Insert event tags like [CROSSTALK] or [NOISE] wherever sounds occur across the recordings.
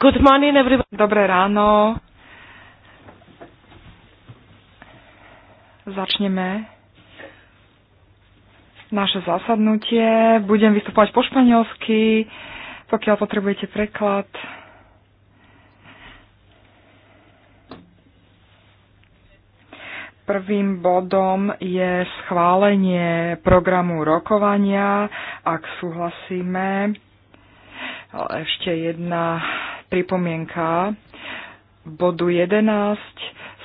Good morning, everyone. Dobré ráno. Začneme naše zasadnutie. Budem vystupovať po španielsky, pokiaľ potrebujete preklad. prvým bodom je schválenie programu rokovania, ak súhlasíme. Ešte jedna pripomienka bodu 11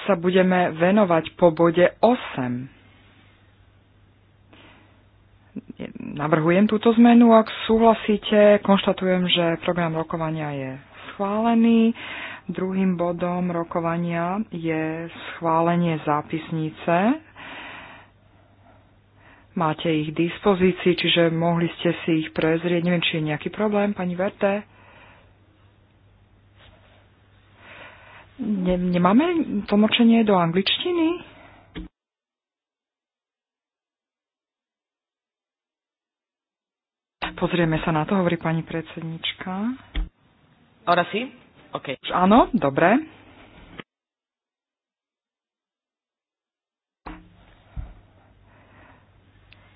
sa budeme venovať po bode 8. Navrhujem túto zmenu, ak súhlasíte. Konštatujem, že program rokovania je schválený. Druhým bodom rokovania je schválenie zápisnice. Máte ich dispozícii, čiže mohli ste si ich prezrieť. Neviem, či je nejaký problém, pani Verte. Ne, nemáme tlmočenie do angličtiny? Pozrieme sa na to, hovorí pani predsednička. Ora si? OK. Už áno, dobre.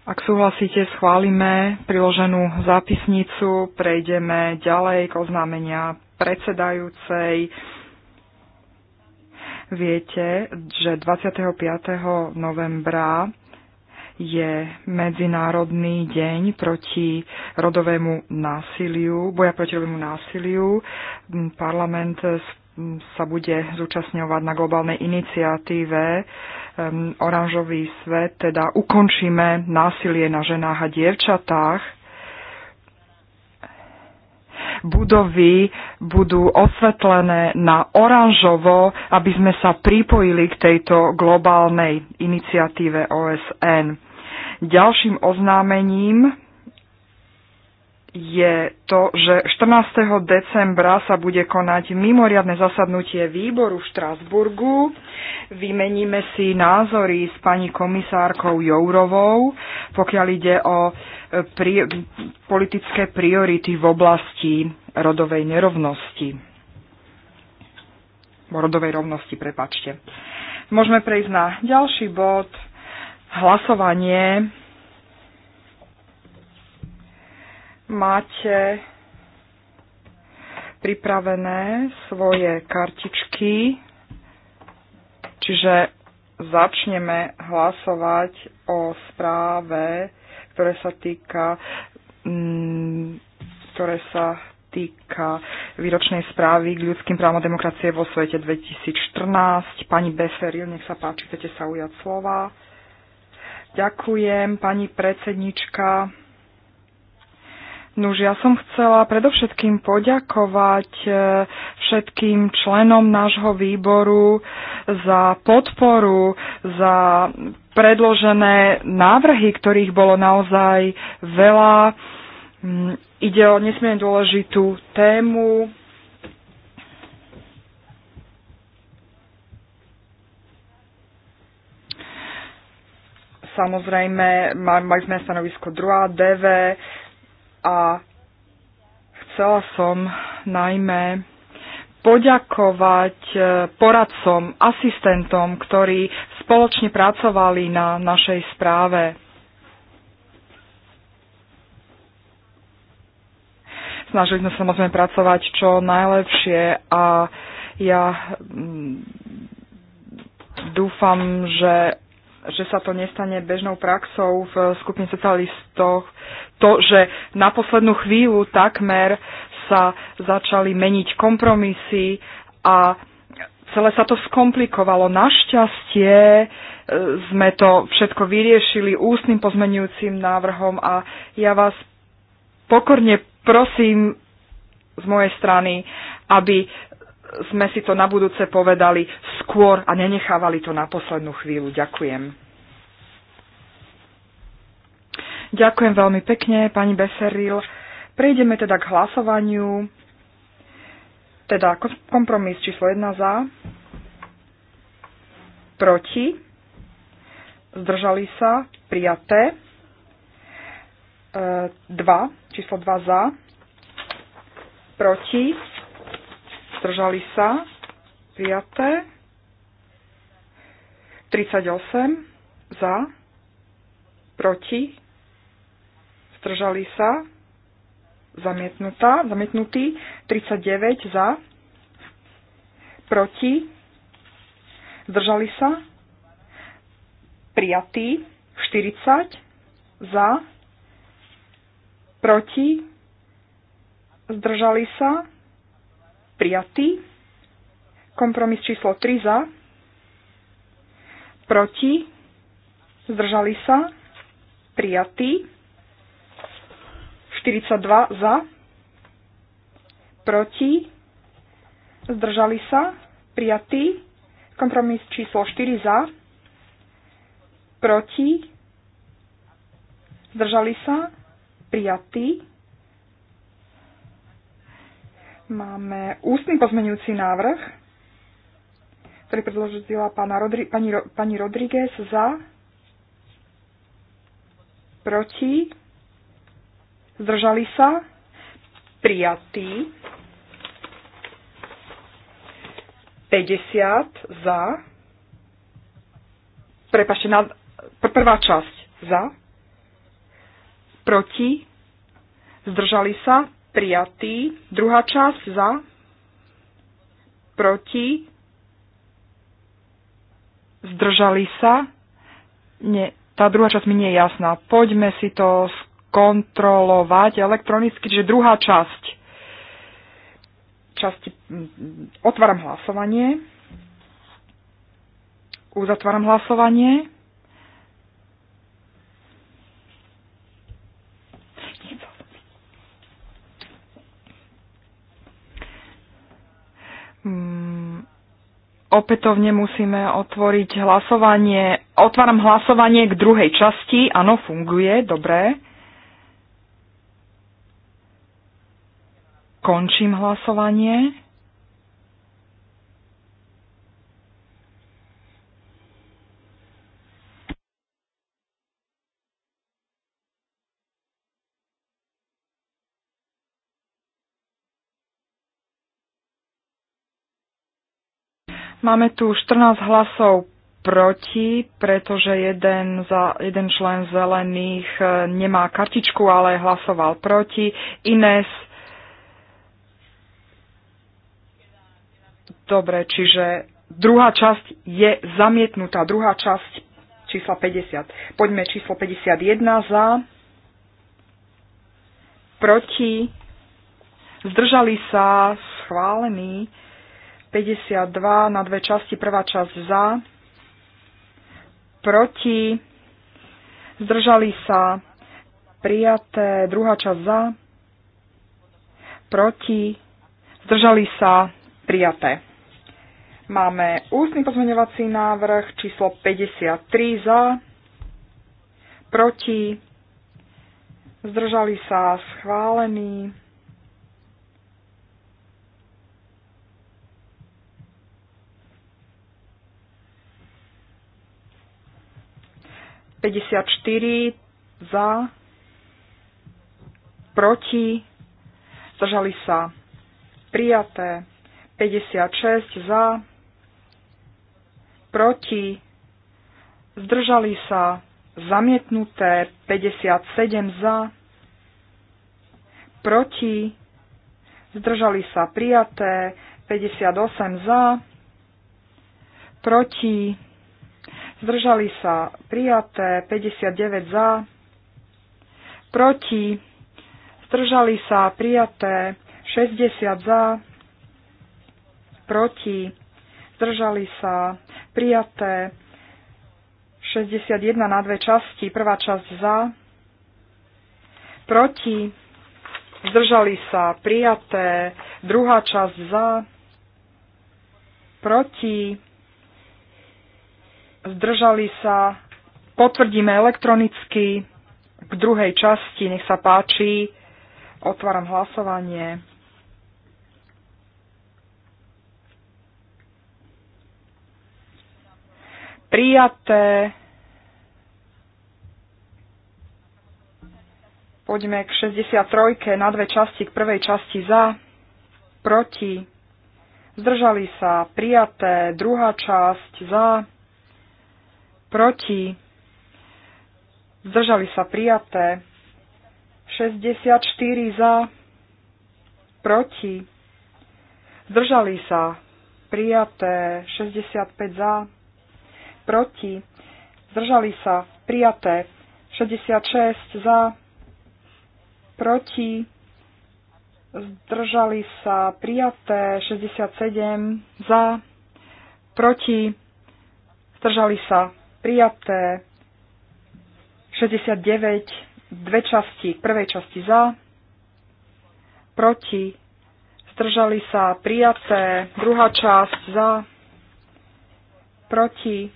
Ak súhlasíte, schválime priloženú zápisnicu, prejdeme ďalej k oznámenia predsedajúcej. Viete, že 25. novembra je Medzinárodný deň proti rodovému násiliu, boja proti rodovému násiliu. Parlament sa bude zúčastňovať na globálnej iniciatíve ehm, Oranžový svet, teda ukončíme násilie na ženách a dievčatách budovy budú osvetlené na oranžovo, aby sme sa pripojili k tejto globálnej iniciatíve OSN. Ďalším oznámením je to, že 14. decembra sa bude konať mimoriadne zasadnutie výboru v Štrasburgu. Vymeníme si názory s pani komisárkou Jourovou, pokiaľ ide o e, pri, politické priority v oblasti rodovej nerovnosti. Rodovej rovnosti, prepačte. Môžeme prejsť na ďalší bod. Hlasovanie máte pripravené svoje kartičky, čiže začneme hlasovať o správe, ktoré sa týka mm, ktoré sa týka výročnej správy k ľudským právom a demokracie vo svete 2014. Pani Beferil, nech sa páči, chcete sa ujať slova. Ďakujem, pani predsednička. Nuž, ja som chcela predovšetkým poďakovať e, všetkým členom nášho výboru za podporu, za predložené návrhy, ktorých bolo naozaj veľa. Mm, ide o nesmierne dôležitú tému, samozrejme, mali sme stanovisko druhá DV, a chcela som najmä poďakovať e, poradcom, asistentom, ktorí spoločne pracovali na našej správe. Snažili sme sa samozrejme pracovať čo najlepšie a ja mm, dúfam, že že sa to nestane bežnou praxou v skupine socialistov, to, že na poslednú chvíľu takmer sa začali meniť kompromisy a celé sa to skomplikovalo. Našťastie e, sme to všetko vyriešili ústnym pozmenujúcim návrhom a ja vás pokorne prosím z mojej strany, aby sme si to na budúce povedali skôr a nenechávali to na poslednú chvíľu. Ďakujem. Ďakujem veľmi pekne, pani Beseril. Prejdeme teda k hlasovaniu. Teda kompromis číslo 1 za, proti, zdržali sa, prijaté. 2, e, číslo 2 za, proti, Zdržali sa? 5. 38 za, proti, zdržali sa, zamietnutá, zamietnutý, 39 za, proti, zdržali sa, prijatý, 40 za, proti, zdržali sa, prijatý. Kompromis číslo 3 za, proti, zdržali sa, prijatý. 42 za, proti, zdržali sa, prijatý. Kompromis číslo 4 za, proti, zdržali sa, prijatý. Máme ústny pozmenujúci návrh, ktorý predložila pána Rodri- pani, Ro- pani Rodriguez za, proti, zdržali sa, prijatý, 50 za, prepašte, na, pr- prvá časť za, proti, zdržali sa, prijatý. Druhá časť za, proti, zdržali sa. Nie, tá druhá časť mi nie je jasná. Poďme si to skontrolovať elektronicky, čiže druhá časť. Časti, otváram hlasovanie. Uzatváram hlasovanie. opätovne musíme otvoriť hlasovanie. Otváram hlasovanie k druhej časti. Áno, funguje, dobre. Končím hlasovanie. Máme tu 14 hlasov proti, pretože jeden, za, jeden člen zelených e, nemá kartičku, ale hlasoval proti. Ines. Dobre, čiže druhá časť je zamietnutá. Druhá časť čísla 50. Poďme číslo 51 za, proti, zdržali sa, schválený. 52 na dve časti. Prvá časť za, proti, zdržali sa, prijaté. Druhá časť za, proti, zdržali sa, prijaté. Máme ústny pozmeňovací návrh číslo 53 za, proti, zdržali sa, schválený. 54 za, proti, zdržali sa prijaté, 56 za, proti, zdržali sa zamietnuté, 57 za, proti, zdržali sa prijaté, 58 za, proti, zdržali sa prijaté 59 za, proti, zdržali sa prijaté 60 za, proti, zdržali sa prijaté 61 na dve časti, prvá časť za, proti, zdržali sa prijaté, druhá časť za, proti, zdržali sa, potvrdíme elektronicky k druhej časti, nech sa páči, otváram hlasovanie. Prijaté. Poďme k 63. na dve časti, k prvej časti za, proti, zdržali sa, prijaté, druhá časť za, proti, zdržali sa prijaté, 64 za, proti, zdržali sa prijaté, 65 za, proti, zdržali sa prijaté, 66 za, proti, zdržali sa prijaté, 67 za, proti, zdržali sa prijaté 69, dve časti, prvej časti za, proti, zdržali sa prijaté, druhá časť za, proti,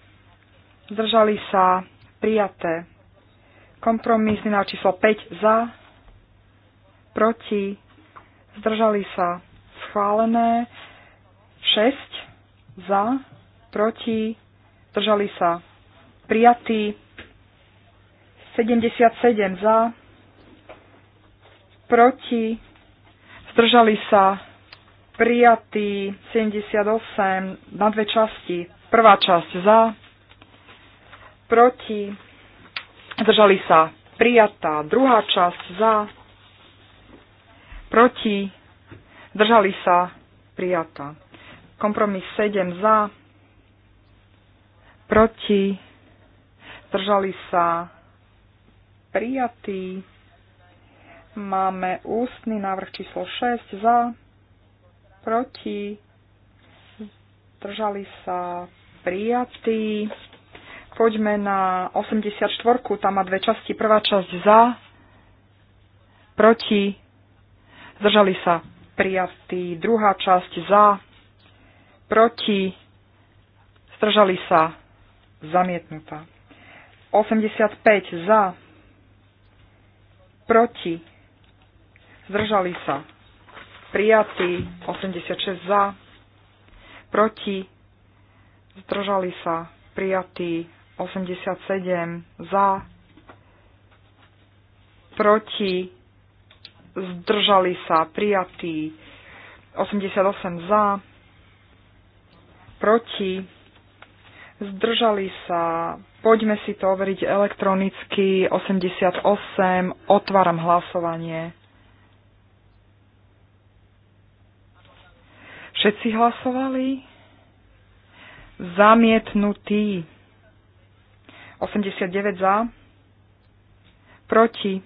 zdržali sa prijaté. kompromis na číslo 5 za, proti, zdržali sa schválené, 6 za, proti, zdržali sa prijatý 77 za, proti, zdržali sa prijatý 78 na dve časti. Prvá časť za, proti, zdržali sa prijatá druhá časť za, proti, zdržali sa prijatá. Kompromis 7 za, proti, zdržali sa prijatí. Máme ústny návrh číslo 6 za, proti, zdržali sa prijatí. Poďme na 84, tam má dve časti. Prvá časť za, proti, zdržali sa prijatí. Druhá časť za, proti, zdržali sa zamietnutá. 85 za, proti, zdržali sa, prijatí, 86 za, proti, zdržali sa, prijatí, 87 za, proti, zdržali sa, prijatí, 88 za, proti, zdržali sa, Poďme si to overiť elektronicky. 88. Otváram hlasovanie. Všetci hlasovali? Zamietnutý. 89 za. Proti.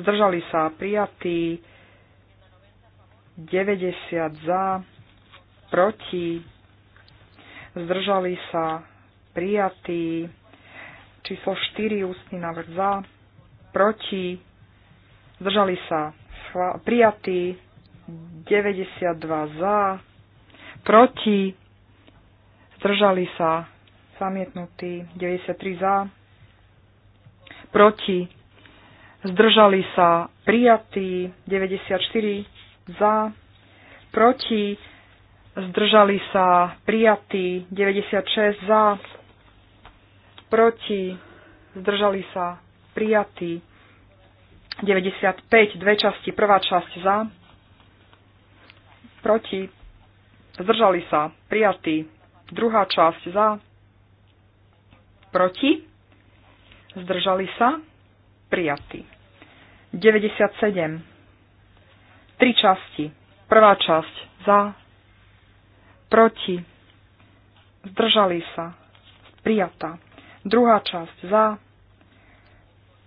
Zdržali sa. prijatí. 90 za. Proti. Zdržali sa prijatý. Číslo 4 ústny návrh za, proti, zdržali sa prijatý. 92 za, proti, zdržali sa zamietnutí 93 za, proti, zdržali sa prijatý. 94 za, proti, zdržali sa prijatý. 96 za, proti, zdržali sa, prijatí. 95, dve časti, prvá časť za, proti, zdržali sa, prijatí. Druhá časť za, proti, zdržali sa, prijatí. 97. Tri časti. Prvá časť za, proti, zdržali sa, prijatá. Druhá časť za,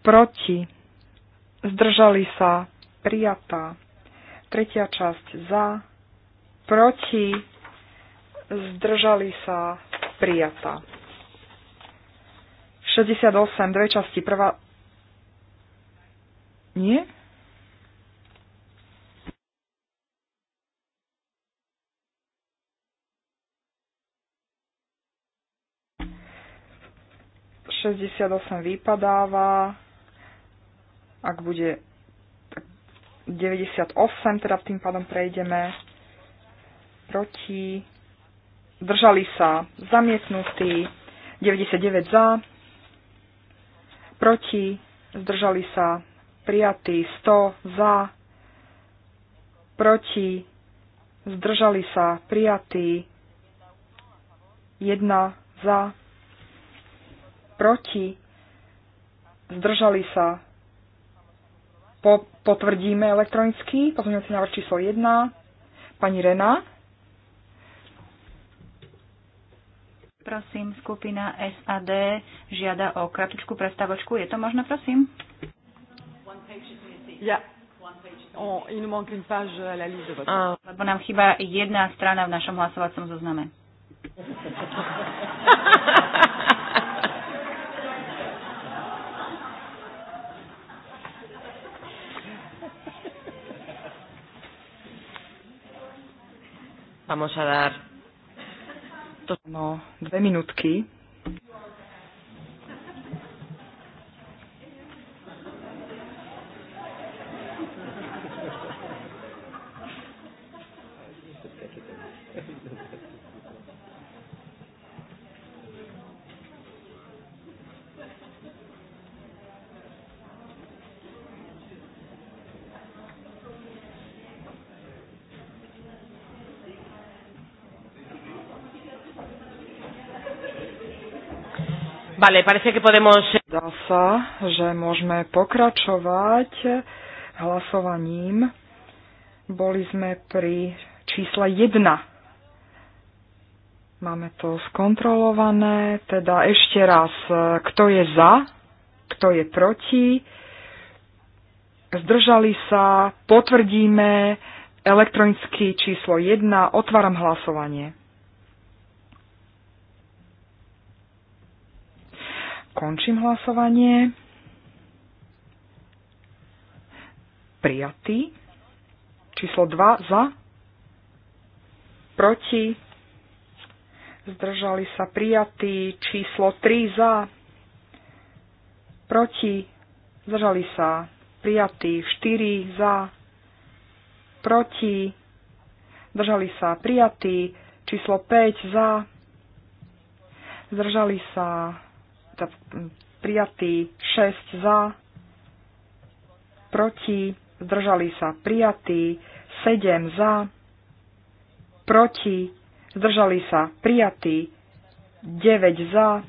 proti, zdržali sa, prijatá. Tretia časť za, proti, zdržali sa, prijatá. 68, dve časti, prvá... Nie? 68 vypadáva, ak bude 98, teda tým pádom prejdeme proti, držali sa, zamietnutí, 99 za, proti, zdržali sa, prijatí, 100 za, proti, zdržali sa, prijatí, 1 za, proti, zdržali sa, po, potvrdíme elektronicky, pozmeňujúci návrh číslo 1, pani Rena. Prosím, skupina SAD žiada o kratučku prestavočku. Je to možno, prosím? Ja. Ah. Lebo nám chýba jedna strana v našom hlasovacom zozname. [LAUGHS] Vamos a dar... No, dve minútky Vale, parece que podemos... Eh, Dá sa, že môžeme pokračovať hlasovaním. Boli sme pri čísle 1. Máme to skontrolované, teda ešte raz, kto je za, kto je proti, zdržali sa, potvrdíme elektronicky číslo 1, otváram hlasovanie. Končím hlasovanie. Prijatý. Číslo 2 za. Proti. Zdržali sa prijatí. Číslo 3 za. Proti. Zdržali sa prijatí. 4 za. Proti. Zdržali sa prijatí. Číslo 5 za. Zdržali sa prijatý 6 za, proti, zdržali sa prijatí 7 za, proti, zdržali sa prijatí 9 za,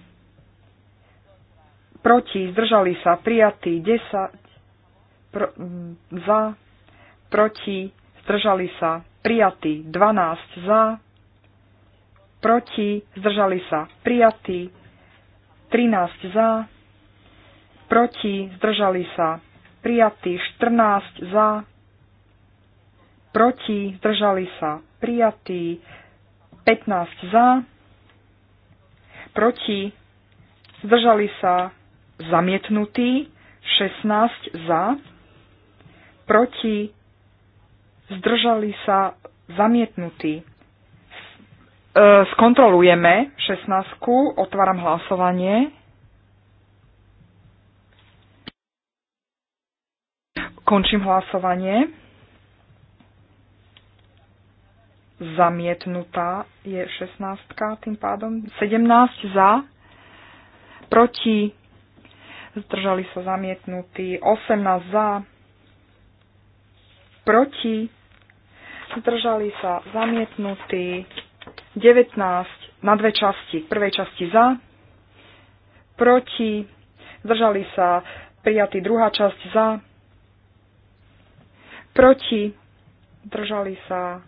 proti, zdržali sa prijatí 10 pro, za, proti, zdržali sa prijatí 12 za, proti, zdržali sa prijatí 13 za, proti, zdržali sa, prijatí, 14 za, proti, zdržali sa, prijatí 15 za, proti, zdržali sa, zamietnutí, 16 za, proti, zdržali sa, zamietnutí. E, skontrolujeme 16. Otváram hlasovanie. Končím hlasovanie. Zamietnutá je 16. tým pádom. 17 za. Proti. Zdržali sa zamietnutí. 18 za. Proti. Zdržali sa zamietnutí. 19 na dve časti. V prvej časti za, proti, zdržali sa prijatí druhá časť za, proti, zdržali sa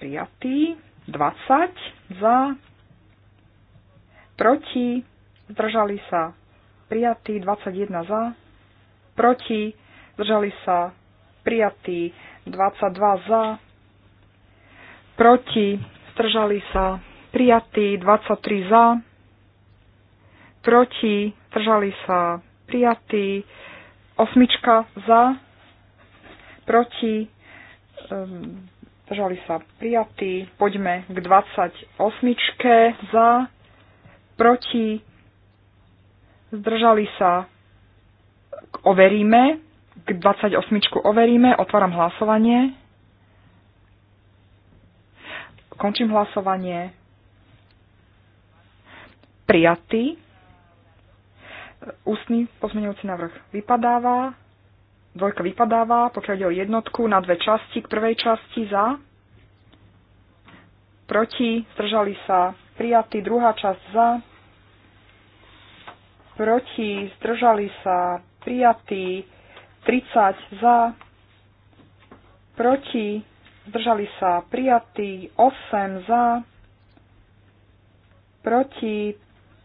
prijatí 20 za, proti, zdržali sa prijatí 21 za, proti, zdržali sa prijatí 22 za, proti, zdržali sa, prijatí 23 za, proti, zdržali sa, prijatí, osmička za, proti, ehm, zdržali sa prijatí. Poďme k 28. za, proti, zdržali sa, overíme, k 28. overíme, otváram hlasovanie. Končím hlasovanie. Prijatý. Ústny pozmeňujúci návrh vypadáva. Dvojka vypadáva, pokiaľ ide o jednotku na dve časti. K prvej časti za, proti, zdržali sa, prijatý. Druhá časť za, proti, zdržali sa, prijatý. 30 za, proti, zdržali sa prijatí, 8 za, proti,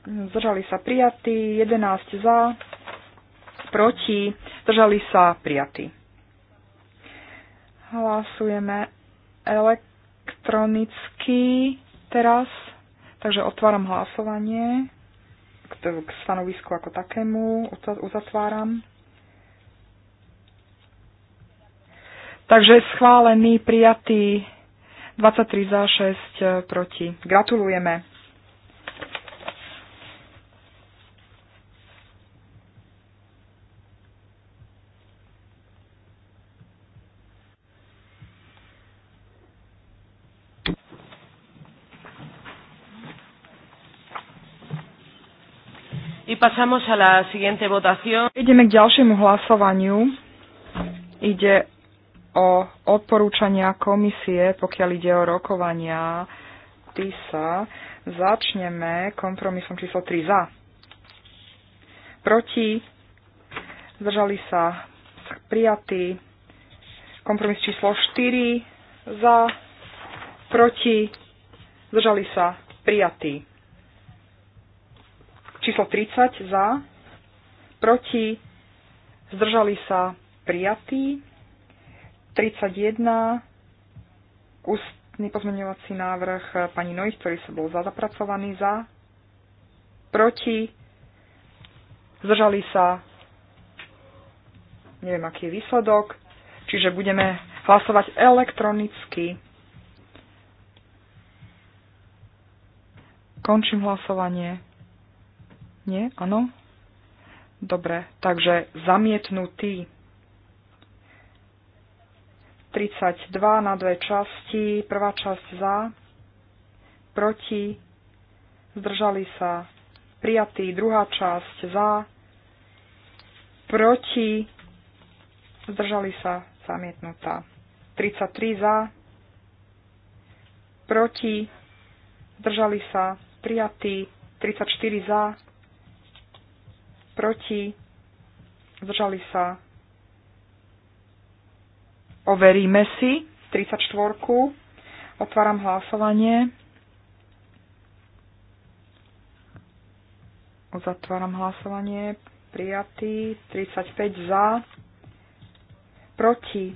zdržali sa prijatí, 11 za, proti, zdržali sa prijatí. Hlasujeme elektronicky teraz, takže otváram hlasovanie k stanovisku ako takému, uzatváram. Takže schválený, prijatý 23 za 6 e, proti. Gratulujeme. Y pasamos a la siguiente votación. Ideme k ďalšiemu hlasovaniu. Ide o odporúčania komisie, pokiaľ ide o rokovania TISA, začneme kompromisom číslo 3 za. Proti zdržali sa prijatí. Kompromis číslo 4 za. Proti zdržali sa prijatí. Číslo 30 za. Proti zdržali sa prijatí 31, ústny pozmeňovací návrh eh, pani noj, ktorý sa bol zapracovaný za, proti, zdržali sa, neviem aký je výsledok, čiže budeme hlasovať elektronicky. Končím hlasovanie. Nie? Áno? Dobre, takže zamietnutý. 32 na dve časti. Prvá časť za, proti, zdržali sa prijatí. Druhá časť za, proti, zdržali sa zamietnutá. 33 za, proti, zdržali sa prijatí. 34 za, proti, zdržali sa Overíme si 34. Otváram hlasovanie. Zatváram hlasovanie. Prijatý. 35 za. Proti.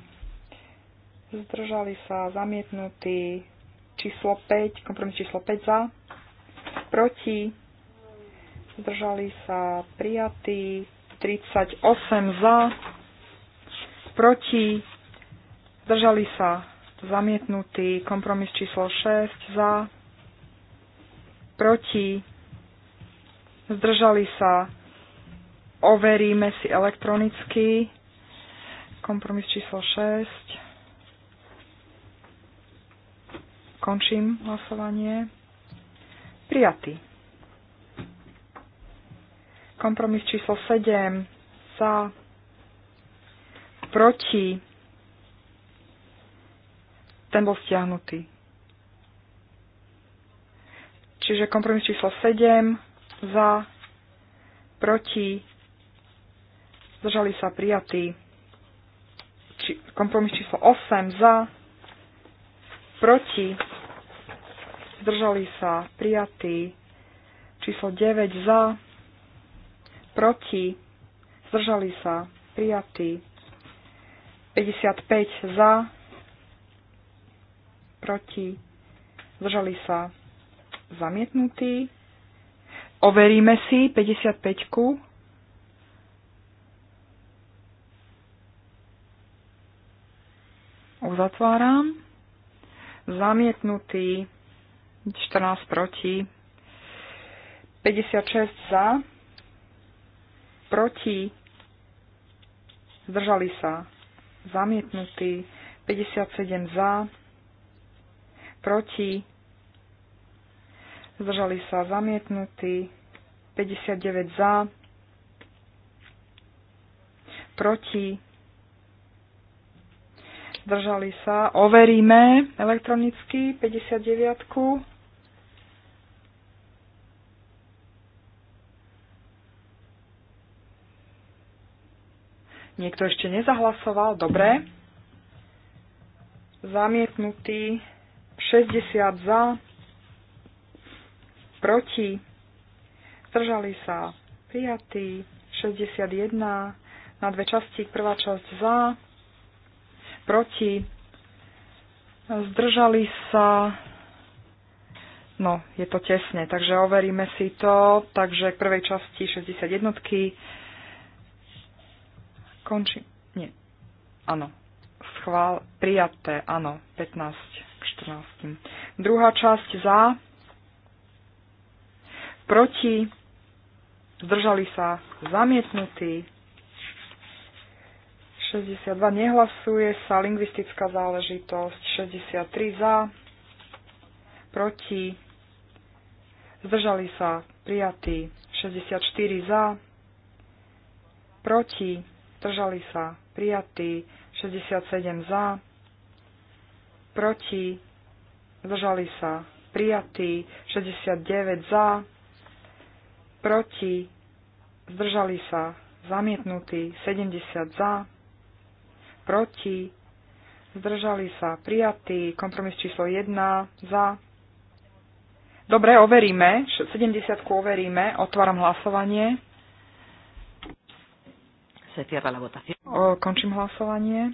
Zdržali sa. Zamietnutý. Číslo 5. Kompromis číslo 5 za. Proti. Zdržali sa. Prijatý. 38 za. Proti Zdržali sa zamietnutý kompromis číslo 6 za, proti, zdržali sa, overíme si elektronicky, kompromis číslo 6, končím hlasovanie, prijatý. Kompromis číslo 7 za, proti, ten bol stiahnutý. Čiže kompromis číslo 7 za, proti, zdržali sa prijatí. Či, kompromis číslo 8 za, proti, zdržali sa prijatí. Číslo 9 za, proti, zdržali sa prijatí. 55 za, proti, zdržali sa zamietnutí. Overíme si 55. -ku. Uzatváram. Zamietnutý 14 proti 56 za proti zdržali sa zamietnutí 57 za proti, zdržali sa zamietnutí, 59 za, proti, zdržali sa, overíme elektronicky 59. -ku. Niekto ešte nezahlasoval, dobre. Zamietnutý 60 za, proti, zdržali sa prijatí, 61 na dve časti, prvá časť za, proti, zdržali sa, no je to tesne, takže overíme si to, takže k prvej časti 61 končí, nie, áno, schvál, prijaté, áno, 15 14. Druhá časť za, proti, zdržali sa zamietnutí. 62 nehlasuje sa, lingvistická záležitosť. 63 za, proti, zdržali sa prijatí. 64 za, proti, zdržali sa prijatí. 67 za, proti, zdržali sa prijatí, 69 za, proti, zdržali sa zamietnutí, 70 za, proti, zdržali sa prijatí, kompromis číslo 1 za. Dobre, overíme, 70 overíme, otváram hlasovanie. O, končím hlasovanie.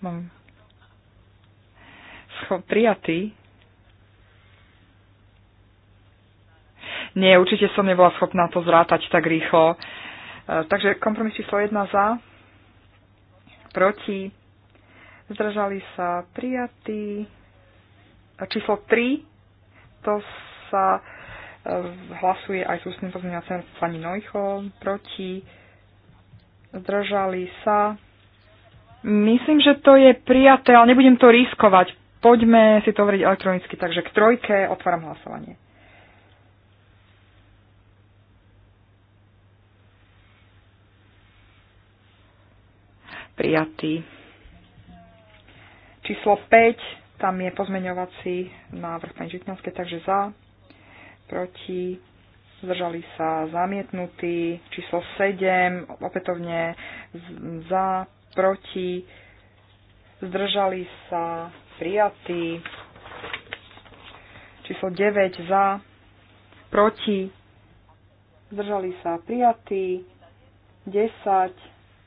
Mám prijatý. Nie, určite som nebola schopná to zrátať tak rýchlo. E, takže kompromis číslo 1 za, proti, zdržali sa prijatí. Číslo 3, to sa e, hlasuje aj s ústnym pozmeňovacím pani Nojcho, proti, zdržali sa. Myslím, že to je prijaté, ale nebudem to riskovať. Poďme si to overiť elektronicky, takže k trojke otváram hlasovanie. Prijatý. Číslo 5, tam je pozmeňovací návrh pani Žitňanské, takže za, proti, zdržali sa zamietnutí. Číslo 7, opätovne za, proti, zdržali sa prijatý. Číslo 9 za, proti, zdržali sa prijatý. 10,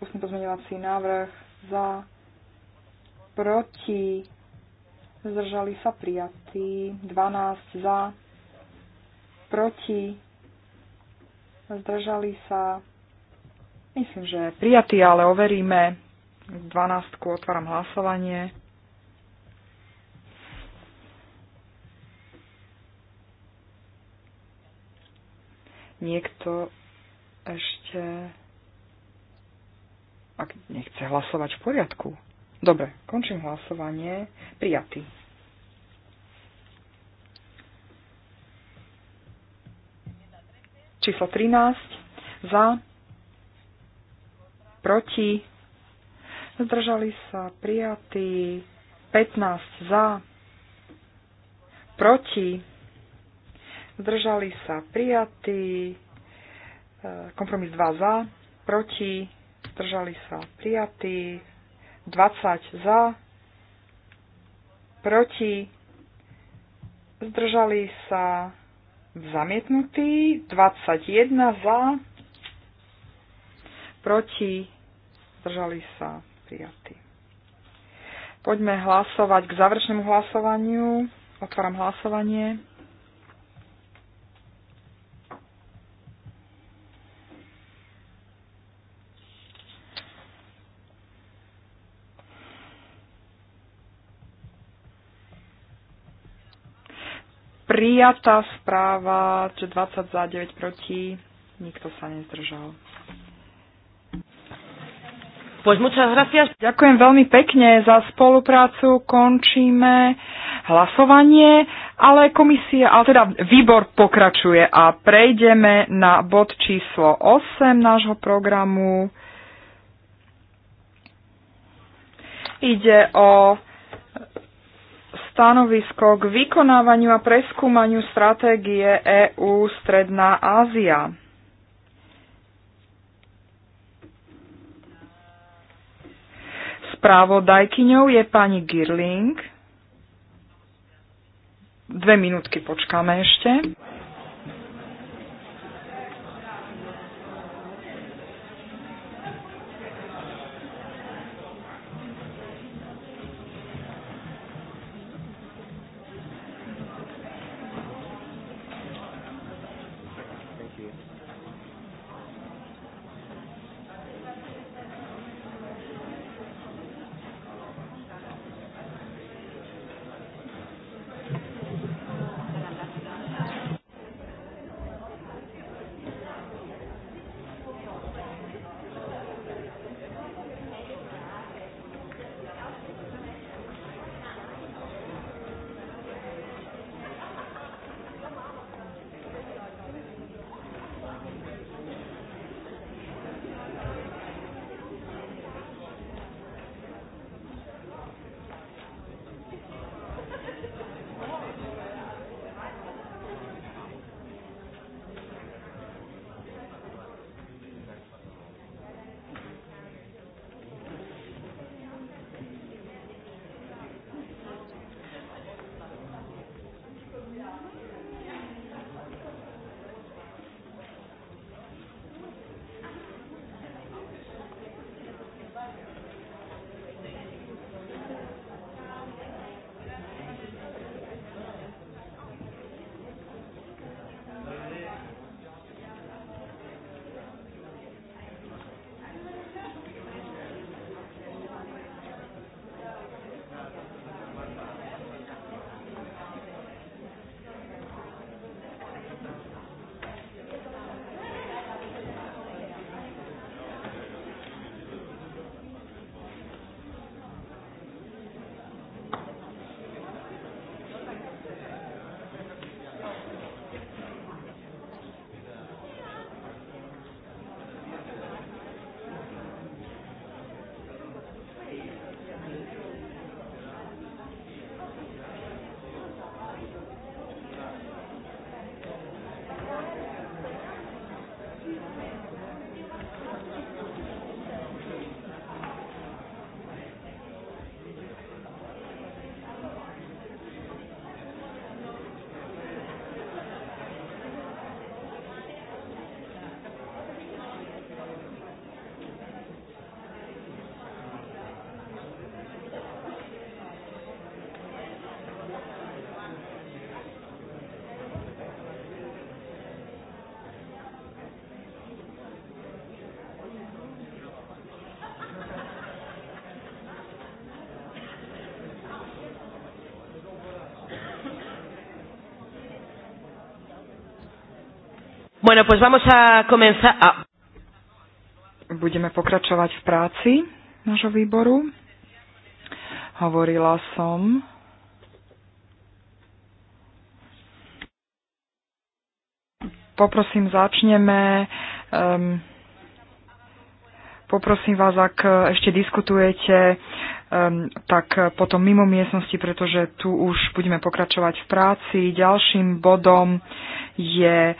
ústny pozmeňovací návrh za, proti, zdržali sa prijatí, 12 za, proti, zdržali sa, myslím, že prijatí, ale overíme. 12 otváram hlasovanie. niekto ešte... Ak nechce hlasovať v poriadku. Dobre, končím hlasovanie. Prijatý. Číslo 13. Za. Proti. Zdržali sa prijatí. 15 za. Proti zdržali sa prijatí, e, kompromis 2 za, proti, zdržali sa prijatí, 20 za, proti, zdržali sa zamietnutí, 21 za, proti, zdržali sa prijatí. Poďme hlasovať k záverečnému hlasovaniu. Otváram hlasovanie. prijatá správa, že 20 za 9 proti, nikto sa nezdržal. Pues muchas gracias. Ďakujem veľmi pekne za spoluprácu. Končíme hlasovanie, ale komisia, ale teda výbor pokračuje a prejdeme na bod číslo 8 nášho programu. Ide o stanovisko k vykonávaniu a preskúmaniu stratégie EÚ Stredná Ázia. Správodajkyňou je pani Girling. Dve minútky počkáme ešte. Bueno, pues vamos a comenzar... A... Ah. Budeme pokračovať v práci nášho výboru. Hovorila som poprosím, začneme. Um, poprosím vás, ak ešte diskutujete, um, tak potom mimo miestnosti, pretože tu už budeme pokračovať v práci. Ďalším bodom je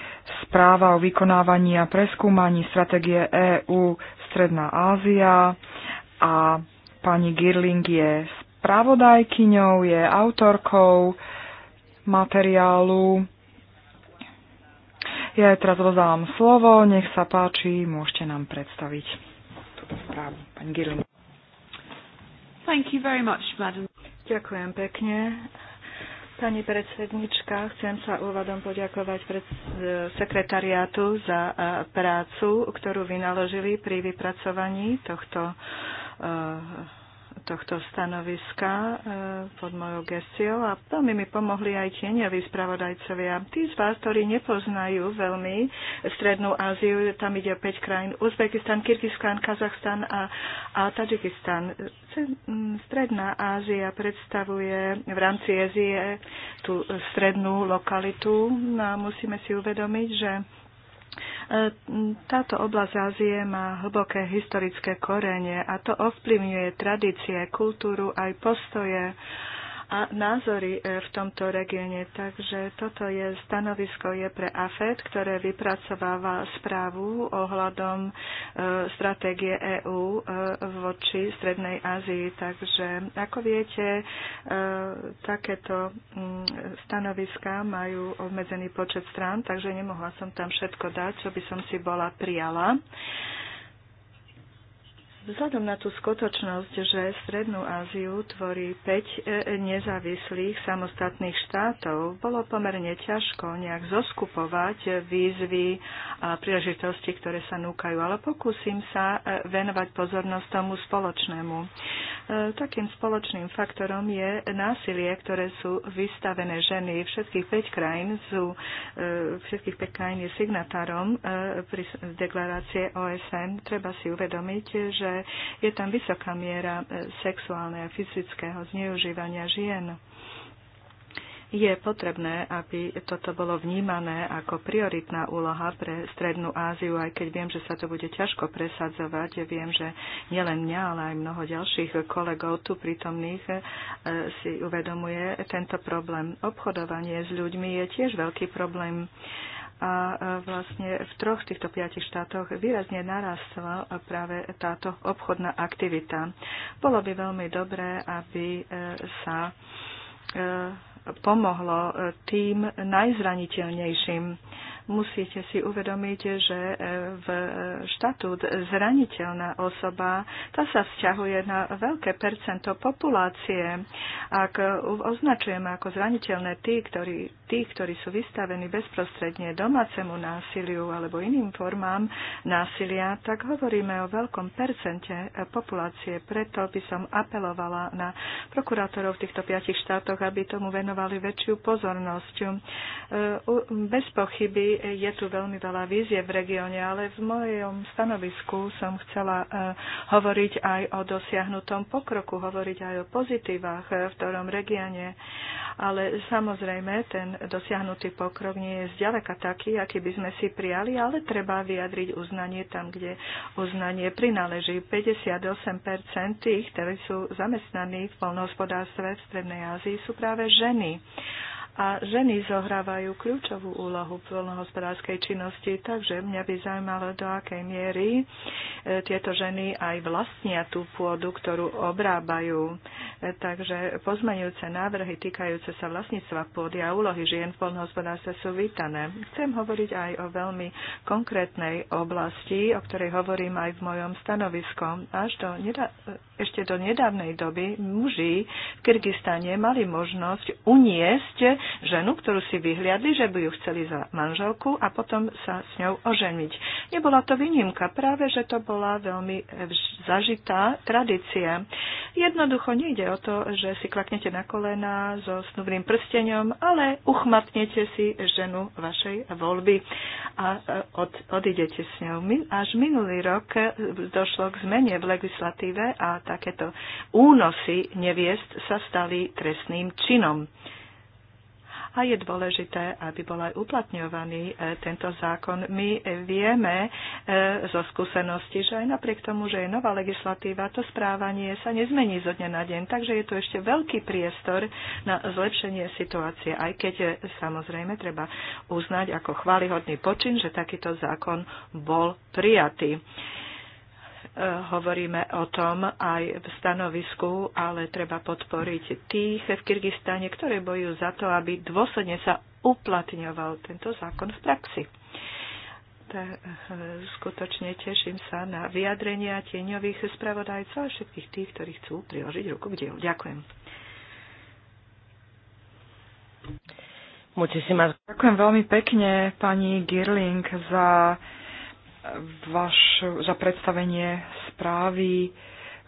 správa o vykonávaní a preskúmaní stratégie EÚ Stredná Ázia a pani Girling je spravodajkyňou, je autorkou materiálu. Ja teraz rozdávam slovo, nech sa páči, môžete nám predstaviť túto správu. Pani Girling. Thank you very much, madam. Ďakujem pekne. Pani predsednička, chcem sa úvodom poďakovať pred eh, sekretariátu za eh, prácu, ktorú vynaložili pri vypracovaní tohto eh, tohto stanoviska e, pod mojou gestiou a veľmi mi pomohli aj tieňoví spravodajcovia. Tí z vás, ktorí nepoznajú veľmi Strednú Áziu, tam ide o 5 krajín, Uzbekistan, Kyrgyzstan, Kazachstan a, a Tadžikistan. Stredná Ázia predstavuje v rámci Ázie tú strednú lokalitu no a musíme si uvedomiť, že E, táto oblasť Ázie má hlboké historické korene a to ovplyvňuje tradície, kultúru aj postoje a názory e, v tomto regióne. Takže toto je stanovisko je pre AFED, ktoré vypracováva správu ohľadom e, stratégie EÚ e, voči Strednej Ázii. Takže ako viete, takéto mm, stanoviska majú obmedzený počet strán, takže nemohla som tam všetko dať, čo by som si bola prijala. Vzhľadom na tú skutočnosť, že Strednú Áziu tvorí 5 e, e, nezávislých samostatných štátov, bolo pomerne ťažko nejak zoskupovať výzvy a príležitosti, ktoré sa núkajú, ale pokúsim sa e, venovať pozornosť tomu spoločnému. Takým spoločným faktorom je násilie, ktoré sú vystavené ženy. Všetkých 5 krajín, sú, všetkých 5 krajín je signatárom pri deklarácie OSN. Treba si uvedomiť, že je tam vysoká miera e, sexuálneho a fyzického zneužívania žien je potrebné, aby toto bolo vnímané ako prioritná úloha pre Strednú Áziu, aj keď viem, že sa to bude ťažko presadzovať. Viem, že nielen mňa, ale aj mnoho ďalších kolegov tu prítomných e, si uvedomuje tento problém. Obchodovanie s ľuďmi je tiež veľký problém a vlastne v troch týchto piatich štátoch výrazne narastla práve táto obchodná aktivita. Bolo by veľmi dobré, aby e, sa e, pomohlo e, tým najzraniteľnejším Musíte si uvedomiť, že e, v e, štatút zraniteľná osoba, tá sa vzťahuje na veľké percento populácie. Ak označujeme ako zraniteľné tí, ktorí, tí, ktorí sú vystavení bezprostredne domácemu násiliu alebo iným formám násilia, tak hovoríme o veľkom percente e, populácie. Preto by som apelovala na prokurátorov v týchto piatich štátoch, aby tomu venovali väčšiu pozornosť. Bez pochyby je tu veľmi veľa vízie v regióne, ale v mojom stanovisku som chcela e, hovoriť aj o dosiahnutom pokroku, hovoriť aj o pozitívach e, v ktorom regióne. Ale samozrejme, ten dosiahnutý pokrok nie je zďaleka taký, aký by sme si prijali, ale treba vyjadriť uznanie tam, kde uznanie prináleží. 58% tých, ktorí sú zamestnaní v polnohospodárstve v Strednej Ázii, sú práve ženy a ženy zohrávajú kľúčovú úlohu v voľnohospodárskej činnosti, takže mňa by zaujímalo, do akej miery e, tieto ženy aj vlastnia tú pôdu, ktorú obrábajú. E, takže pozmeňujúce návrhy týkajúce sa vlastníctva pôdy a úlohy žien v voľnohospodárstve sú vítané. Chcem hovoriť aj o veľmi konkrétnej oblasti, o ktorej hovorím aj v mojom stanovisku. Až do nedá ešte do nedávnej doby muži v Kyrgyzstane mali možnosť uniesť ženu, ktorú si vyhliadli, že by ju chceli za manželku a potom sa s ňou oženiť. Nebola to výnimka, práve že to bola veľmi zažitá tradícia. Jednoducho nejde o to, že si klaknete na kolena so snubným prstenom, ale uchmatnete si ženu vašej voľby a e, od, odidete s ňou. Až minulý rok došlo k zmene v legislatíve a takéto únosy neviest sa stali trestným činom a je dôležité, aby bol aj uplatňovaný e, tento zákon. My e, vieme e, zo skúsenosti, že aj napriek tomu, že je nová legislatíva, to správanie sa nezmení zo dňa na deň, takže je tu ešte veľký priestor na zlepšenie situácie, aj keď samozrejme treba uznať ako chválihodný počin, že takýto zákon bol prijatý. Hovoríme o tom aj v stanovisku, ale treba podporiť tých v Kyrgyzstane, ktorí bojujú za to, aby dôsledne sa uplatňoval tento zákon v praxi eh, skutočne teším sa na vyjadrenia tieňových spravodajcov a všetkých tých, ktorí chcú priložiť ruku k dielu. Ďakujem. Ďakujem veľmi pekne pani Girling za vaš, za predstavenie správy.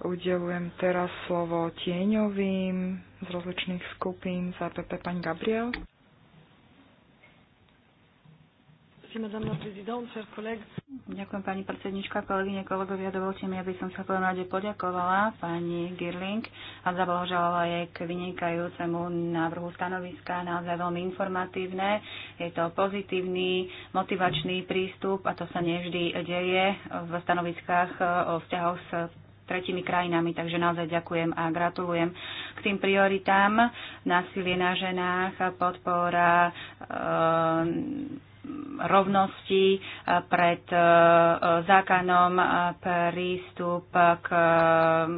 Udelujem teraz slovo tieňovým z rozličných skupín za PP pani Gabriel. Ďakujem pani predsednička, kolegyne, kolegovia. Dovolte mi, aby som sa prvom rade poďakovala pani Girling a zablahoželala jej k vynikajúcemu návrhu stanoviska, naozaj veľmi informatívne. Je to pozitívny, motivačný prístup a to sa nevždy deje v stanoviskách e, o vzťahoch s tretimi krajinami, takže naozaj ďakujem a gratulujem k tým prioritám. Násilie na ženách, podpora e, rovnosti, eh, pred eh, zákonom eh, prístup k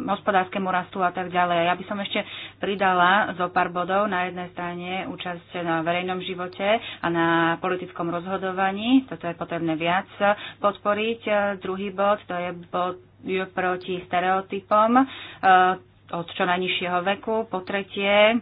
hospodárskému rastu a tak ďalej. Ja by som ešte pridala zo pár bodov. Na jednej strane účasť na verejnom živote a na politickom rozhodovaní. Toto je potrebné viac podporiť. Druhý bod, to je bod proti stereotypom od čo najnižšieho veku. Po tretie,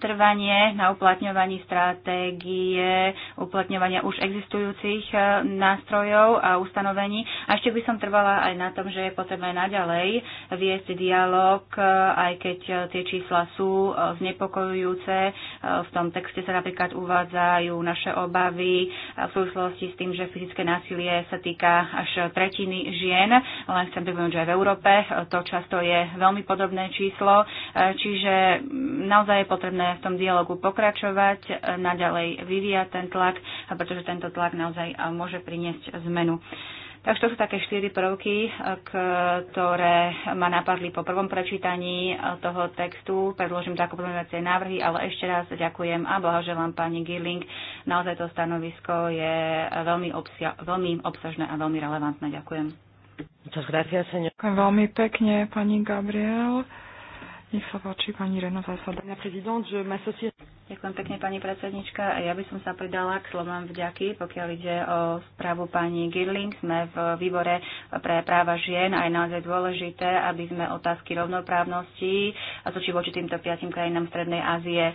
trvanie na uplatňovaní stratégie, uplatňovania už existujúcich e, nástrojov a ustanovení. A ešte by som trvala aj na tom, že je potrebné naďalej viesť dialog, e, aj keď e, tie čísla sú znepokojujúce. V tom texte sa napríklad uvádzajú naše obavy v súvislosti s tým, že fyzické násilie sa týka až tretiny žien. Len chcem pripomenúť, že aj v Európe to často je veľmi podobné číslo. Čiže naozaj je potrebné v tom dialogu pokračovať, e, naďalej vyvíjať ten tlak, pretože tento tlak naozaj e, môže priniesť zmenu. Takže to sú také štyri prvky, e, ktoré ma napadli po prvom prečítaní toho textu. Predložím takú pozmeňovacie návrhy, ale ešte raz ďakujem a blahoželám pani Girling. Naozaj to stanovisko je veľmi, obsia- veľmi obsažné a veľmi relevantné. Ďakujem. Ďakujem veľmi pekne, pani Gabriel. Nech sa páči, pani Renova Sada. Ďakujem pekne, pani predsednička. Ja by som sa pridala k slovám vďaky, pokiaľ ide o správu pani Girling. Sme v výbore pre práva žien a je naozaj dôležité, aby sme otázky rovnoprávnosti a či voči týmto piatim krajinám Strednej Ázie e,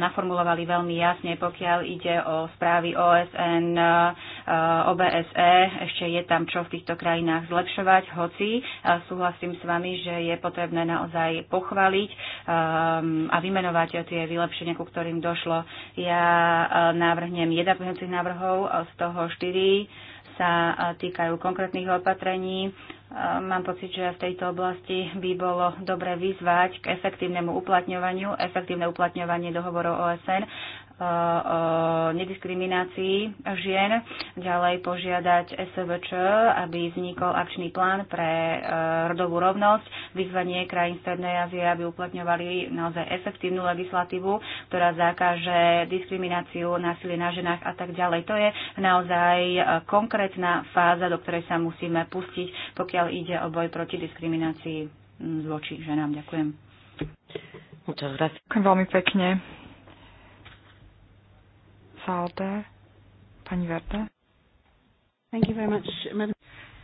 naformulovali veľmi jasne, pokiaľ ide o správy OSN, OBSE. E. Ešte je tam čo v týchto krajinách zlepšovať, hoci e, súhlasím s vami, že je potrebné naozaj pochváliť a vymenovať tie vylepšenia, ku ktorým ktorým došlo. Ja e, návrhnem 1 pozmeňujúcich návrhov, e, z toho 4 sa e, týkajú konkrétnych opatrení. Mám pocit, že v tejto oblasti by bolo dobre vyzvať k efektívnemu uplatňovaniu, efektívne uplatňovanie dohovorov OSN nediskriminácii žien, ďalej požiadať SVČ, aby vznikol akčný plán pre rodovú rovnosť, vyzvanie krajín Strednej Azie, aby uplatňovali naozaj efektívnu legislatívu, ktorá zakáže diskrimináciu, násilie na ženách a tak ďalej. To je naozaj konkrétna fáza, do ktorej sa musíme pustiť, pokiaľ ide o boj proti diskriminácii z voči ženám. Ďakujem. Ďakujem veľmi pekne. Alde, pani Verde. Thank you very much, madam.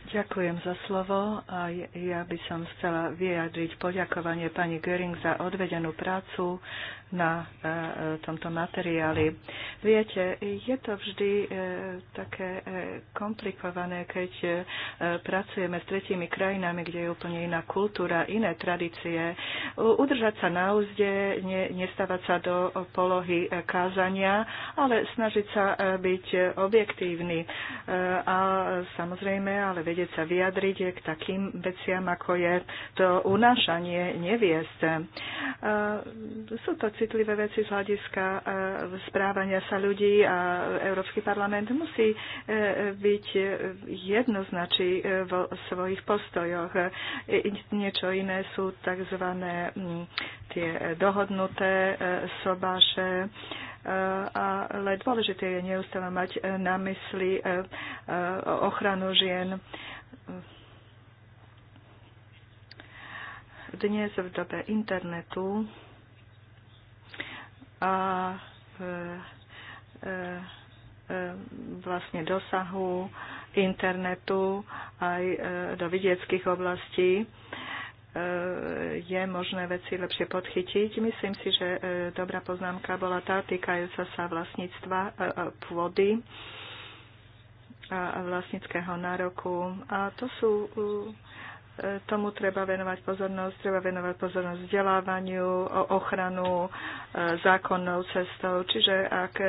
Ďakujem za slovo a ja by som chcela vyjadriť poďakovanie pani Göring za odvedenú prácu na e, e, tomto materiáli. Viete, je to vždy e, také komplikované, keď pracujeme s tretími krajinami, kde je úplne iná kultúra, iné tradície. Udržať sa na úzde, nestávať sa do polohy kázania, ale snažiť sa byť objektívny. A samozrejme, ale vedieť sa vyjadriť k takým veciam, ako je to unášanie neviest. Sú to citlivé veci z hľadiska eh, správania sa ľudí a Európsky parlament musí eh, byť jednoznačný eh, v svojich postojoch. Niečo iné sú tzv. Hm, tie dohodnuté sobáše, ale dôležité je neustále mať na mysli ochranu žien dnes v dobe internetu a e, e, e, vlastne dosahu internetu aj do vidieckých oblastí je možné veci lepšie podchytiť. Myslím si, že dobrá poznámka bola tá týkajúca sa vlastníctva pôdy a vlastnického nároku. A to sú tomu treba venovať pozornosť, treba venovať pozornosť vzdelávaniu, ochranu e, zákonnou cestou, čiže ak e,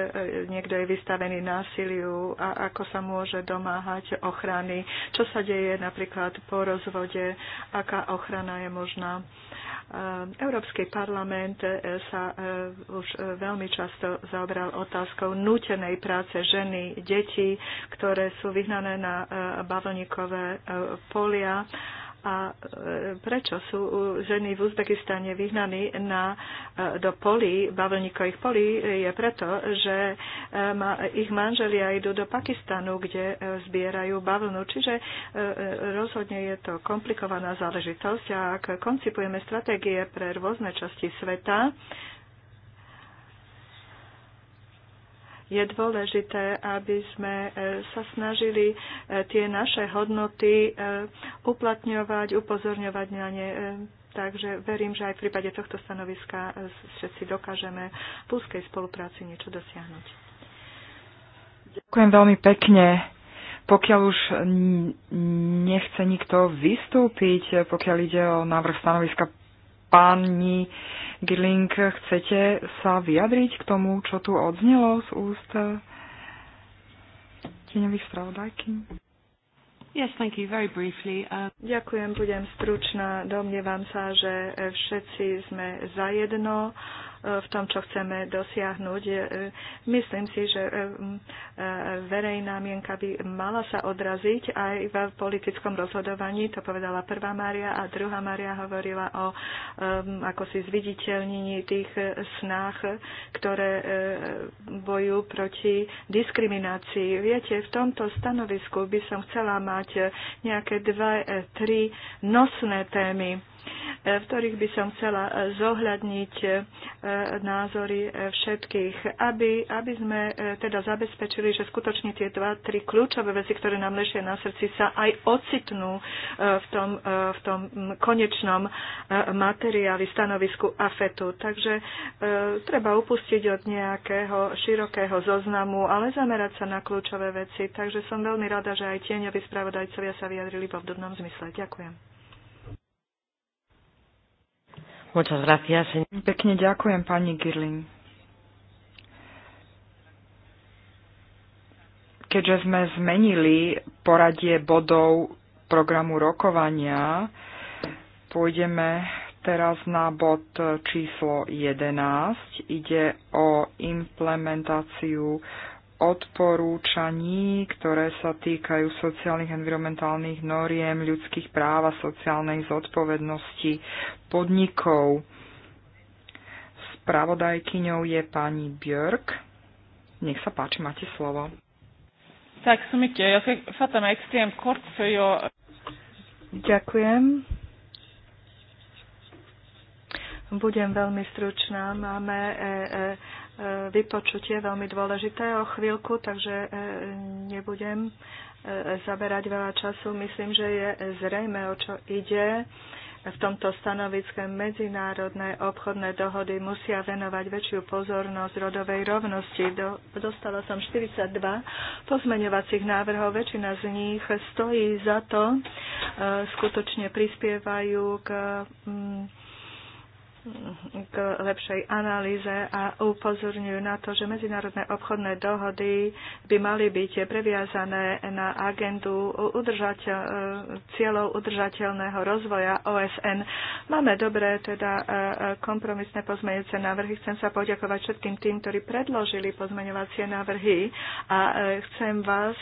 niekto je vystavený násiliu a ako sa môže domáhať ochrany, čo sa deje napríklad po rozvode, aká ochrana je možná. E, Európsky parlament sa už veľmi často zaobral otázkou nútenej práce ženy, detí, ktoré sú vyhnané na bavlníkové polia a e, prečo sú e, ženy v Uzbekistane vyhnaní na, e, do polí, bavlníkových polí, je preto, že ich manželia idú do Pakistanu, kde zbierajú bavlnu. Čiže rozhodne je to komplikovaná záležitosť a ak koncipujeme stratégie pre rôzne časti sveta, je dôležité, aby sme e, sa snažili e, tie naše hodnoty e, uplatňovať, upozorňovať na ne. Takže verím, že aj v prípade tohto stanoviska všetci dokážeme v úzkej spolupráci niečo dosiahnuť. Ďakujem veľmi pekne. Pokiaľ už nechce nikto vystúpiť, pokiaľ ide o návrh stanoviska Pani Gilling, chcete sa vyjadriť k tomu, čo tu odznelo z úst eh, tieňových spravodajky? Yes, thank you. Very briefly. Uh... Ďakujem, budem stručná. Domnievam sa, že všetci sme zajedno. jedno v tom, čo chceme dosiahnuť. E, myslím si, že e, e, verejná mienka by mala sa odraziť aj v politickom rozhodovaní. To povedala prvá Mária a druhá Mária hovorila o ako si zviditeľnení tých snách, ktoré bojujú proti diskriminácii. Viete, v tomto stanovisku by som chcela mať nejaké dve, tri nosné témy E, v ktorých by som chcela e, zohľadniť e, názory všetkých, aby, aby sme teda zabezpečili, že skutočne tie dva, tri kľúčové veci, ktoré nám ležia na srdci, sa aj ocitnú v tom, v tom konečnom materiáli, stanovisku AFETu. Takže treba upustiť od nejakého širokého zoznamu, ale zamerať sa na kľúčové veci. Takže som veľmi rada, že aj tieňoví spravodajcovia sa vyjadrili v obdobnom zmysle. Ďakujem. Muchas gracias. Pekne ďakujem, pani Girling. Keďže sme zmenili poradie bodov programu rokovania, pôjdeme teraz na bod číslo 11. Ide o implementáciu odporúčaní, ktoré sa týkajú sociálnych, environmentálnych noriem, ľudských práv a sociálnej zodpovednosti podnikov. Spravodajkyňou je pani Björk. Nech sa páči, máte slovo. Tak som mycket. Jag ska fatta mig kort Ďakujem. Budem veľmi stručná. Máme e, e, vypočutie veľmi dôležité o chvíľku, takže e, nebudem e, zaberať veľa času. Myslím, že je zrejme, o čo ide. V tomto stanovické medzinárodné obchodné dohody musia venovať väčšiu pozornosť rodovej rovnosti. Do, dostala som 42 pozmeňovacích návrhov. Väčšina z nich stojí za to. E, skutočne prispievajú k mm, k lepšej analýze a upozorňujú na to, že medzinárodné obchodné dohody by mali byť previazané na agendu udržateľ, e, cieľov udržateľného rozvoja OSN. Máme dobré teda e, e, kompromisné pozmeňujúce návrhy. Chcem sa poďakovať všetkým tým, ktorí predložili pozmeňovacie návrhy a chcem vás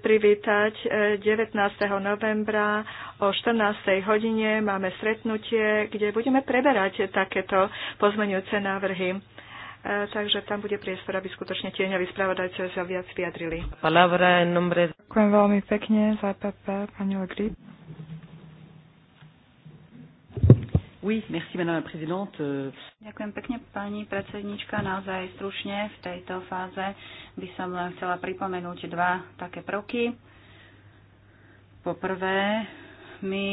privítať 19. Eh, novembra o 14. hodine. Máme stretnutie, kde budeme preberať takéto pozmenujúce návrhy. Eh, takže tam bude priestor, aby skutočne tieňoví spravodajcovia sa viac vyjadrili. Ďakujem veľmi pekne za PP, e pani Legri. Oui, merci, madame la présidente. Ďakujem pekne, pani predsednička. Naozaj stručne v tejto fáze by som len chcela pripomenúť dva také prvky. Poprvé, my,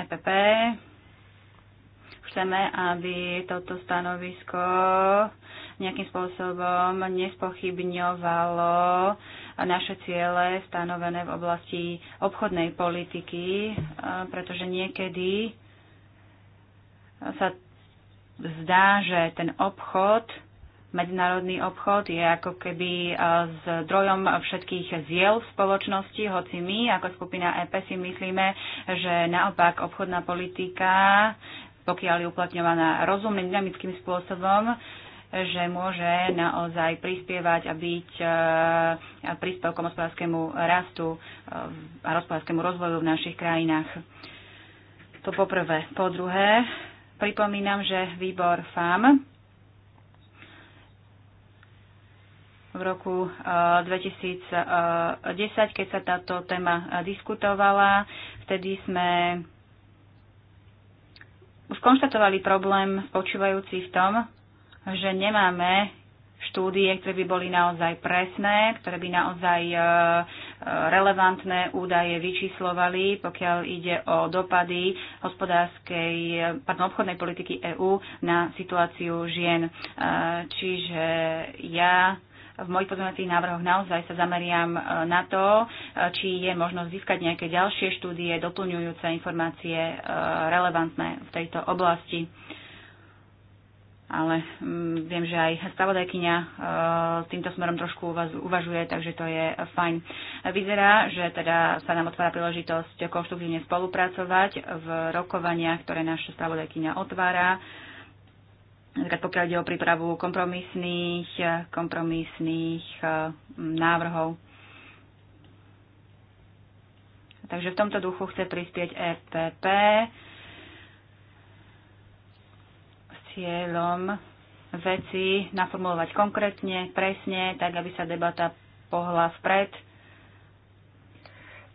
EPP, chceme, aby toto stanovisko nejakým spôsobom nespochybňovalo naše ciele stanovené v oblasti obchodnej politiky, pretože niekedy sa zdá, že ten obchod, medzinárodný obchod je ako keby e, zdrojom všetkých ziel v spoločnosti, hoci my ako skupina EP si myslíme, že naopak obchodná politika, pokiaľ je uplatňovaná rozumným, dynamickým spôsobom, že môže naozaj prispievať a byť e, príspevkom hospodárskému rastu e, a hospodárskému rozvoju v našich krajinách. To poprvé. Po druhé, Pripomínam, že výbor FAM v roku 2010, eh, eh, keď sa táto téma eh, diskutovala. Vtedy sme už konštatovali problém spočívajúci v tom, že nemáme štúdie, ktoré by boli naozaj presné, ktoré by naozaj relevantné údaje vyčíslovali, pokiaľ ide o dopady hospodárskej, pardon, obchodnej politiky EÚ na situáciu žien. E, čiže ja v mojich pozmeňovacích návrhoch naozaj sa zameriam e, na to, e, či je možnosť získať nejaké ďalšie štúdie, doplňujúce informácie relevantné v tejto oblasti ale um, viem, že aj spravodajkynia uh, e, týmto smerom trošku uvažuje, takže to je fajn. Vyzerá, že teda sa nám otvára príležitosť konštruktívne spolupracovať v rokovaniach, ktoré naša spravodajkynia otvára. Zkrát pokiaľ ide o prípravu kompromisných, kompromisných e, návrhov. Takže v tomto duchu chce prispieť EPP cieľom veci naformulovať konkrétne, presne, tak aby sa debata pohla vpred,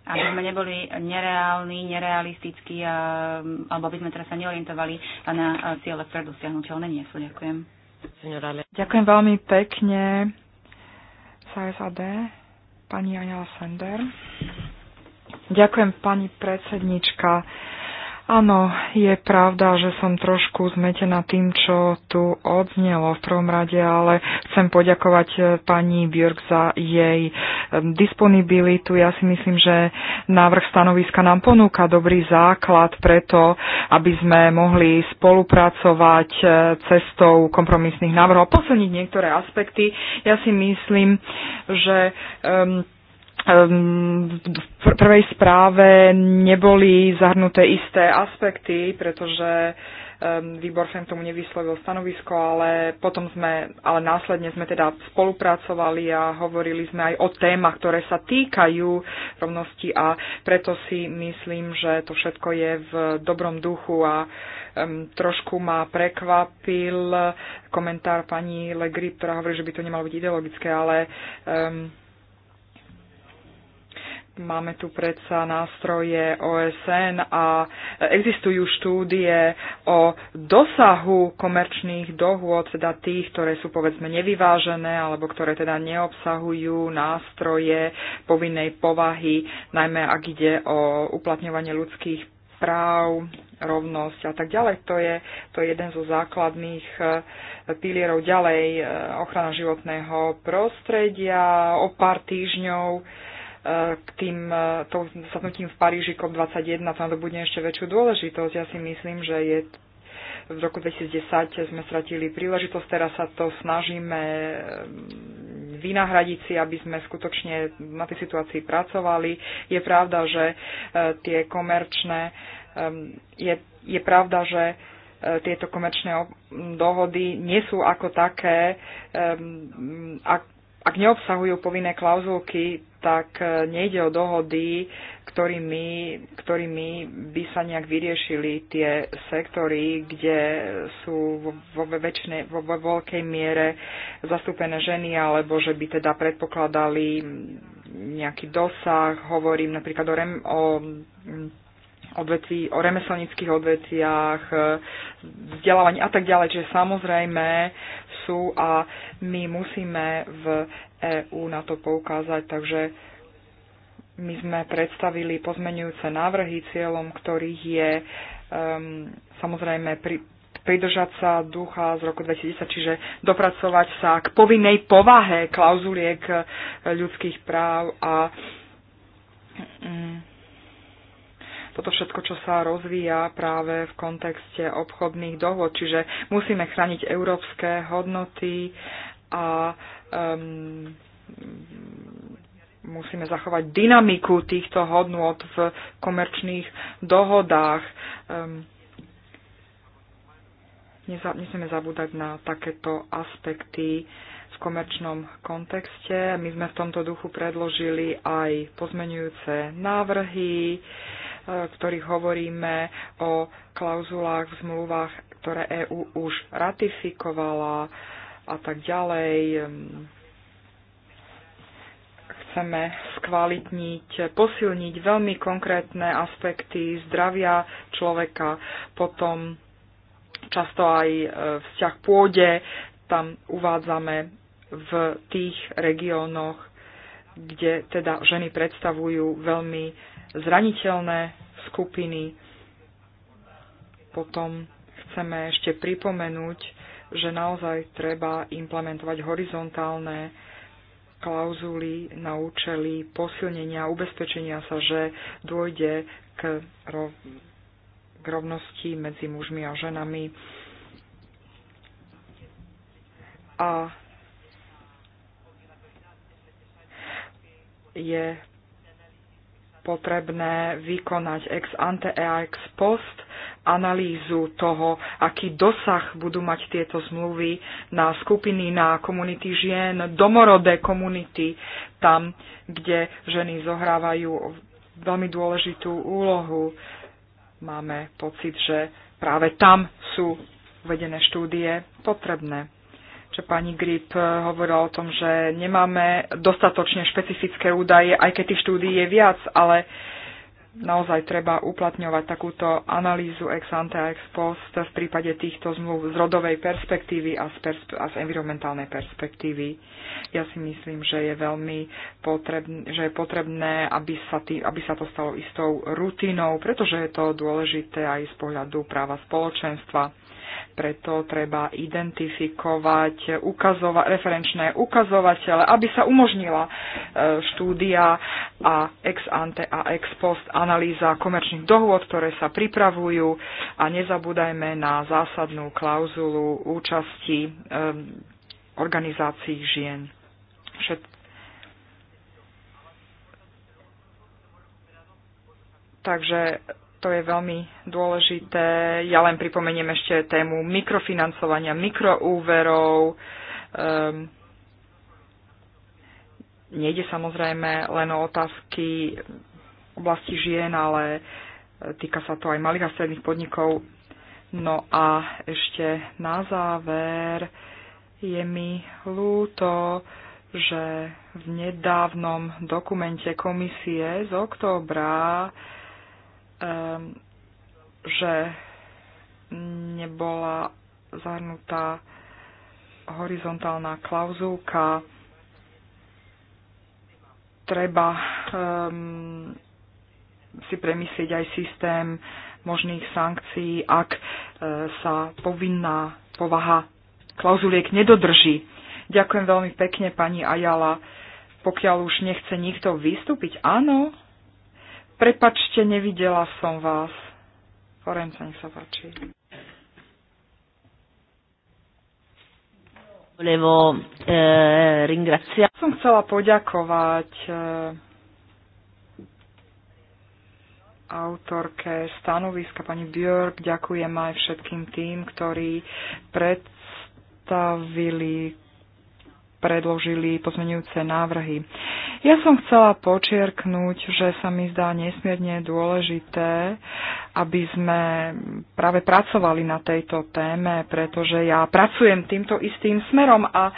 aby sme neboli nereálni, nerealistickí, a, alebo aby sme teraz sa neorientovali na ciele, vpred dosiahnuteľné nie sú. Ďakujem. Ďakujem veľmi pekne. SAD, pani Anja Sender. Ďakujem, pani predsednička. Áno, je pravda, že som trošku zmetená tým, čo tu odznelo v prvom rade, ale chcem poďakovať e, pani Björk za jej e, disponibilitu. Ja si myslím, že návrh stanoviska nám ponúka dobrý základ preto, aby sme mohli spolupracovať e, cestou kompromisných návrhov, a posilniť niektoré aspekty. Ja si myslím, že um, Ehm, v prvej správe neboli zahrnuté isté aspekty, pretože ehm, výbor sem tomu nevyslovil stanovisko, ale potom sme, ale následne sme teda spolupracovali a hovorili sme aj o témach, ktoré sa týkajú rovnosti a preto si myslím, že to všetko je v dobrom duchu a um, trošku ma prekvapil komentár pani Legri, ktorá hovorí, že by to nemalo byť ideologické, ale um, Máme tu predsa nástroje OSN a existujú štúdie o dosahu komerčných dohôd, teda tých, ktoré sú povedzme nevyvážené alebo ktoré teda neobsahujú nástroje povinnej povahy, najmä ak ide o uplatňovanie ľudských práv, rovnosť a tak ďalej. To je, to je jeden zo základných eh, pilierov ďalej eh, ochrana životného prostredia. O pár týždňov k tým e, to zasadnutím v Paríži COP21 to nadobudne ešte väčšiu dôležitosť. Ja si myslím, že je v roku 2010 sme stratili príležitosť, teraz sa to snažíme e, vynahradiť si, aby sme skutočne na tej situácii pracovali. Je pravda, že e, tie komerčné, je, je pravda, že tieto komerčné dohody nie sú ako také, ak, ak neobsahujú povinné klauzulky tak e, nejde o dohody, ktorými, ktorými by sa nejak vyriešili tie sektory, kde sú vo, väčšine, vo, vo veľkej miere zastúpené ženy, alebo že by teda predpokladali nejaký dosah. Hovorím napríklad o, rem, o odvetví, o remeselnických odvetviach, e, vzdelávaní a tak ďalej. Čiže samozrejme sú a my musíme v EÚ na to poukázať, takže my sme predstavili pozmenujúce návrhy, cieľom ktorých je um, samozrejme pri, pridržať sa ducha z roku 2010, čiže dopracovať sa k povinnej povahe klauzuliek e, ľudských práv a mm, toto všetko, čo sa rozvíja práve v kontexte obchodných dohod. Čiže musíme chrániť európske hodnoty a um, musíme zachovať dynamiku týchto hodnot v komerčných dohodách. Um, nesmieme zabúdať na takéto aspekty. Um, komerčnom kontexte. My sme v tomto duchu predložili aj pozmenujúce návrhy, e, v ktorých hovoríme o klauzulách v zmluvách, ktoré EÚ už ratifikovala a tak ďalej. Ehm, chceme skvalitniť, posilniť veľmi konkrétne aspekty zdravia človeka, potom často aj e, vzťah pôde, tam uvádzame v tých regiónoch, kde teda ženy predstavujú veľmi zraniteľné skupiny. Potom chceme ešte pripomenúť, že naozaj treba implementovať horizontálne klauzuly na účely posilnenia, ubezpečenia sa, že dôjde k, rov, k rovnosti medzi mužmi a ženami. A je potrebné vykonať ex ante a ex post analýzu toho, aký dosah budú mať tieto zmluvy na skupiny, na komunity žien, domorodé komunity, tam, kde ženy zohrávajú veľmi dôležitú úlohu. Máme pocit, že práve tam sú uvedené štúdie potrebné. Čo pani Grip eh, hovorila o tom, že nemáme dostatočne špecifické údaje, aj keď tých štúdií je viac, ale naozaj treba uplatňovať takúto analýzu ex ante a ex post v prípade týchto zmluv z rodovej perspektívy a z, persp- a z environmentálnej perspektívy. Ja si myslím, že je veľmi potrebné, že je potrebné, aby sa, tý, aby sa to stalo istou rutinou, pretože je to dôležité aj z pohľadu práva spoločenstva preto treba identifikovať ukazova- referenčné ukazovatele, aby sa umožnila e, štúdia a ex ante a ex post analýza komerčných dohôd, ktoré sa pripravujú a nezabúdajme na zásadnú klauzulu účasti e, organizácií žien. Všet... Takže to je veľmi dôležité. Ja len pripomeniem ešte tému mikrofinancovania, mikroúverov. Um, nejde samozrejme len o otázky oblasti žien, ale e, týka sa to aj malých a stredných podnikov. No a ešte na záver je mi ľúto, že v nedávnom dokumente komisie z októbra Ehm, že nebola zahrnutá horizontálna klauzulka. Treba um, si premyslieť aj systém možných sankcií, ak e, sa povinná povaha klauzuliek nedodrží. Ďakujem veľmi pekne, pani Ajala. Pokiaľ už nechce nikto vystúpiť, áno, Prepačte, nevidela som vás. Forenca, nech sa páči. Volevo, eh, ringrazia... Som chcela poďakovať eh, autorke stanoviska pani Björk. Ďakujem aj všetkým tým, ktorí predstavili predložili pozmenujúce návrhy. Ja som chcela počiarknúť, že sa mi zdá nesmierne dôležité, aby sme práve pracovali na tejto téme, pretože ja pracujem týmto istým smerom a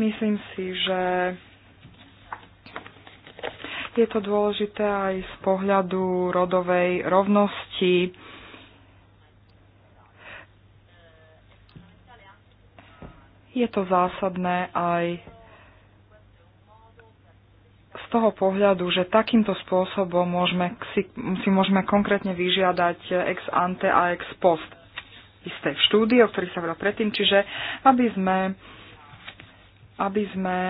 myslím si, že je to dôležité aj z pohľadu rodovej rovnosti Je to zásadné aj z toho pohľadu, že takýmto spôsobom môžeme, si, si môžeme konkrétne vyžiadať ex ante a ex post isté štúdii, o ktorých sa hovorilo predtým, čiže aby sme, aby sme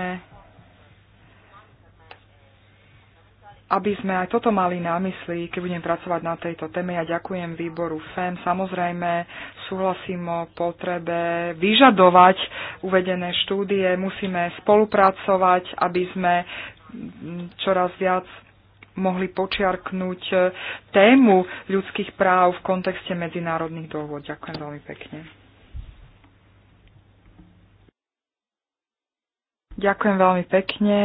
aby sme aj toto mali na mysli, keď budem pracovať na tejto téme. Ja ďakujem výboru FEM. Samozrejme, súhlasím o potrebe vyžadovať uvedené štúdie. Musíme spolupracovať, aby sme čoraz viac mohli počiarknúť tému ľudských práv v kontexte medzinárodných dôvod. Ďakujem veľmi pekne. Ďakujem veľmi pekne.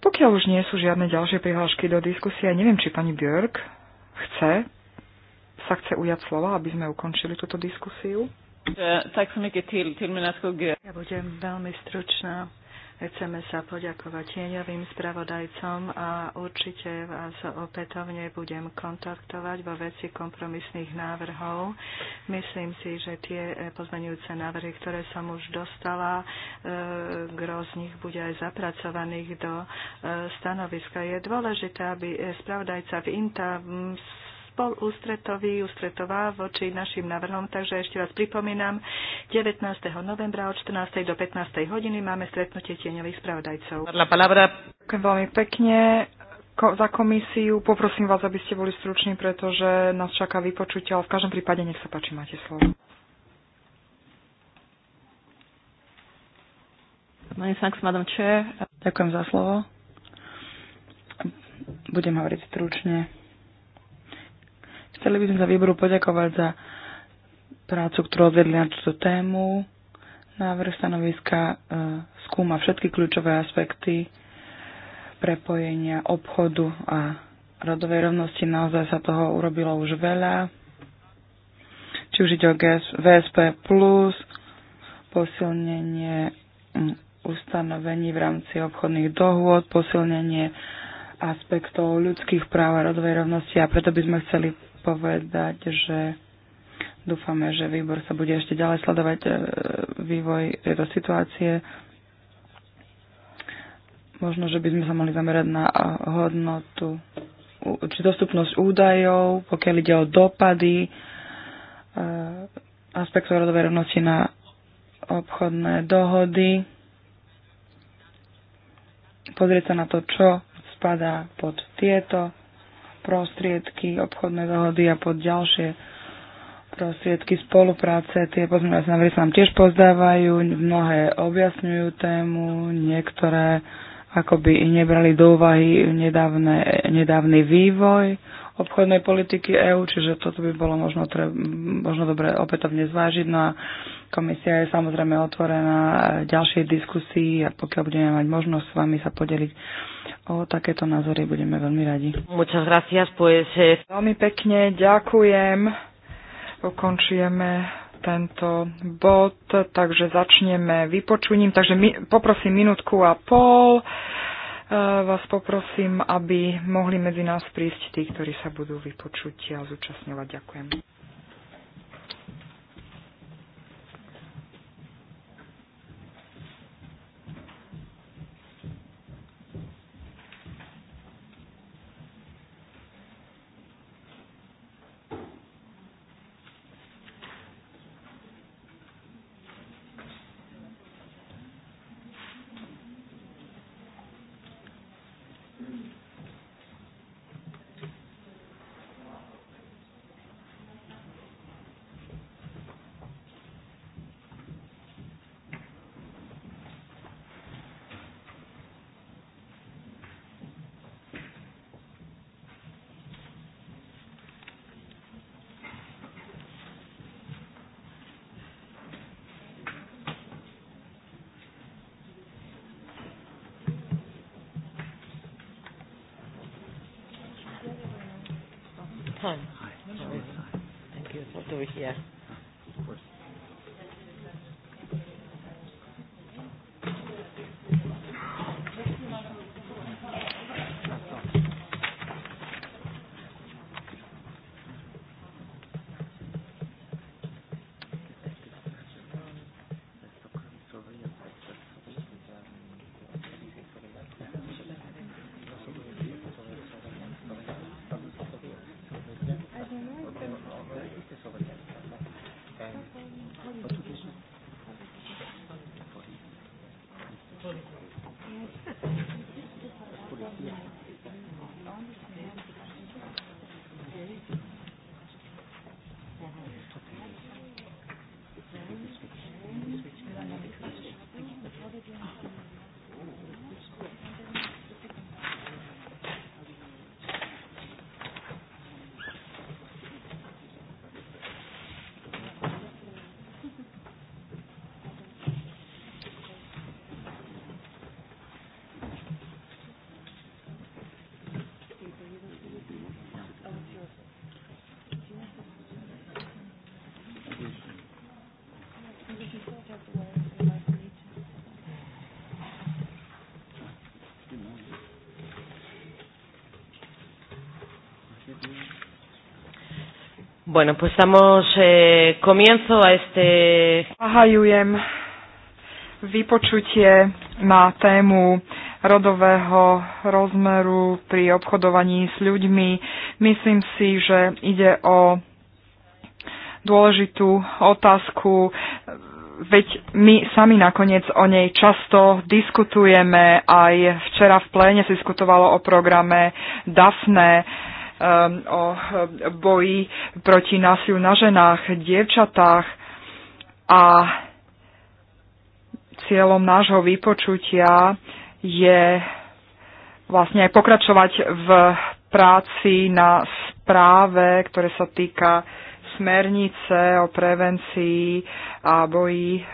Pokiaľ už nie sú žiadne ďalšie prihlášky do diskusie, neviem, či pani Björk chce, sa chce ujať slova, aby sme ukončili túto diskusiu. Eh, ja budem veľmi stručná. Chceme sa poďakovať tieňovým spravodajcom a určite vás opätovne budem kontaktovať vo veci kompromisných návrhov. Myslím si, že tie pozmenujúce návrhy, ktoré som už dostala, e, gro z nich bude aj zapracovaných do e, stanoviska. Je dôležité, aby spravodajca v INTA bol ústretový, ústretová voči našim návrhom, takže ešte raz pripomínam, 19. novembra od 14. do 15. hodiny máme stretnutie tieňových spravodajcov. Ďakujem veľmi pekne za komisiu. Poprosím vás, aby ste boli struční, pretože nás čaká vypočutie, ale v každom prípade nech sa páči, máte slovo. Ďakujem za slovo. Budem hovoriť stručne. Chceli by sme za výboru poďakovať za prácu, ktorú odvedli na túto tému. Návrh stanoviska e, skúma všetky kľúčové aspekty prepojenia obchodu a rodovej rovnosti. Naozaj sa toho urobilo už veľa. Či už ide o VSP+, posilnenie mm, ustanovení v rámci obchodných dohôd, posilnenie aspektov ľudských práv a rodovej rovnosti a preto by sme chceli povedať, že dúfame, že výbor sa bude ešte ďalej sledovať e, vývoj tejto situácie. Možno, že by sme sa mohli zamerať na e, hodnotu či dostupnosť údajov, pokiaľ ide o dopady e, aspektov rodovej rovnosti na obchodné dohody. Pozrieť sa na to, čo spadá pod tieto prostriedky, obchodné dohody a pod ďalšie prostriedky spolupráce. Tie pozmeňovacie návrhy sa nám tiež pozdávajú, mnohé objasňujú tému, niektoré akoby nebrali do úvahy nedávne, nedávny vývoj obchodnej politiky EÚ, čiže toto by bolo možno, treb, možno dobre opätovne zvážiť. No a komisia je samozrejme otvorená ďalšej diskusii a pokiaľ budeme mať možnosť s vami sa podeliť O takéto názory budeme veľmi radi. Muchas gracias, pues... Eh, veľmi pekne ďakujem. Ukončujeme tento bod, takže začneme vypočuním. Takže mi, poprosím minútku a pol. Eh, vás poprosím, aby mohli medzi nás prísť tí, ktorí sa budú vypočuť a zúčastňovať. Ďakujem. time. Hi. Thank you. What do we hear? Bueno, pues damos eh, comienzo a este... Zahajujem vypočutie na tému rodového rozmeru pri obchodovaní s ľuďmi. Myslím si, že ide o dôležitú otázku, veď my sami nakoniec o nej často diskutujeme. Aj včera v pléne sa diskutovalo o programe DAFNE, ehm, o boji proti násiliu na ženách, dievčatách a cieľom nášho vypočutia je vlastne aj pokračovať v práci na správe, ktoré sa týka smernice o prevencii a boji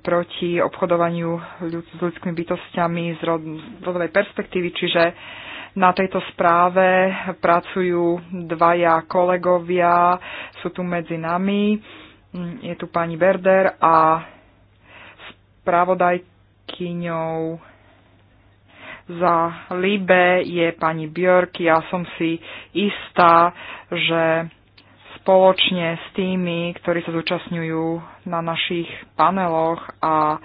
proti obchodovaniu ľud- s ľudskými bytostiami z rodovej perspektívy, čiže na tejto správe pracujú dvaja kolegovia, sú tu medzi nami. Je tu pani Berder a spravodajkyňou za Libe je pani Björk. Ja som si istá, že spoločne s tými, ktorí sa zúčastňujú na našich paneloch a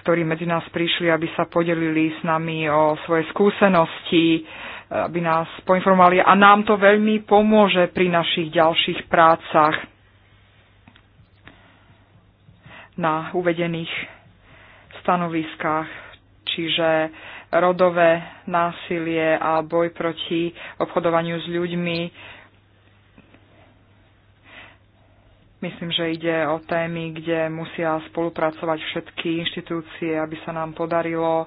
ktorí medzi nás prišli, aby sa podelili s nami o svoje skúsenosti, aby nás poinformovali a nám to veľmi pomôže pri našich ďalších prácach na uvedených stanoviskách, čiže rodové násilie a boj proti obchodovaniu s ľuďmi Myslím, že ide o témy, kde musia spolupracovať všetky inštitúcie, aby sa nám podarilo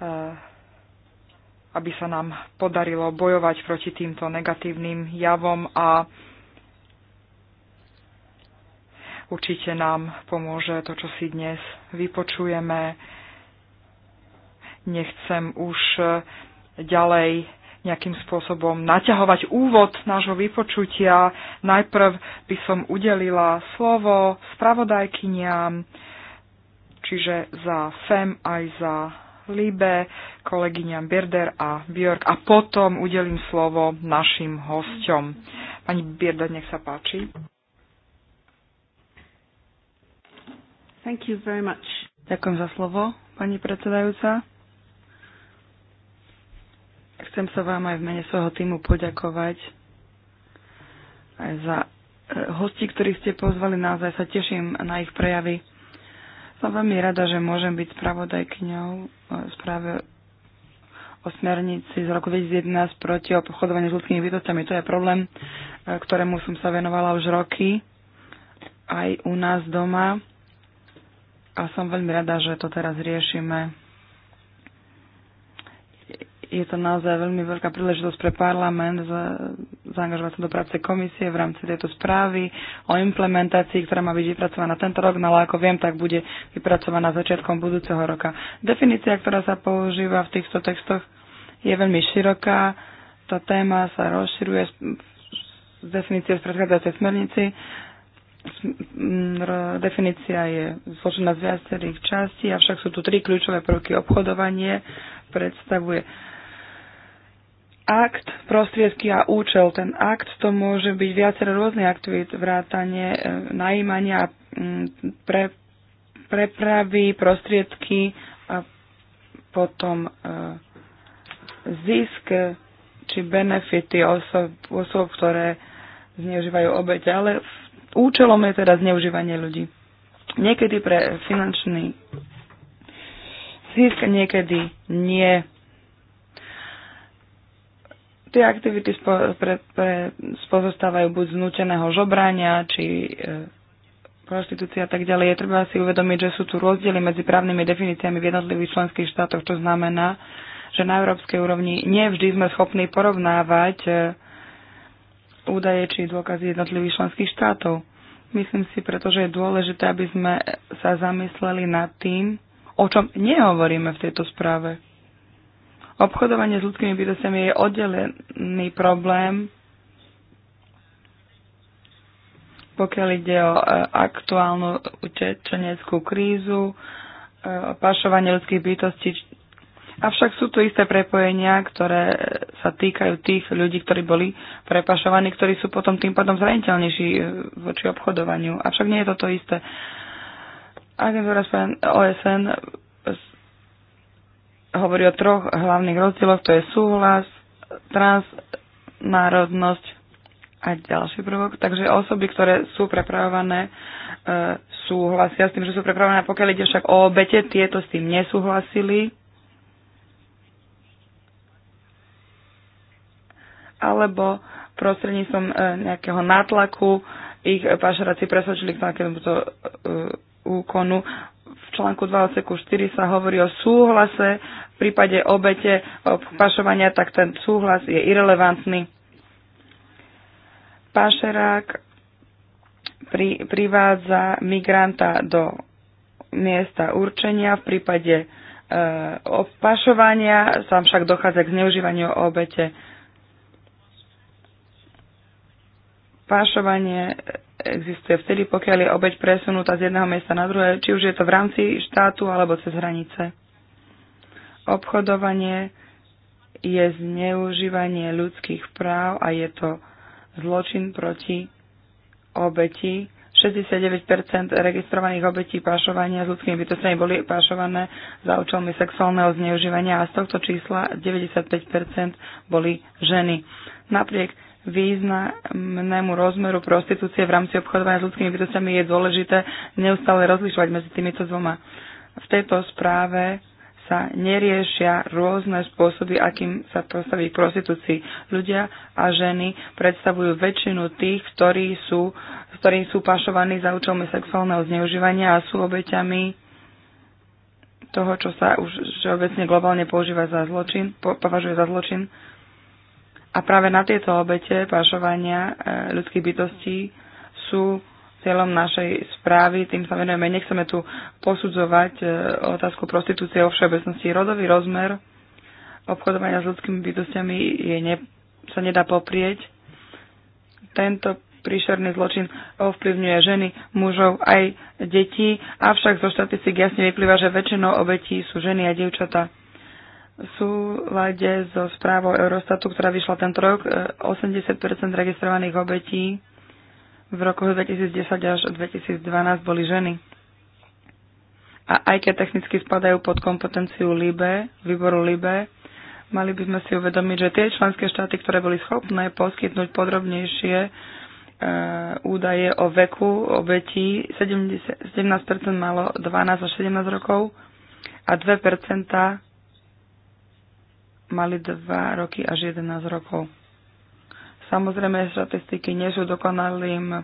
eh, aby sa nám podarilo bojovať proti týmto negatívnym javom a určite nám pomôže to, čo si dnes vypočujeme. Nechcem už ďalej nejakým spôsobom naťahovať úvod nášho vypočutia. Najprv by som udelila slovo spravodajkyniam, čiže za FEM aj za Libe, kolegyňam Birder a Björk a potom udelím slovo našim hosťom. Pani Birder, nech sa páči. Thank you very much. Ďakujem za slovo, pani predsedajúca. Chcem sa vám aj v mene svojho týmu poďakovať aj za e, hosti, ktorých ste pozvali. Naozaj sa teším na ich prejavy. Som veľmi rada, že môžem byť spravodajkňou e, správe o smernici z roku 2011 proti obchodovaniu s ľudskými bytostami. To je problém, e, ktorému som sa venovala už roky aj u nás doma a som veľmi rada, že to teraz riešime je to naozaj veľmi veľká príležitosť pre parlament zaangažovať sa do práce komisie v rámci tejto správy o implementácii, ktorá má byť vypracovaná tento rok, no ale ako viem, tak bude vypracovaná začiatkom budúceho roka. Definícia, ktorá sa používa v týchto textoch, je veľmi široká. Tá téma sa rozširuje z definície z predchádzajúcej smernici definícia je zložená z viacerých častí, avšak sú tu tri kľúčové prvky. Obchodovanie predstavuje akt, prostriedky a účel. Ten akt to môže byť viacero rôznych aktivít, vrátanie, eh, najímania, mm, pre, prepravy, prostriedky a potom e, zisk či benefity osob, osob ktoré zneužívajú obeď, ale účelom je teda zneužívanie ľudí. Niekedy pre finančný zisk, niekedy nie Tie aktivity spo, pre, pre, pozostávajú buď z núteného žobrania, či e, prostitúcia a tak ďalej. Je treba si uvedomiť, že sú tu rozdiely medzi právnymi definíciami v jednotlivých členských štátoch, čo znamená, že na európskej úrovni nevždy sme schopní porovnávať e, údaje či dôkazy jednotlivých členských štátov. Myslím si, pretože je dôležité, aby sme sa zamysleli nad tým, o čom nehovoríme v tejto správe. Obchodovanie s ľudskými bytostiami je oddelený problém, pokiaľ ide o e, aktuálnu utečeneckú krízu, e, pašovanie ľudských bytostí. Avšak sú tu isté prepojenia, ktoré e, sa týkajú tých ľudí, ktorí boli prepašovaní, ktorí sú potom tým pádom zraniteľnejší voči obchodovaniu. Avšak nie je to to isté. Agentúra OSN hovorí o troch hlavných rozdieloch, to je súhlas, transnárodnosť a ďalší prvok. Takže osoby, ktoré sú prepravované, e, súhlasia s tým, že sú prepravované. Pokiaľ ide však o obete, tieto s tým nesúhlasili. Alebo prostredníctvom e, nejakého nátlaku ich pašeraci presvedčili k takémuto e, úkonu v článku 24 sa hovorí o súhlase. V prípade obete pašovania, tak ten súhlas je irrelevantný. Pašerák pri, privádza migranta do miesta určenia. V prípade e, opašovania, sa však dochádza k zneužívaniu obete. E, Pášovanie existuje vtedy, pokiaľ je obeď presunutá z jedného miesta na druhé, či už je to v rámci štátu alebo cez hranice. Obchodovanie je zneužívanie ľudských práv a je to zločin proti obeti. 69% registrovaných obetí pášovania s ľudskými bytostami boli pášované za účelmi sexuálneho zneužívania a z tohto čísla 95% boli ženy. Napriek významnému rozmeru prostitúcie v rámci obchodovania s ľudskými bytostiami je dôležité neustále rozlišovať medzi týmito dvoma. V tejto správe sa neriešia rôzne spôsoby, akým sa postaví prostitúcii. Ľudia a ženy predstavujú väčšinu tých, ktorí sú, ktorí sú pašovaní za účelmi sexuálneho zneužívania a sú obeťami toho, čo sa už obecne globálne používa za zločin, po, považuje za zločin. A práve na tieto obete pašovania e, ľudských bytostí sú cieľom našej správy, tým sa venujeme. Nechceme tu posudzovať e, otázku prostitúcie vo všeobecnosti. Rodový rozmer obchodovania s ľudskými bytostiami je ne, sa nedá poprieť. Tento príšerný zločin ovplyvňuje ženy, mužov aj deti, avšak zo štatistik jasne vyplýva, že väčšinou obetí sú ženy a dievčatá súlade so správou Eurostatu, ktorá vyšla tento rok, 80 e, registrovaných obetí v roku 2010 až 2012 boli ženy. A aj keď technicky spadajú pod kompetenciu LIBE, výboru LIBE, mali by sme si uvedomiť, že tie členské štáty, ktoré boli schopné poskytnúť podrobnejšie e, údaje o veku obetí, 70, 17% malo 12 až 17 rokov a 2% mali 2 roky až 11 rokov. Samozrejme, štatistiky nie sú dokonalým e,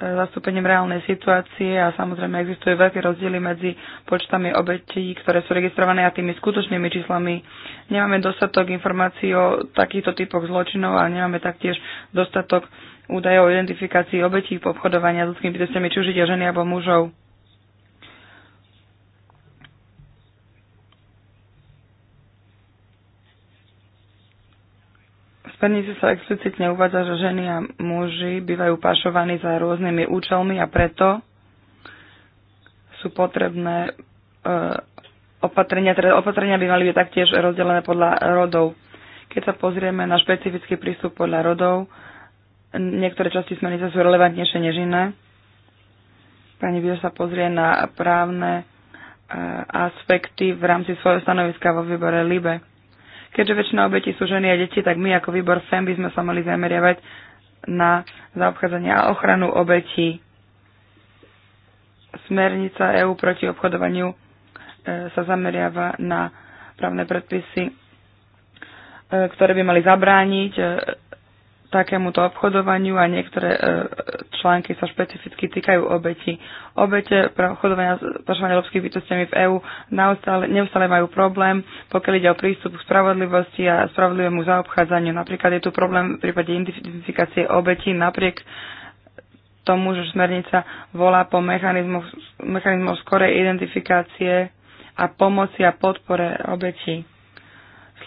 zastúpením reálnej situácie a samozrejme existujú veľké rozdiely medzi počtami obetí, ktoré sú registrované a tými skutočnými číslami. Nemáme dostatok informácií o takýchto typoch zločinov a nemáme taktiež dostatok údajov o identifikácii obetí v obchodovaní s ľudskými bytostiami, či už ide ženy alebo mužov. smernici sa explicitne uvádza, že ženy a muži bývajú pašovaní za rôznymi účelmi a preto sú potrebné e, opatrenia, teda opatrenia by mali byť taktiež rozdelené podľa rodov. Keď sa pozrieme na špecifický prístup podľa rodov, niektoré časti smernice sú relevantnejšie než iné. Pani Bio sa pozrie na právne e, aspekty v rámci svojho stanoviska vo výbore LIBE. Keďže väčšina obetí sú ženy a deti, tak my ako výbor FEM by sme sa mali zameriavať na zaobchádzanie a ochranu obetí. Smernica EÚ proti obchodovaniu e, sa zameriava na právne predpisy, e, ktoré by mali zabrániť e, takémuto obchodovaniu a niektoré e, články sa špecificky týkajú obeti. Obete pre obchodovania pašovania ľudských bytostiami v EÚ neustále majú problém, pokiaľ ide o prístup k spravodlivosti a spravodlivému zaobchádzaniu. Napríklad je tu problém v prípade identifikácie obetí napriek tomu, že smernica volá po mechanizmoch skorej identifikácie a pomoci a podpore obetí.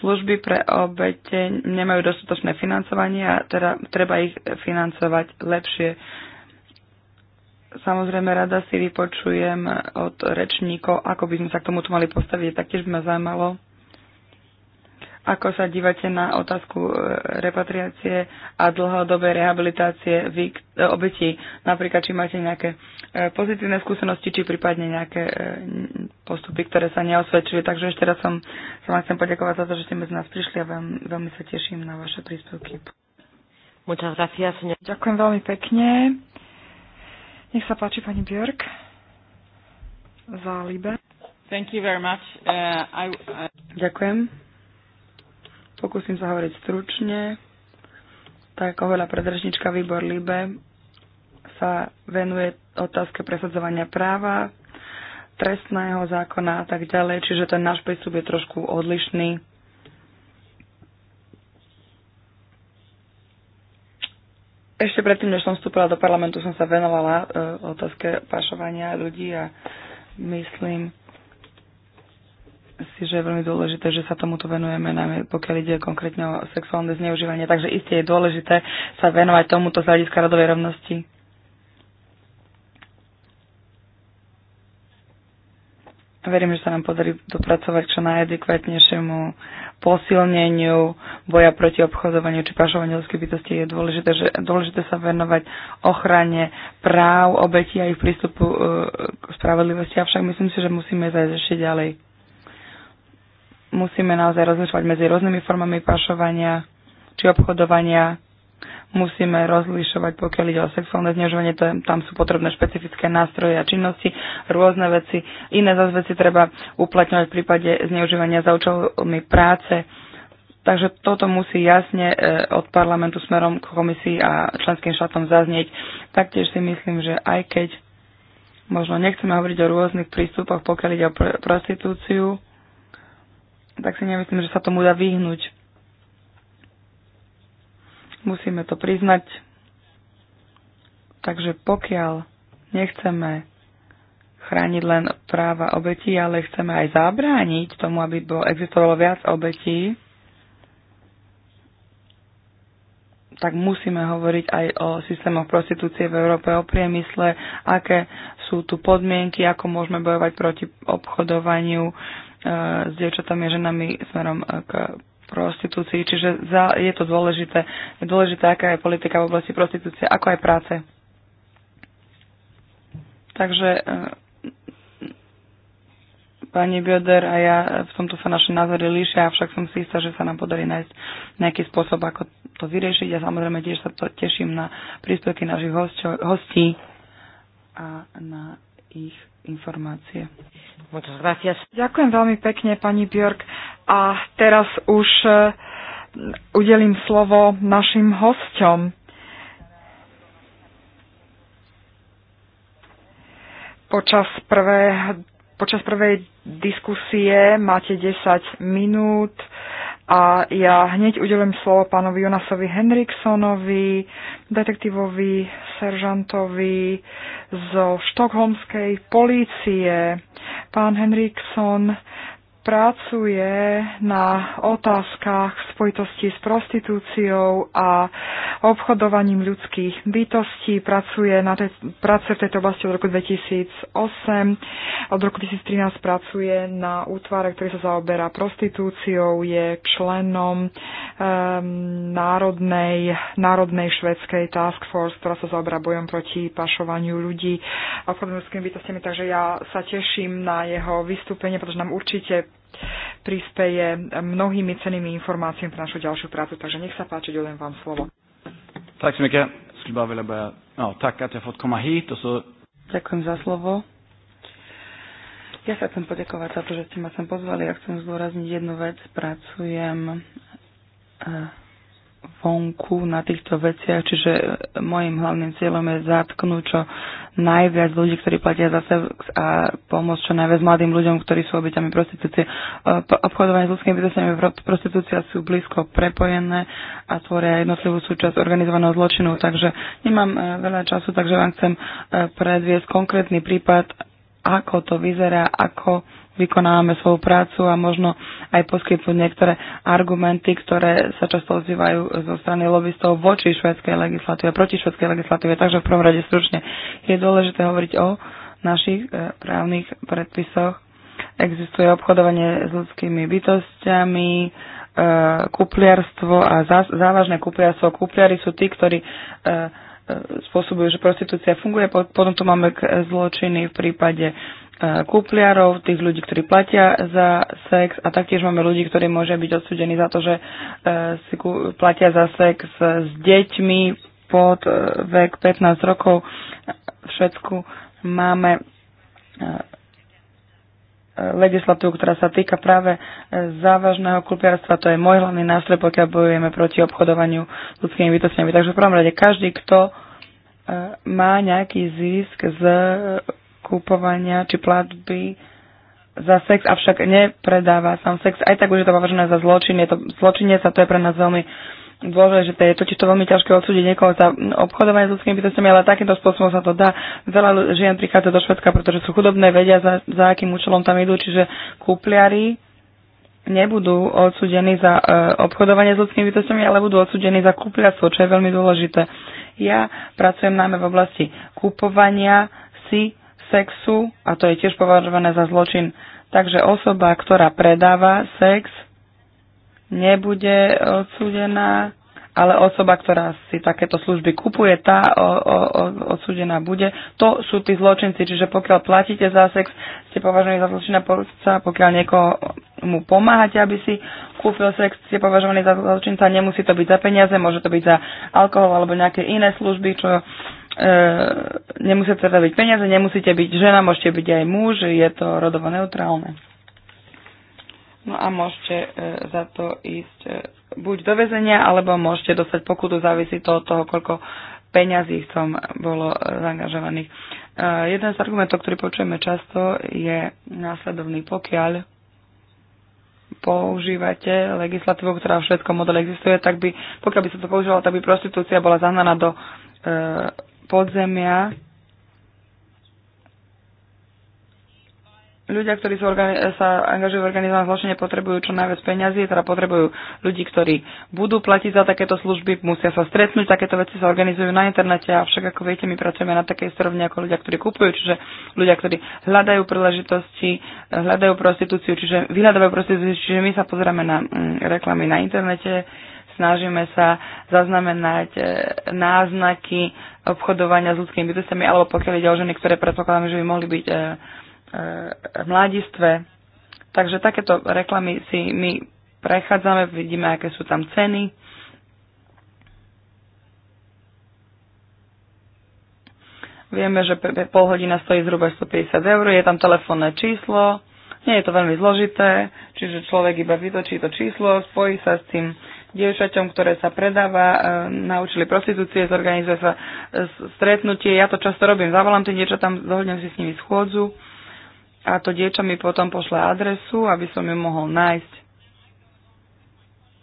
Služby pre obete nemajú dostatočné financovanie a teda treba ich financovať lepšie. Samozrejme, rada si vypočujem od rečníkov, ako by sme sa k tomuto mali postaviť. Taktiež by ma zaujímalo, ako sa dívate na otázku e, repatriácie a dlhodobej rehabilitácie e, obetí? Napríklad, či máte nejaké e, pozitívne skúsenosti, či prípadne nejaké postupy, ktoré sa neosvedčili. Takže ešte raz som, sa vám chcem poďakovať za to, že ste medzi nás prišli a veľmi, veľmi sa teším na vaše príspevky. Muchas gracias. Ďakujem veľmi pekne. Nech sa páči pani Björk za Libe. Thank you very much. Uh, I, uh... Ďakujem. Pokúsim sa hovoriť stručne. Tak ako hovorila predržnička Výbor Libe, sa venuje otázke presadzovania práva, trestného zákona a tak ďalej, čiže ten náš prístup je trošku odlišný. Ešte predtým, než som vstúpila do parlamentu, som sa venovala e, otázke pašovania ľudí a myslím, si, že je veľmi dôležité, že sa tomuto venujeme, najmä pokiaľ ide konkrétne o sexuálne zneužívanie. Takže isté je dôležité sa venovať tomuto z hľadiska rodovej rovnosti. Verím, že sa nám podarí dopracovať čo najadekvátnejšiemu posilneniu boja proti obchodovaniu či pašovaniu ľudských bytostí. Je dôležité, že, dôležité sa venovať ochrane práv obetí a ich prístupu e, k spravodlivosti. Avšak myslím si, že musíme zajsť ešte ďalej musíme naozaj rozlišovať medzi rôznymi formami pašovania či obchodovania. Musíme rozlišovať, pokiaľ ide o sexuálne znežovanie, to je, tam sú potrebné špecifické nástroje a činnosti, rôzne veci. Iné zase veci treba uplatňovať v prípade zneužívania za účelmi práce. Takže toto musí jasne e, od parlamentu smerom k komisii a členským štátom zaznieť. Taktiež si myslím, že aj keď možno nechceme hovoriť o rôznych prístupoch, pokiaľ ide o prostitúciu, tak si nemyslím, že sa tomu dá vyhnúť. Musíme to priznať. Takže pokiaľ nechceme chrániť len práva obetí, ale chceme aj zabrániť tomu, aby bol, existovalo viac obetí, tak musíme hovoriť aj o systémoch prostitúcie v Európe, o priemysle, aké sú tu podmienky, ako môžeme bojovať proti obchodovaniu, E, s dievčatami a ženami smerom e, k prostitúcii. Čiže za, je to dôležité. Je dôležité, aká je politika v oblasti prostitúcie, ako aj práce. Takže e, pani Bioder a ja v tomto sa naše názory líšia, avšak som si istá, že sa nám podarí nájsť nejaký spôsob, ako to vyriešiť. Ja samozrejme tiež sa to teším na príspevky našich hostí a na ich informácie. Ďakujem veľmi pekne, pani Björk. A teraz už e, udelím slovo našim hosťom. Počas, prvé, počas prvej diskusie máte 10 minút a ja hneď udelím slovo pánovi Jonasovi Henriksonovi, detektívovi, seržantovi zo štokholmskej polície. Pán Henriksson pracuje na otázkach v spojitosti s prostitúciou a obchodovaním ľudských bytostí. Pracuje na te, práce v tejto oblasti od roku 2008. Od roku 2013 pracuje na útvare, ktorý sa zaoberá prostitúciou. Je členom um, národnej, národnej švedskej task force, ktorá sa zaoberá bojom proti pašovaniu ľudí a obchodovaním ľudskými bytostiami. Takže ja sa teším na jeho vystúpenie, pretože nám určite prispeje mnohými cenými informáciami pre našu ďalšiu prácu. Takže nech sa páči, ďakujem vám slovo. Tack så mycket. Skulle bara vilja börja, ja, tacka att hit och Ďakujem za slovo. Ja sa chcem poďakovať za to, že ste ma sem pozvali. Ja chcem zdôrazniť jednu vec. Pracujem eh, vonku na týchto veciach, čiže môjim hlavným cieľom je zatknúť čo najviac ľudí, ktorí platia za sex a pomôcť čo najviac mladým ľuďom, ktorí sú obyťami prostitúcie. E, obchodovanie s ľudskými bytostiami a prostitúcia sú blízko prepojené a tvoria jednotlivú súčasť organizovaného zločinu, takže nemám e, veľa času, takže vám chcem e, predviesť konkrétny prípad, ako to vyzerá, ako vykonávame svoju prácu a možno aj poskytnúť niektoré argumenty, ktoré sa často ozývajú zo strany lobbystov voči švedskej legislatíve, proti švedskej legislatíve. Takže v prvom rade stručne je dôležité hovoriť o našich e, právnych predpisoch. Existuje obchodovanie s ľudskými bytostiami, e, kupliarstvo a závažné kupliarstvo. Kupliari sú tí, ktorí e, spôsobujú, že prostitúcia funguje. Potom tu máme zločiny v prípade kúpliarov, tých ľudí, ktorí platia za sex a taktiež máme ľudí, ktorí môže byť odsudení za to, že e, si platia za sex s deťmi pod e, vek 15 rokov. V Švedsku máme e, legislatívu, ktorá sa týka práve závažného kulpiarstva. To je môj hlavný nástroj, pokiaľ bojujeme proti obchodovaniu ľudskými bytostiami. Takže v prvom rade každý, kto má nejaký zisk z kúpovania či platby za sex, avšak nepredáva sám sex. Aj tak už je to považené za zločin, je to zločinec a to je pre nás veľmi dôležité. Je totiž to veľmi ťažké odsúdiť niekoho za obchodovanie s ľudskými bytostiami, ale takýmto spôsobom sa to dá. Veľa žien prichádza do Švedska, pretože sú chudobné, vedia za, za akým účelom tam idú, čiže kúpliari nebudú odsúdení za e, obchodovanie s ľudskými bytostiami, ale budú odsudení za kúpliarstvo, čo je veľmi dôležité. Ja pracujem najmä v oblasti kúpovania si sexu a to je tiež považované za zločin. Takže osoba, ktorá predáva sex, nebude odsúdená, ale osoba, ktorá si takéto služby kupuje, tá o, o, o, odsúdená bude. To sú tí zločinci, čiže pokiaľ platíte za sex, ste považovaní za porúca, pokiaľ niekoho mu pomáhate, aby si kúpil sex, ste považovaní za zločinca, nemusí to byť za peniaze, môže to byť za alkohol alebo nejaké iné služby, čo E, nemusíte teda byť peniaze, nemusíte byť žena, môžete byť aj muž, je to rodovo neutrálne. No a môžete e, za to ísť e, buď do väzenia, alebo môžete dostať pokutu, závisí to od toho, koľko peňazí v tom bolo e, zaangažovaných. E, jeden z argumentov, ktorý počujeme často, je následovný. Pokiaľ používate legislatívu, ktorá v švedskom modele existuje, tak by, pokiaľ by sa to používalo, tak by prostitúcia bola zahnaná do e, podzemia. Ľudia, ktorí sa, sa angažujú v organizovanom zločine, potrebujú čo najviac peňazí, teda potrebujú ľudí, ktorí budú platiť za takéto služby, musia sa stretnúť, takéto veci sa organizujú na internete, a však ako viete, my pracujeme na takej strovni ako ľudia, ktorí kupujú, čiže ľudia, ktorí hľadajú príležitosti, hľadajú prostitúciu, čiže vyhľadávajú prostitúciu, čiže my sa pozeráme na mm, reklamy na internete, snažíme sa zaznamenať e, náznaky obchodovania s ľudskými bytostami, alebo pokiaľ ide o ženy, ktoré predpokladáme, že by mohli byť e, e, v mladistve. Takže takéto reklamy si my prechádzame, vidíme, aké sú tam ceny. Vieme, že pol hodina stojí zhruba 150 eur, je tam telefónne číslo, nie je to veľmi zložité, čiže človek iba vytočí to číslo, spojí sa s tým dievčaťom, ktoré sa predáva, e, naučili prostitúcie, zorganizuje sa e, stretnutie. Ja to často robím, zavolám tie dievčatám, dohodnem si s nimi schôdzu a to dievča mi potom pošle adresu, aby som ju mohol nájsť.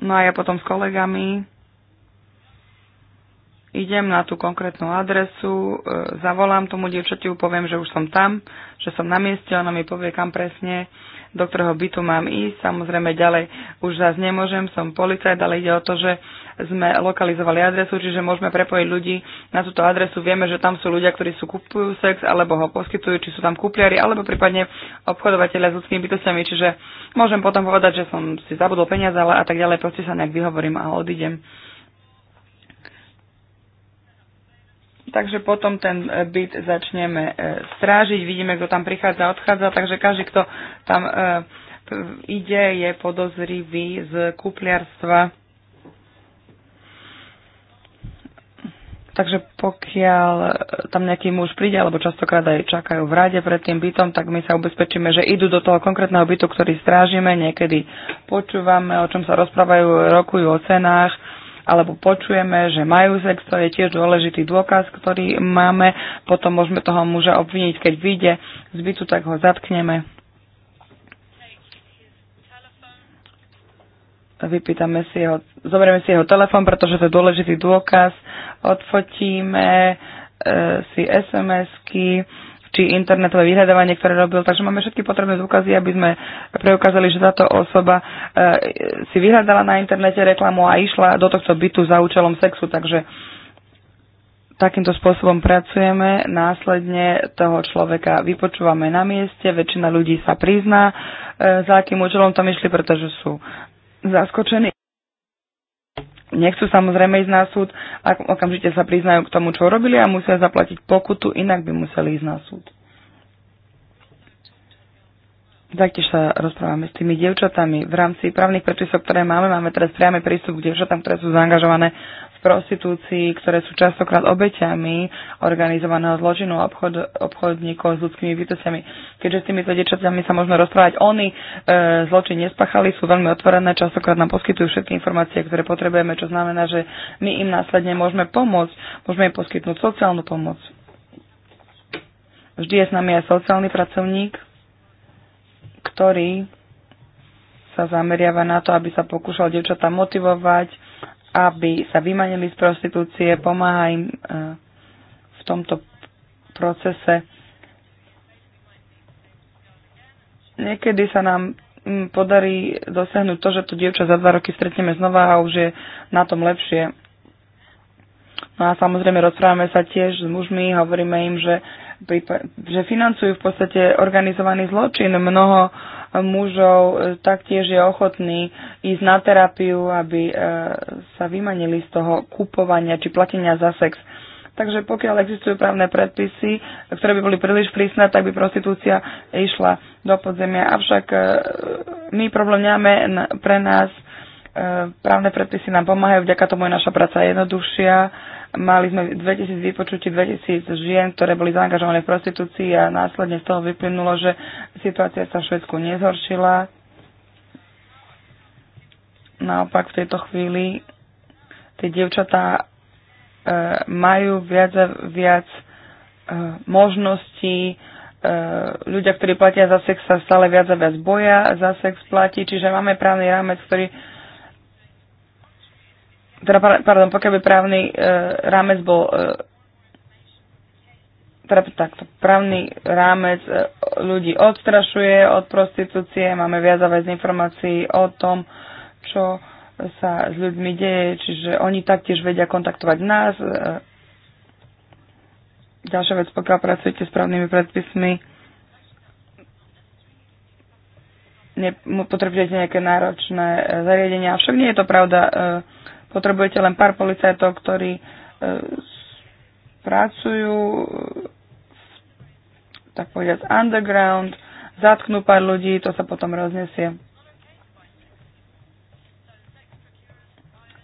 No a ja potom s kolegami idem na tú konkrétnu adresu, e, zavolám tomu dievčatiu, poviem, že už som tam, že som na mieste, ona mi povie, kam presne, do ktorého bytu mám ísť. Samozrejme ďalej už zase nemôžem, som policajt, ale ide o to, že sme lokalizovali adresu, čiže môžeme prepojiť ľudí na túto adresu. Vieme, že tam sú ľudia, ktorí sú kupujú sex alebo ho poskytujú, či sú tam kupliari alebo prípadne obchodovateľia s ľudskými bytostiami, čiže môžem potom povedať, že som si zabudol peniaze ale a tak ďalej, proste sa nejak vyhovorím a odídem. Takže potom ten e, byt začneme e, strážiť, vidíme, kto tam prichádza, odchádza, takže každý, kto tam e, ide, je podozrivý z kupliarstva. Takže pokiaľ tam nejaký muž príde, alebo častokrát aj čakajú v rade pred tým bytom, tak my sa ubezpečíme, že idú do toho konkrétneho bytu, ktorý strážime, niekedy počúvame, o čom sa rozprávajú, rokujú o cenách, alebo počujeme, že majú sex, to je tiež dôležitý dôkaz, ktorý máme, potom môžeme toho muža obviniť, keď vyjde z bytu, tak ho zatkneme. Vypýtame si jeho, zoberieme si jeho telefón, pretože to je dôležitý dôkaz, odfotíme e, si SMS-ky, či internetové vyhľadávanie, ktoré robil. Takže máme všetky potrebné dôkazy, aby sme preukázali, že táto osoba e, si vyhľadala na internete reklamu a išla do tohto bytu za účelom sexu. Takže takýmto spôsobom pracujeme, následne toho človeka vypočúvame na mieste, väčšina ľudí sa prizná, e, za akým účelom tam išli, pretože sú zaskočení nechcú samozrejme ísť na súd, a okamžite sa priznajú k tomu, čo robili a musia zaplatiť pokutu, inak by museli ísť na súd. Taktiež sa rozprávame s tými dievčatami. V rámci právnych predpisov, ktoré máme, máme teraz priamy prístup k dievčatám, ktoré sú zaangažované prostitúcii, ktoré sú častokrát obeťami organizovaného zločinu obchod, obchodníkov s ľudskými bytostiami. Keďže s týmito dečatami sa možno rozprávať, oni e, zločin nespáchali, sú veľmi otvorené, častokrát nám poskytujú všetky informácie, ktoré potrebujeme, čo znamená, že my im následne môžeme pomôcť, môžeme im poskytnúť sociálnu pomoc. Vždy je s nami aj sociálny pracovník, ktorý sa zameriava na to, aby sa pokúšal devčatá motivovať, aby sa vymanili z prostitúcie, pomáha im e, v tomto procese. Niekedy sa nám mm, podarí dosiahnuť to, že tu dievča za dva roky stretneme znova a už je na tom lepšie. No a samozrejme rozprávame sa tiež s mužmi, hovoríme im, že, že financujú v podstate organizovaný zločin. Mnoho mužov e, taktiež je ochotný ísť na terapiu, aby e, sa vymanili z toho kupovania či platenia za sex. Takže pokiaľ existujú právne predpisy, ktoré by boli príliš prísne, tak by prostitúcia išla do podzemia. Avšak e, my problém nemáme pre nás Právne predpisy nám pomáhajú, vďaka tomu je naša práca jednoduchšia. Mali sme 2000 vypočutí, 2000 žien, ktoré boli zaangažované v prostitúcii a následne z toho vyplynulo, že situácia sa v Švedsku nezhoršila. Naopak v tejto chvíli tie dievčatá e, majú viac a viac e, možností, e, ľudia, ktorí platia za sex, sa stále viac a viac boja za sex platí, čiže máme právny rámec, ktorý teda, pardon, pokiaľ by právny uh, rámec bol uh, teda takto, právny rámec e, ľudí odstrašuje od prostitúcie, máme viac a viac informácií o tom, čo sa s ľuďmi deje, čiže oni taktiež vedia kontaktovať nás. Ďalšia vec, pokiaľ pracujete s právnymi predpismi, potrebujete nejaké náročné zariadenia, avšak nie je to pravda. Potrebujete len pár policajtov, ktorí e, pracujú, e, tak povedať, underground, zatknú pár ľudí, to sa potom roznesie.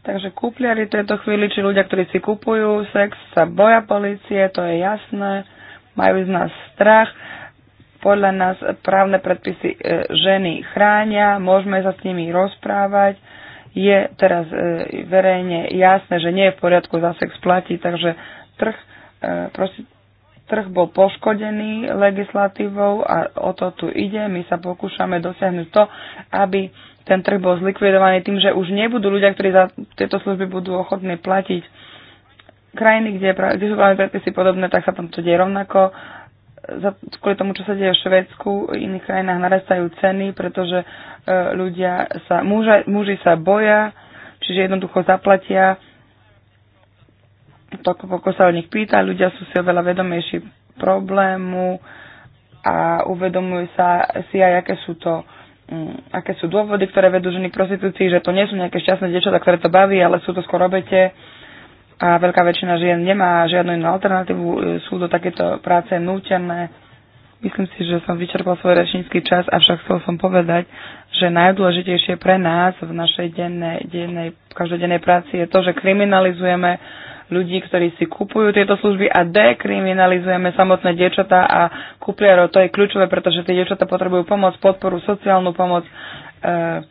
Takže kúpliari v tejto chvíli, či ľudia, ktorí si kupujú sex, sa boja policie, to je jasné, majú z nás strach. Podľa nás právne predpisy e, ženy chránia, môžeme sa s nimi rozprávať, je teraz e, verejne jasné, že nie je v poriadku za sex platí, takže trh, e, prosím, trh bol poškodený legislatívou a o to tu ide. My sa pokúšame dosiahnuť to, aby ten trh bol zlikvidovaný tým, že už nebudú ľudia, ktorí za tieto služby budú ochotní platiť. Krajiny, kde, kde sú právne predpisy podobné, tak sa tam to deje rovnako za, kvôli tomu, čo sa deje v Švedsku, v iných krajinách narastajú ceny, pretože e, ľudia sa, muža, muži sa boja, čiže jednoducho zaplatia to, koľko sa o nich pýta, ľudia sú si oveľa vedomejší problému a uvedomujú sa si aj, aké sú to mm, aké sú dôvody, ktoré vedú ženy k prostitúcii, že to nie sú nejaké šťastné dievčatá, ktoré to baví, ale sú to skôr obete a veľká väčšina žien nemá žiadnu inú alternatívu, e, sú do takéto práce nútené. Myslím si, že som vyčerpal svoj rečnícky čas, avšak chcel som povedať, že najdôležitejšie pre nás v našej dennej, dennej, každodennej práci je to, že kriminalizujeme ľudí, ktorí si kupujú tieto služby a dekriminalizujeme samotné dievčatá a kupliarov. To je kľúčové, pretože tie dievčatá potrebujú pomoc, podporu, sociálnu pomoc, e,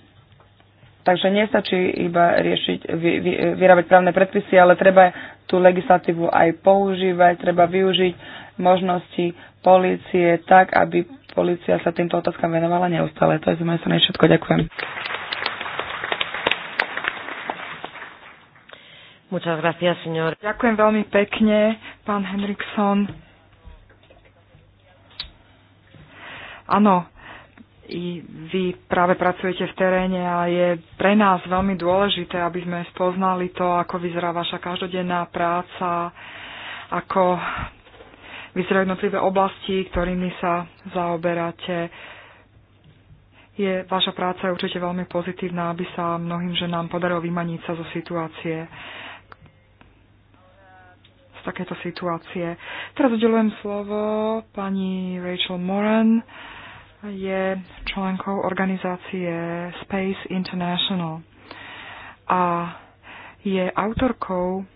Takže nestačí iba riešiť, vy, vy, vyrábať právne predpisy, ale treba tú legislatívu aj používať, treba využiť možnosti policie tak, aby policia sa týmto otázkam venovala neustále. To je z mojej strany všetko. Ďakujem. Muchas gracias, señor. Ďakujem veľmi pekne, pán Henriksson, Áno, i vy práve pracujete v teréne a je pre nás veľmi dôležité, aby sme spoznali to, ako vyzerá vaša každodenná práca, ako vyzerajú jednotlivé oblasti, ktorými sa zaoberáte. Je, vaša práca je určite veľmi pozitívna, aby sa mnohým ženám podarilo vymaniť sa zo situácie z takéto situácie. Teraz udelujem slovo pani Rachel Moran je členkou organizácie Space International a je autorkou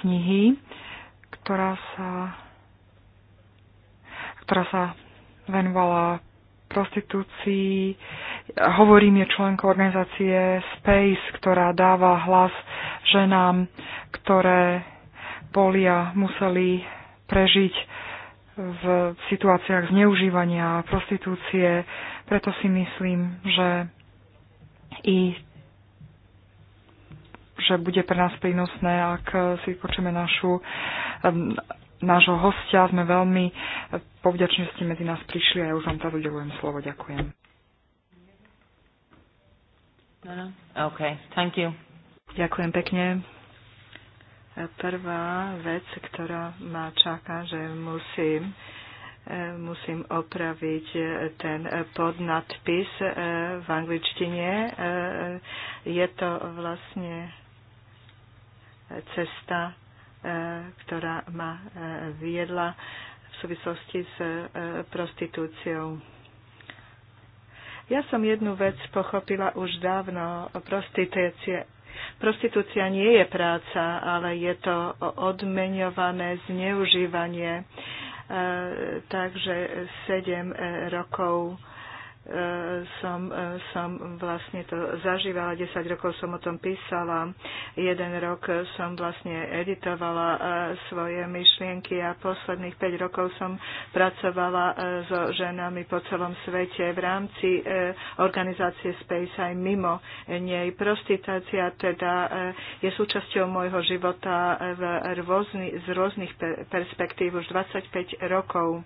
knihy, ktorá sa, ktorá sa venovala prostitúcii. Hovorím, je členkou organizácie Space, ktorá dáva hlas ženám, ktoré boli a museli prežiť v situáciách zneužívania a prostitúcie. Preto si myslím, že i že bude pre nás prínosné, ak si počujeme našu, nášho hostia. Sme veľmi povďační, že ste medzi nás prišli a ja už vám teraz udelujem slovo. Ďakujem. No, no. Okay, thank you. Ďakujem pekne. Prvá vec, ktorá ma čaká, že musím e, musím opraviť ten podnadpis e, v angličtine. E, je to vlastne cesta, ktorá ma viedla v súvislosti s prostitúciou. Ja som jednu vec pochopila už dávno. Prostitúcia, Prostitúcia nie je práca, ale je to odmeňované zneužívanie. E, takže 7 rokov E, som, e, som vlastne to zažívala, 10 rokov som o tom písala, jeden rok som vlastne editovala e, svoje myšlienky a posledných 5 rokov som pracovala so ženami po celom svete v rámci organizácie Space aj mimo nej. Prostitácia teda je súčasťou môjho života v rôzny, z rôznych perspektív už 25 rokov.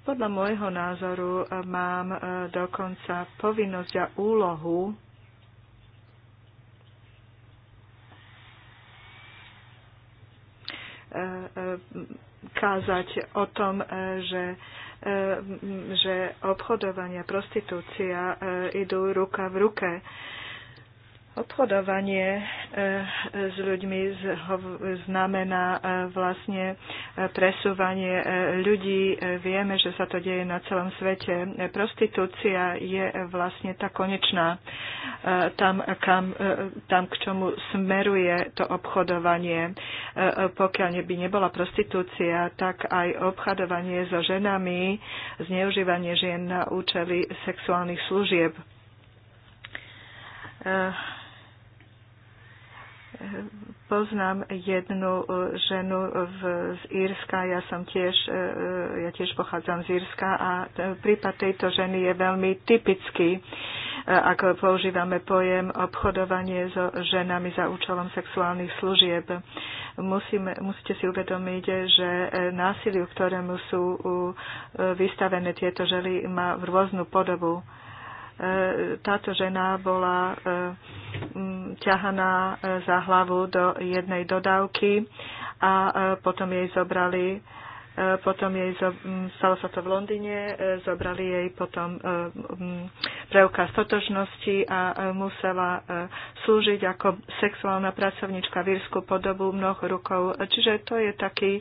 Podľa môjho názoru mám do dokonca povinnosť a úlohu kázať o tom, že, že obchodovanie a prostitúcia idú ruka v ruke Obchodovanie eh, s ľuďmi znamená eh, vlastne eh, presúvanie ľudí. Vieme, že sa to deje na celom svete. Prostitúcia je vlastne tá konečná, tam, kam, tam k čomu smeruje to obchodovanie. Pokiaľ by nebola prostitúcia, tak aj obchodovanie so ženami, zneužívanie žien na účely sexuálnych služieb Poznám jednu e, ženu v, z Írska, ja som tiež, e, e, ja tiež pochádzam z Írska a prípad tejto ženy je veľmi typický, ako používame pojem obchodovanie so ženami za účelom sexuálnych služieb. Musíme, musíte si uvedomiť, že násiliu, ktorému sú vystavené tieto ženy, má rôznu podobu. E, táto žena bola e, ťahaná e, za hlavu do jednej dodávky a potom jej zobrali potom jej, stalo sa to v Londýne, zobrali jej potom preukaz totožnosti a musela slúžiť ako sexuálna pracovnička v Írsku podobu mnoh rukov. Čiže to je taký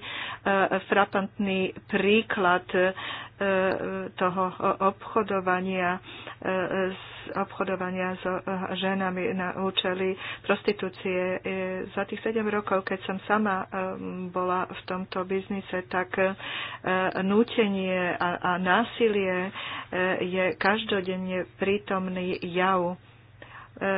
frapantný príklad toho obchodovania, obchodovania s ženami na účely prostitúcie. Za tých 7 rokov, keď som sama um, bola v tomto biznise, tak uh, nútenie a, násilie uh, je každodenne prítomný jav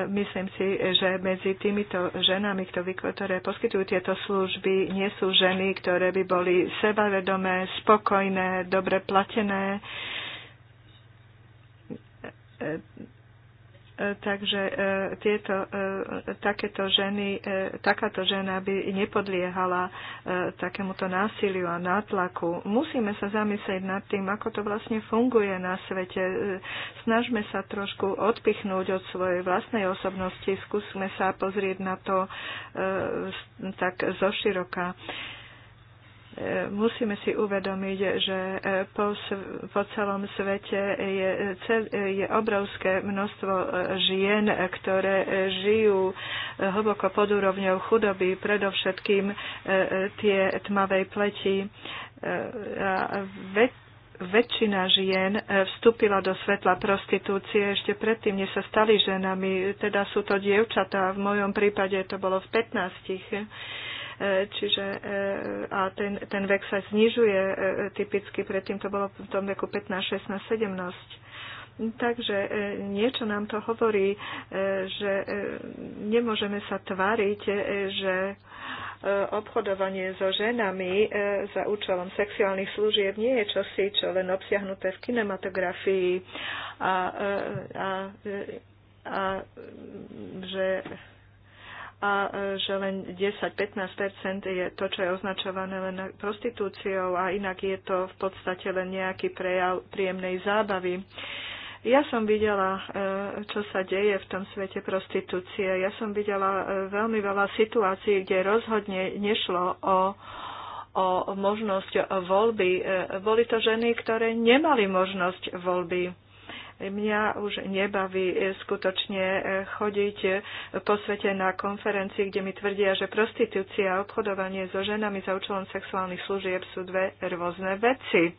Myslím si, že medzi týmito ženami, ktoré poskytujú tieto služby, nie sú ženy, ktoré by boli sebavedomé, spokojné, dobre platené takže e, tieto, e, takéto ženy, e, takáto žena by nepodliehala takémuto násiliu a nátlaku. Musíme sa zamyslieť nad tým, ako to vlastne funguje na svete. Snažme sa trošku odpichnúť od svojej vlastnej osobnosti, skúsme sa pozrieť na to tak zoširoka. široka musíme si uvedomiť, že e, po, po celom svete je, je obrovské množstvo e, žien, ktoré e, žijú hlboko pod úrovňou chudoby, predovšetkým tie tmavej pleti. A väčšina žien vstúpila do svetla prostitúcie ešte predtým, než sa stali ženami. Teda sú to dievčatá, v mojom prípade to bolo v 15 čiže eh, a ten, ten vek sa znižuje eh, typicky, predtým to bolo v tom veku 15, 16, 17. Takže eh, niečo nám to hovorí, že nemôžeme sa tváriť, že obchodovanie so ženami za účelom sexuálnych služieb nie je čosi, čo len obsiahnuté v kinematografii a, a, a, a že a e, že len 10-15 je to, čo je označované len prostitúciou a inak je to v podstate len nejaký prejav príjemnej zábavy. Ja som videla, e, čo sa deje v tom svete prostitúcie. Ja som videla e, veľmi veľa situácií, kde rozhodne nešlo o, o možnosť voľby. Boli to ženy, ktoré nemali možnosť voľby Mňa už nebaví e, skutočne e, chodiť e, po svete na konferencii, kde mi tvrdia, že prostitúcia a obchodovanie so ženami za účelom sexuálnych služieb sú dve rôzne veci.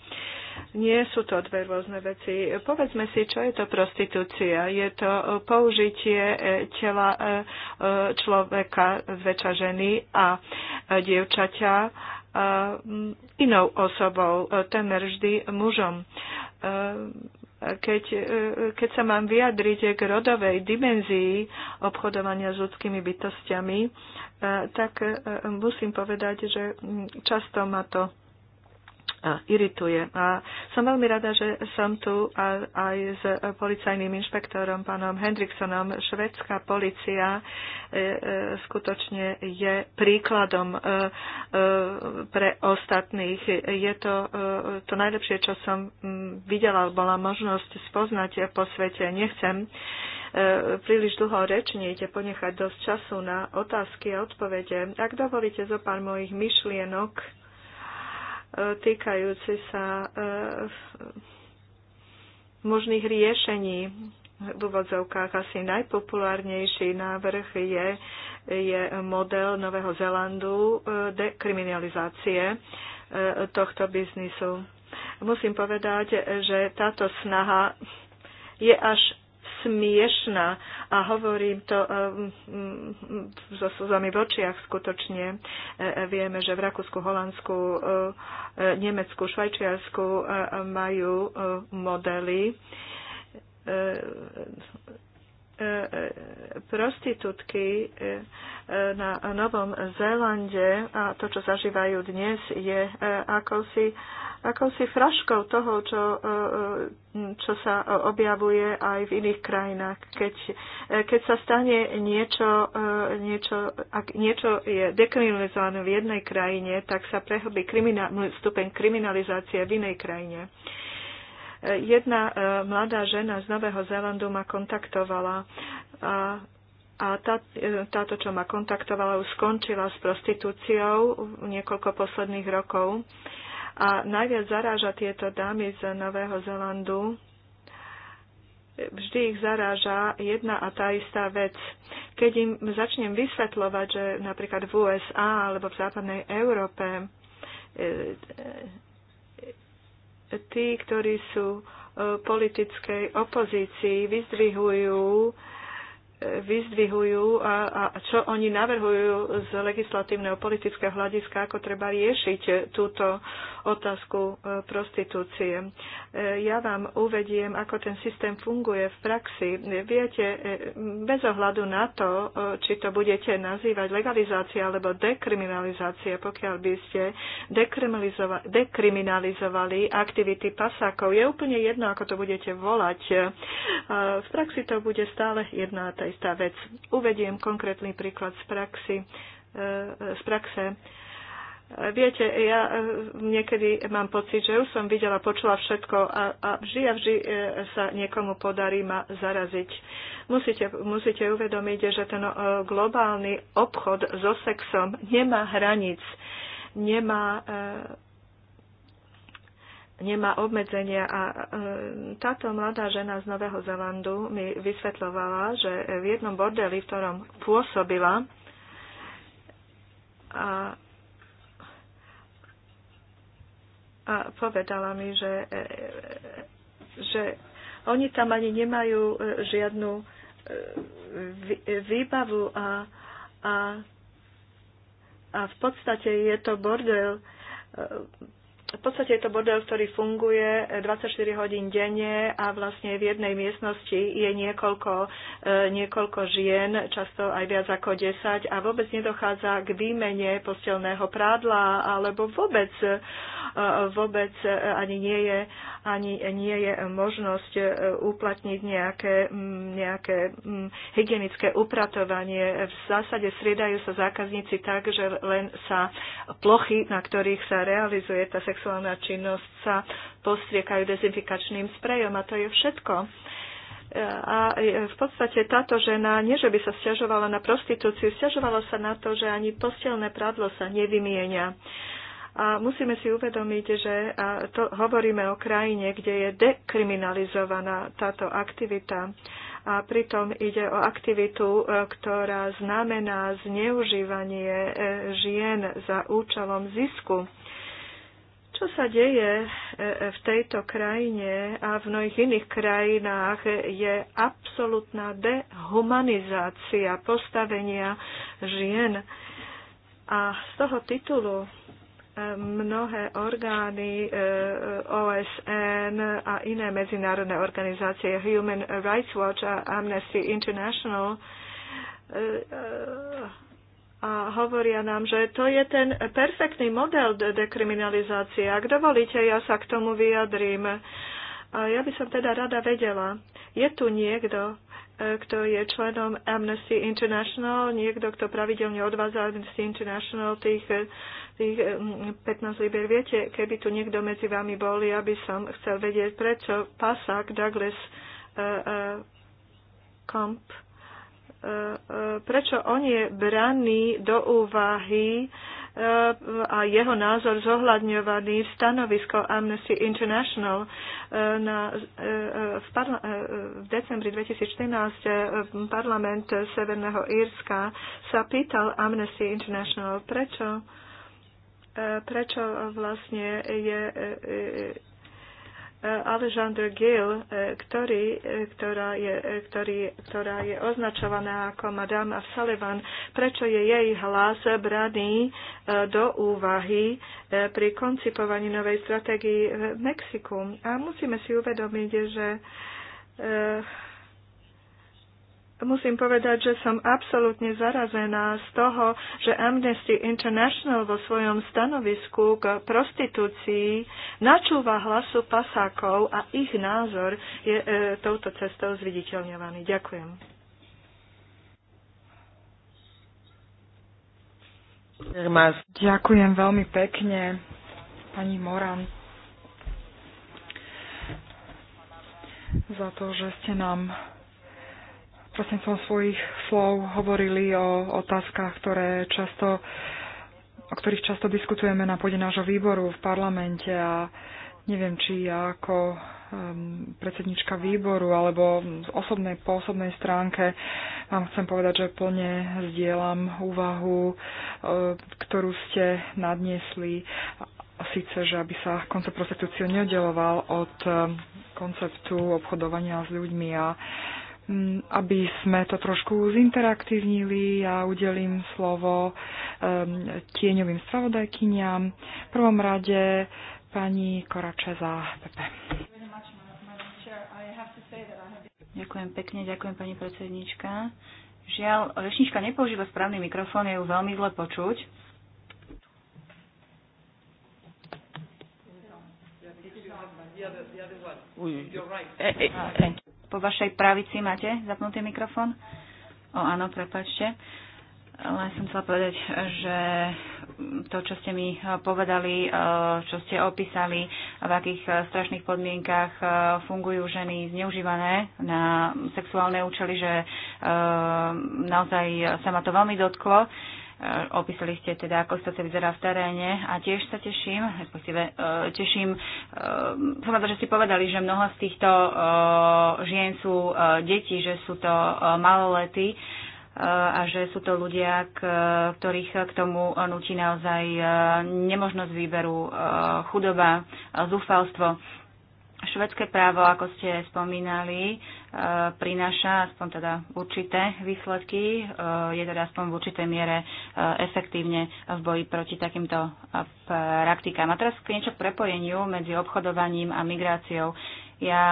Nie sú to dve rôzne veci. Povedzme si, čo je to prostitúcia. Je to použitie tela človeka, zväčša ženy a dievčaťa inou osobou, temer vždy mužom keď, e, keď sa mám vyjadriť k rodovej dimenzii obchodovania s ľudskými bytostiami, e, tak e, musím povedať, že často ma to irituje. A som veľmi rada, že som tu aj s policajným inšpektorom, pánom Hendriksonom. Švedská policia e, e, skutočne je príkladom e, pre ostatných. Je to to najlepšie, čo som videla, bola možnosť spoznať po svete. Nechcem príliš dlho rečniť a ponechať dosť času na otázky a odpovede. Ak dovolíte zo pár mojich myšlienok, týkajúci sa e, možných riešení v úvodzovkách asi najpopulárnejší návrh je, je model Nového Zelandu e, dekriminalizácie e, tohto biznisu. Musím povedať, že táto snaha je až smiešná a hovorím to eh, so slzami v očiach skutočne. Eh, eh, vieme, že v Rakúsku, Holandsku, Nemecku, Švajčiarsku majú modely prostitútky na Novom Zélande a to, čo zažívajú dnes, je e, akousi, akousi fraškou toho, čo, e, e, čo sa objavuje aj v iných krajinách. Keď, keď sa stane niečo, niečo, ak niečo je dekriminalizované v jednej krajine, tak sa prehlbí kriminál, stupeň kriminalizácie v inej krajine. Jedna mladá žena z Nového Zélandu ma kontaktovala a a tá, e, táto, čo ma kontaktovala, už skončila s prostitúciou niekoľko posledných rokov. A najviac zaráža tieto dámy z Nového Zelandu. Vždy ich zaráža jedna a tá istá vec. Keď im začnem vysvetľovať, že napríklad v USA alebo v západnej Európe e, e, tí, ktorí sú politickej opozícii, vyzdvihujú vyzdvihujú a, a čo oni navrhujú z legislatívneho politického hľadiska, ako treba riešiť túto otázku e, prostitúcie. E, ja vám uvediem, ako ten systém funguje v praxi. Viete, e, bez ohľadu na to, či to budete nazývať legalizácia alebo dekriminalizácia, pokiaľ by ste dekriminalizovali aktivity pasákov, je úplne jedno, ako to budete volať. V praxi to bude stále jedna tá istá vec. Uvediem konkrétny príklad z, praxi, e, z praxe. Viete, ja e, niekedy mám pocit, že už som videla, počula všetko a, a vždy a vždy e, sa niekomu podarí ma zaraziť. Musíte, musíte uvedomiť, že ten globálny obchod so sexom nemá hranic, nemá nemá obmedzenia. A e, táto mladá žena z Nového Zelandu mi vysvetľovala, že v jednom bordeli, v ktorom pôsobila, a, a povedala mi, že, e, že oni tam ani nemajú e, žiadnu výbavu a, a, a v podstate je to bordel v podstate je to bordel, ktorý funguje 24 hodín denne a vlastne v jednej miestnosti je niekoľko, e, niekoľko žien, často aj viac ako 10 a vôbec nedochádza k výmene postelného prádla alebo vôbec, e, vôbec ani nie je, ani nie je možnosť e, uplatniť nejaké, nejaké hygienické upratovanie. V zásade striedajú sa zákazníci tak, že len sa plochy, na ktorých sa realizuje tá sex sexuálna činnosť sa postriekajú dezinfikačným sprejom a to je všetko. E, a v podstate táto žena, nie že by sa stiažovala na prostitúciu, stiažovala sa na to, že ani postelné prádlo sa nevymienia. A musíme si uvedomiť, že to hovoríme o krajine, kde je dekriminalizovaná táto aktivita a pritom ide o aktivitu, e, ktorá znamená zneužívanie e, žien za účelom zisku čo sa deje e, e, v tejto krajine a v mnohých iných krajinách, je absolútna dehumanizácia postavenia žien. A z toho titulu e, mnohé orgány OSN a iné medzinárodné organizácie, Human Rights Watch a Amnesty International, a hovoria nám, že to je ten perfektný model de- dekriminalizácie. Ak dovolíte, ja sa k tomu vyjadrím. A ja by som teda rada vedela, je tu niekto, e, kto je členom Amnesty International, niekto, kto pravidelne odvádza Amnesty International tých, e, tých 15 e, liber. Viete, keby tu niekto medzi vami bol, ja by som chcel vedieť, prečo pasák Douglas uh, uh, Comp prečo on je braný do úvahy e, a jeho názor zohľadňovaný v stanovisko Amnesty International e, na, e, v, parla, v decembri 2014 parlament Severného Írska sa pýtal Amnesty International, prečo, prečo vlastne je Alexander Gill, e, ktorý, e, ktorá, je, e, ktorý, ktorá je označovaná ako Madame Sullivan, prečo je jej hlas braný do úvahy pri koncipovaní novej stratégii v Mexiku. A musíme si uvedomiť, že Musím povedať, že som absolútne zarazená z toho, že Amnesty International vo svojom stanovisku k prostitúcii načúva hlasu pasákov a ich názor je e, touto cestou zviditeľňovaný. Ďakujem. Ďakujem veľmi pekne, pani Moran, za to, že ste nám prosím som svojich slov hovorili o otázkach, ktoré často, o ktorých často diskutujeme na pôde nášho výboru v parlamente a neviem, či ja ako um, predsednička výboru alebo osobnej, po osobnej stránke vám chcem povedať, že plne zdieľam úvahu, uh, ktorú ste nadniesli síce, že aby sa koncept prostitúcie neoddeloval od um, konceptu obchodovania s ľuďmi a Mm, aby sme to trošku zinteraktívnili. Ja udelím slovo ehm, tieňovým spravodajkyniam. V prvom rade pani Korače za PP. Ďakujem pekne, ďakujem pani predsednička. Žiaľ, rečnička nepoužíva správny mikrofón, je ju veľmi zle počuť. uj. Uj, uj. Uj, uj. Uj, uj po vašej pravici máte zapnutý mikrofón? O, áno, prepačte. Len som chcela povedať, že to, čo ste mi eh, povedali, eh, čo ste opísali, v akých eh, strašných podmienkach fungujú ženy zneužívané na sexuálne účely, že naozaj sa ma to veľmi dotklo. E, opísali ste teda, ako sa to vyzerá v teréne a tiež sa teším, respektíve e, teším, e, som že ste povedali, že mnoho z týchto žien sú deti, že sú to malolety a že sú to ľudia, ktorých k tomu nutí naozaj nemožnosť výberu, chudoba, zúfalstvo. Švedské právo, ako ste spomínali, E, prináša aspoň teda určité výsledky, e, je teda aspoň v určitej miere e, efektívne v boji proti takýmto praktikám. A teraz k niečo k prepojeniu medzi obchodovaním a migráciou. Ja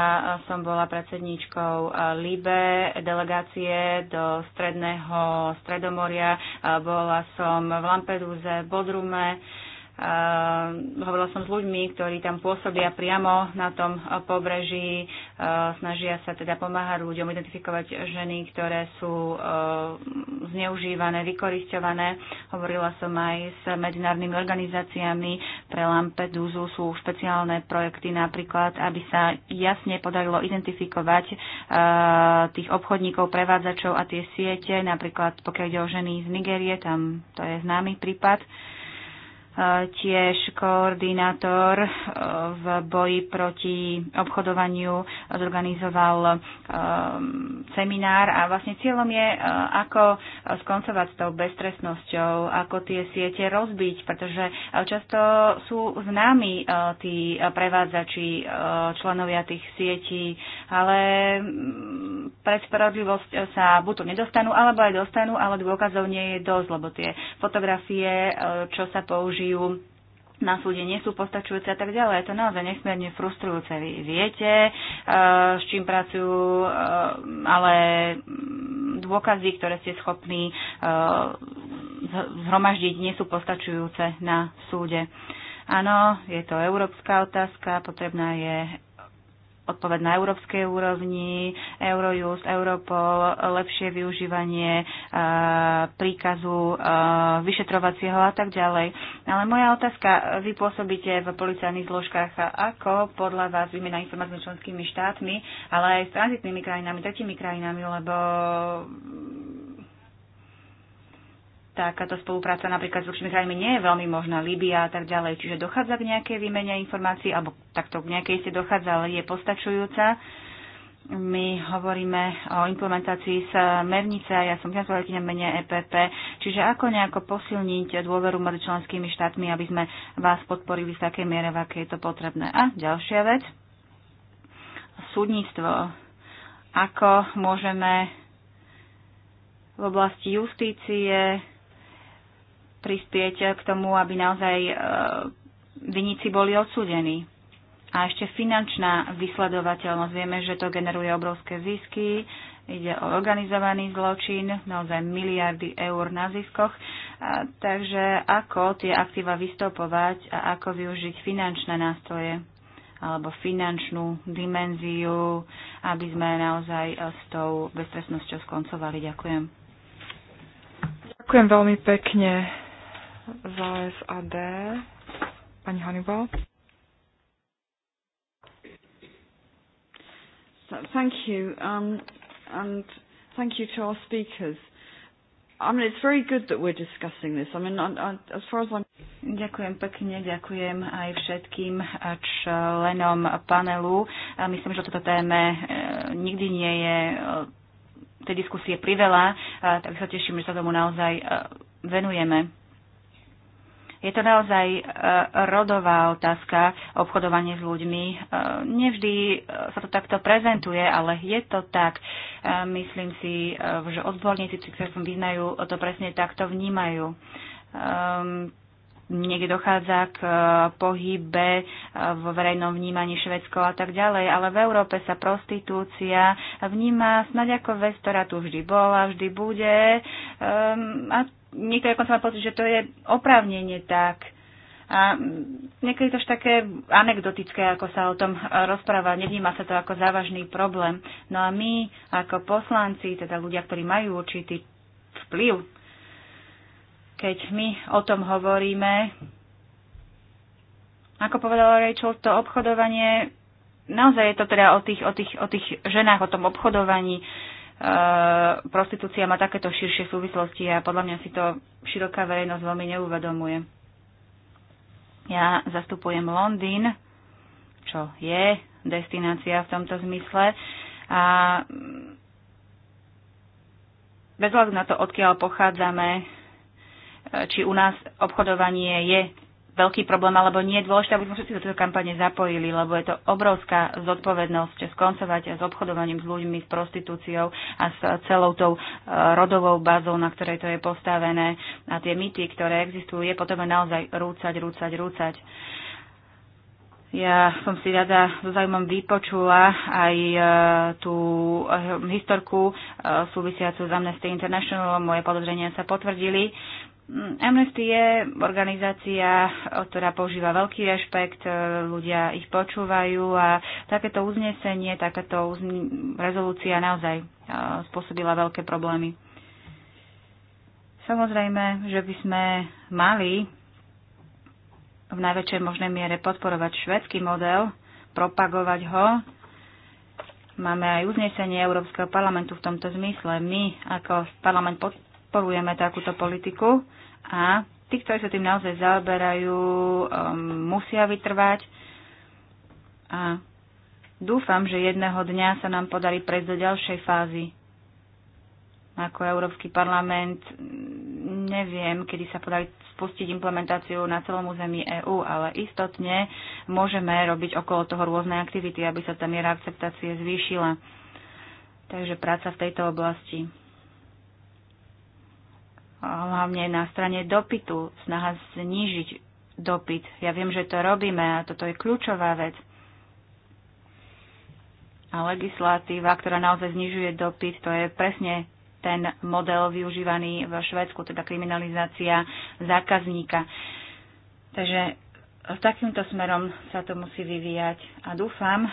som bola predsedníčkou LIBE, delegácie do Stredného Stredomoria, bola som v Lampeduze, Bodrume, Eh, hovorila som s ľuďmi, ktorí tam pôsobia priamo na tom eh, pobreží, eh, snažia sa teda pomáhať ľuďom identifikovať ženy, ktoré sú zneužívané, vykoristované. Hovorila som aj s medzinárodnými organizáciami pre Lampedusu, sú špeciálne projekty napríklad, aby sa jasne podarilo identifikovať tých obchodníkov, prevádzačov a tie siete, napríklad pokiaľ ide o ženy z Nigérie, tam to je známy prípad. Uh, E, tiež koordinátor e, v boji proti obchodovaniu zorganizoval e, seminár a vlastne cieľom je, ako skoncovať s tou beztrestnosťou, ako tie siete rozbiť, pretože často sú známi tí prevádzači, členovia tých sietí, ale mm, pred spravodlivosť sa buď to nedostanú, alebo aj dostanú, ale dôkazov nie je dosť, lebo tie fotografie, čo sa používajú, použijú na súde nie sú postačujúce a tak ďalej. Je to naozaj nesmierne frustrujúce. Vy viete, e, s čím pracujú, e, ale mm, dôkazy, ktoré ste schopní e, zhromaždiť, nie sú postačujúce na súde. Áno, je to európska otázka, potrebná je odpoveď na európskej úrovni, Eurojust, Europol, lepšie využívanie e, príkazu e, vyšetrovacieho a tak ďalej. Ale moja otázka, vy pôsobíte v policajných zložkách, ako podľa vás výmena informácií s členskými štátmi, ale aj s tranzitnými krajinami, tretími krajinami, lebo takáto spolupráca napríklad s určitými krajinami nie je veľmi možná, Libia a tak ďalej. Čiže dochádza k nejakej výmene informácií, alebo takto k nejakej ste dochádza, ale je postačujúca. My hovoríme o implementácii smernice, ja som kancelárkyňa mene EPP, čiže ako nejako posilniť dôveru medzi členskými štátmi, aby sme vás podporili v takej miere, v aké je to potrebné. A ďalšia vec, súdnictvo. Ako môžeme v oblasti justície prispieť k tomu, aby naozaj e, vinníci boli odsúdení. A ešte finančná vysledovateľnosť. Vieme, že to generuje obrovské zisky, ide o organizovaný zločin, naozaj miliardy eur na ziskoch. A, e, takže ako tie aktíva vystopovať a ako využiť finančné nástroje alebo finančnú dimenziu, aby sme naozaj e, s tou beztrestnosťou skoncovali. Ďakujem. Ďakujem veľmi pekne za SAD. Pani Hannibal. Thank you, um, and thank you to our speakers. I mean, it's very good that we're discussing this. I mean, I, I, as far as I'm... Ďakujem pekne, ďakujem aj všetkým členom panelu. Myslím, že toto téme e, nikdy nie je e, tej diskusie priveľa, tak sa teším, že sa tomu naozaj e, venujeme. Je to naozaj e, rodová otázka, obchodovanie s ľuďmi. E, nevždy e, sa to takto prezentuje, ale je to tak. Myslím si, že odborníci, ktorí sa vyznajú, to presne takto vnímajú niekde dochádza k pohybe v verejnom vnímaní Švedsko a tak ďalej, ale v Európe sa prostitúcia vníma snáď ako vec, ktorá tu vždy bola, vždy bude ehm, a niekto dokonca má pocit, že to je oprávnenie tak. A niekedy to až také anekdotické, ako sa o tom rozpráva, nevníma sa to ako závažný problém. No a my, ako poslanci, teda ľudia, ktorí majú určitý vplyv, keď my o tom hovoríme, ako povedala Rachel, to obchodovanie, naozaj je to teda o tých, o tých, o tých ženách, o tom obchodovaní, E, prostitúcia má takéto širšie súvislosti a podľa mňa si to široká verejnosť veľmi neuvedomuje. Ja zastupujem Londýn, čo je destinácia v tomto zmysle a bez hľadu na to, odkiaľ pochádzame, e, či u nás obchodovanie je veľký problém alebo nie je dôležité, aby sme všetci do tejto kampane zapojili, lebo je to obrovská zodpovednosť skoncovať s obchodovaním s ľuďmi, s prostitúciou a s celou tou e, rodovou bazou, na ktorej to je postavené. A tie mýty, ktoré existujú, je potom naozaj rúcať, rúcať, rúcať. Ja som si rada so zaujímavým vypočula aj e, tú e, historku e, súvisiacu s Amnesty International. Moje podozrenia sa potvrdili. Mm, Amnesty je organizácia, ktorá používa veľký rešpekt, e, ľudia ich počúvajú a takéto uznesenie, takáto uzn- rezolúcia naozaj e, spôsobila veľké problémy. Samozrejme, že by sme mali v najväčšej možnej miere podporovať švedský model, propagovať ho. Máme aj uznesenie Európskeho parlamentu v tomto zmysle. My ako parlament pod- podporujeme takúto politiku a tí, ktorí sa tým naozaj zaoberajú, um, musia vytrvať a dúfam, že jedného dňa sa nám podarí prejsť do ďalšej fázy. Ako Európsky parlament neviem, kedy sa podarí spustiť implementáciu na celom území EÚ, ale istotne môžeme robiť okolo toho rôzne aktivity, aby sa tá miera akceptácie zvýšila. Takže práca v tejto oblasti hlavne na strane dopytu, snaha znížiť dopyt. Ja viem, že to robíme a toto je kľúčová vec. A legislatíva, ktorá naozaj znižuje dopyt, to je presne ten model využívaný v Švedsku, teda kriminalizácia zákazníka. Takže s takýmto smerom sa to musí vyvíjať a dúfam,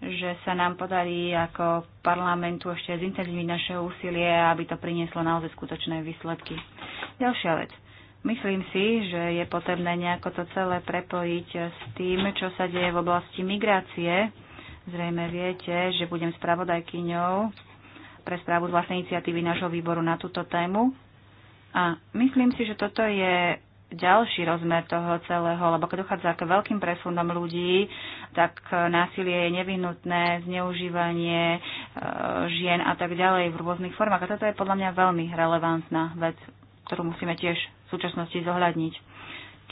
že sa nám podarí ako parlamentu ešte zintenzívniť naše úsilie, aby to prinieslo naozaj skutočné výsledky. Ďalšia vec. Myslím si, že je potrebné nejako to celé prepojiť s tým, čo sa deje v oblasti migrácie. Zrejme viete, že budem spravodajkyňou pre správu z vlastnej iniciatívy nášho výboru na túto tému. A myslím si, že toto je ďalší rozmer toho celého, lebo keď dochádza k veľkým presunom ľudí, tak násilie je nevyhnutné, zneužívanie e, žien a tak ďalej v rôznych formách. A toto je podľa mňa veľmi relevantná vec, ktorú musíme tiež v súčasnosti zohľadniť.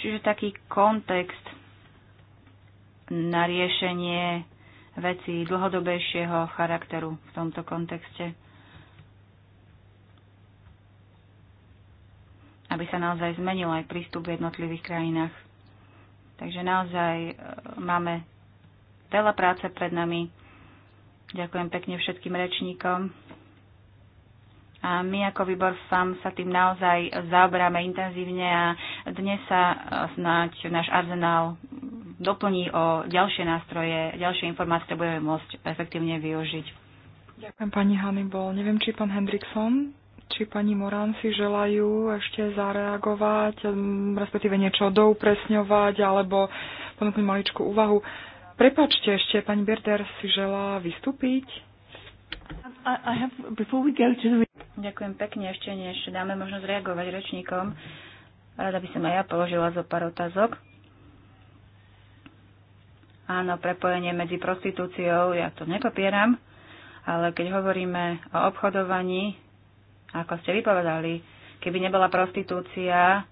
Čiže taký kontext na riešenie veci dlhodobejšieho charakteru v tomto kontexte. aby sa naozaj zmenil aj prístup v jednotlivých krajinách. Takže naozaj e, máme veľa práce pred nami. Ďakujem pekne všetkým rečníkom. A my ako výbor FAM sa tým naozaj zaoberáme intenzívne a dnes sa e, snáď náš arzenál doplní o ďalšie nástroje, ďalšie informácie, ktoré budeme môcť efektívne využiť. Ďakujem pani Hannibal. Neviem, či pán Hendrickson či pani Morán si želajú ešte zareagovať, respektíve niečo doupresňovať alebo ponúknuť maličku úvahu. Prepačte ešte, pani Berder si želá vystúpiť. Ďakujem pekne ešte, než dáme možnosť reagovať rečníkom. Rada by som aj ja položila zo pár otázok. Áno, prepojenie medzi prostitúciou, ja to nepopieram, ale keď hovoríme o obchodovaní ako ste vypovedali, keby nebola prostitúcia,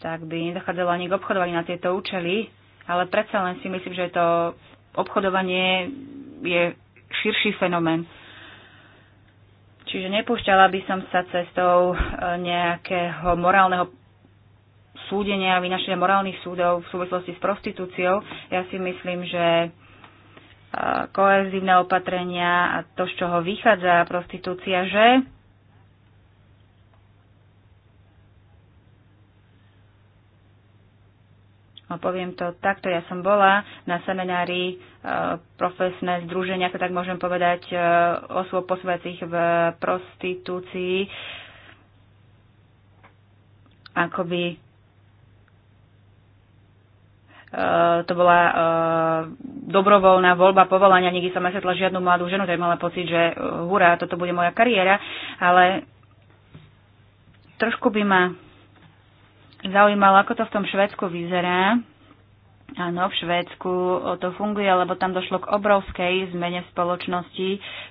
tak by nedochádzalo ani k obchodovaniu na tieto účely, ale predsa len si myslím, že to obchodovanie je širší fenomén. Čiže nepúšťala by som sa cestou e, nejakého morálneho súdenia, vynašenia morálnych súdov v súvislosti s prostitúciou. Ja si myslím, že e, koezívne opatrenia a to, z čoho vychádza prostitúcia, že No, poviem to takto, ja som bola na seminári e, profesné združenia, ako tak môžem povedať, e, osôb posúvacích v prostitúcii, akoby e, to bola e, dobrovoľná voľba povolania, nikdy som nesetla žiadnu mladú ženu, tak mala pocit, že uh, hurá, toto bude moja kariéra, ale trošku by ma zaujímalo, ako to v tom Švedsku vyzerá. Áno, v Švédsku to funguje, lebo tam došlo k obrovskej zmene v spoločnosti,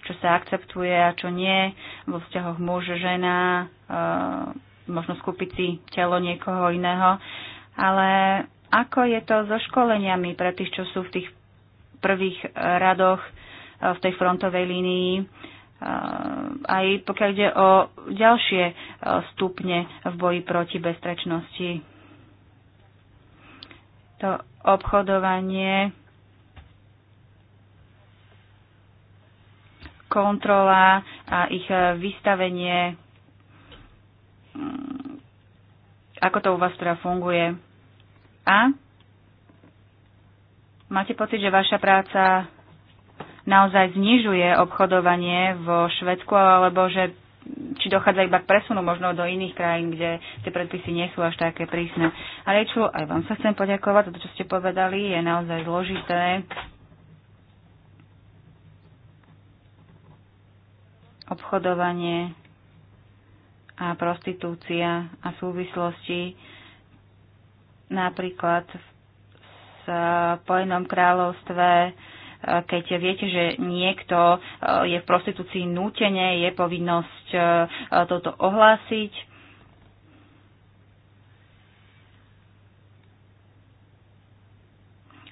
čo sa akceptuje a čo nie vo vzťahoch muž, žena, e, možno skúpiť si telo niekoho iného. Ale ako je to so školeniami pre tých, čo sú v tých prvých radoch e, v tej frontovej línii? aj pokiaľ ide o ďalšie e, stupne v boji proti bezpečnosti. To obchodovanie, kontrola a ich e, vystavenie, mm, ako to u vás teda funguje. A máte pocit, že vaša práca naozaj znižuje obchodovanie vo Švedsku, alebo že či dochádza iba k presunu možno do iných krajín, kde tie predpisy nie sú až také prísne. A Rachel, aj vám sa chcem poďakovať za to, čo ste povedali, je naozaj zložité obchodovanie a prostitúcia a súvislosti napríklad v Spojenom kráľovstve keď viete, že niekto eh, je v prostitúcii nútene, je povinnosť eh, toto ohlásiť.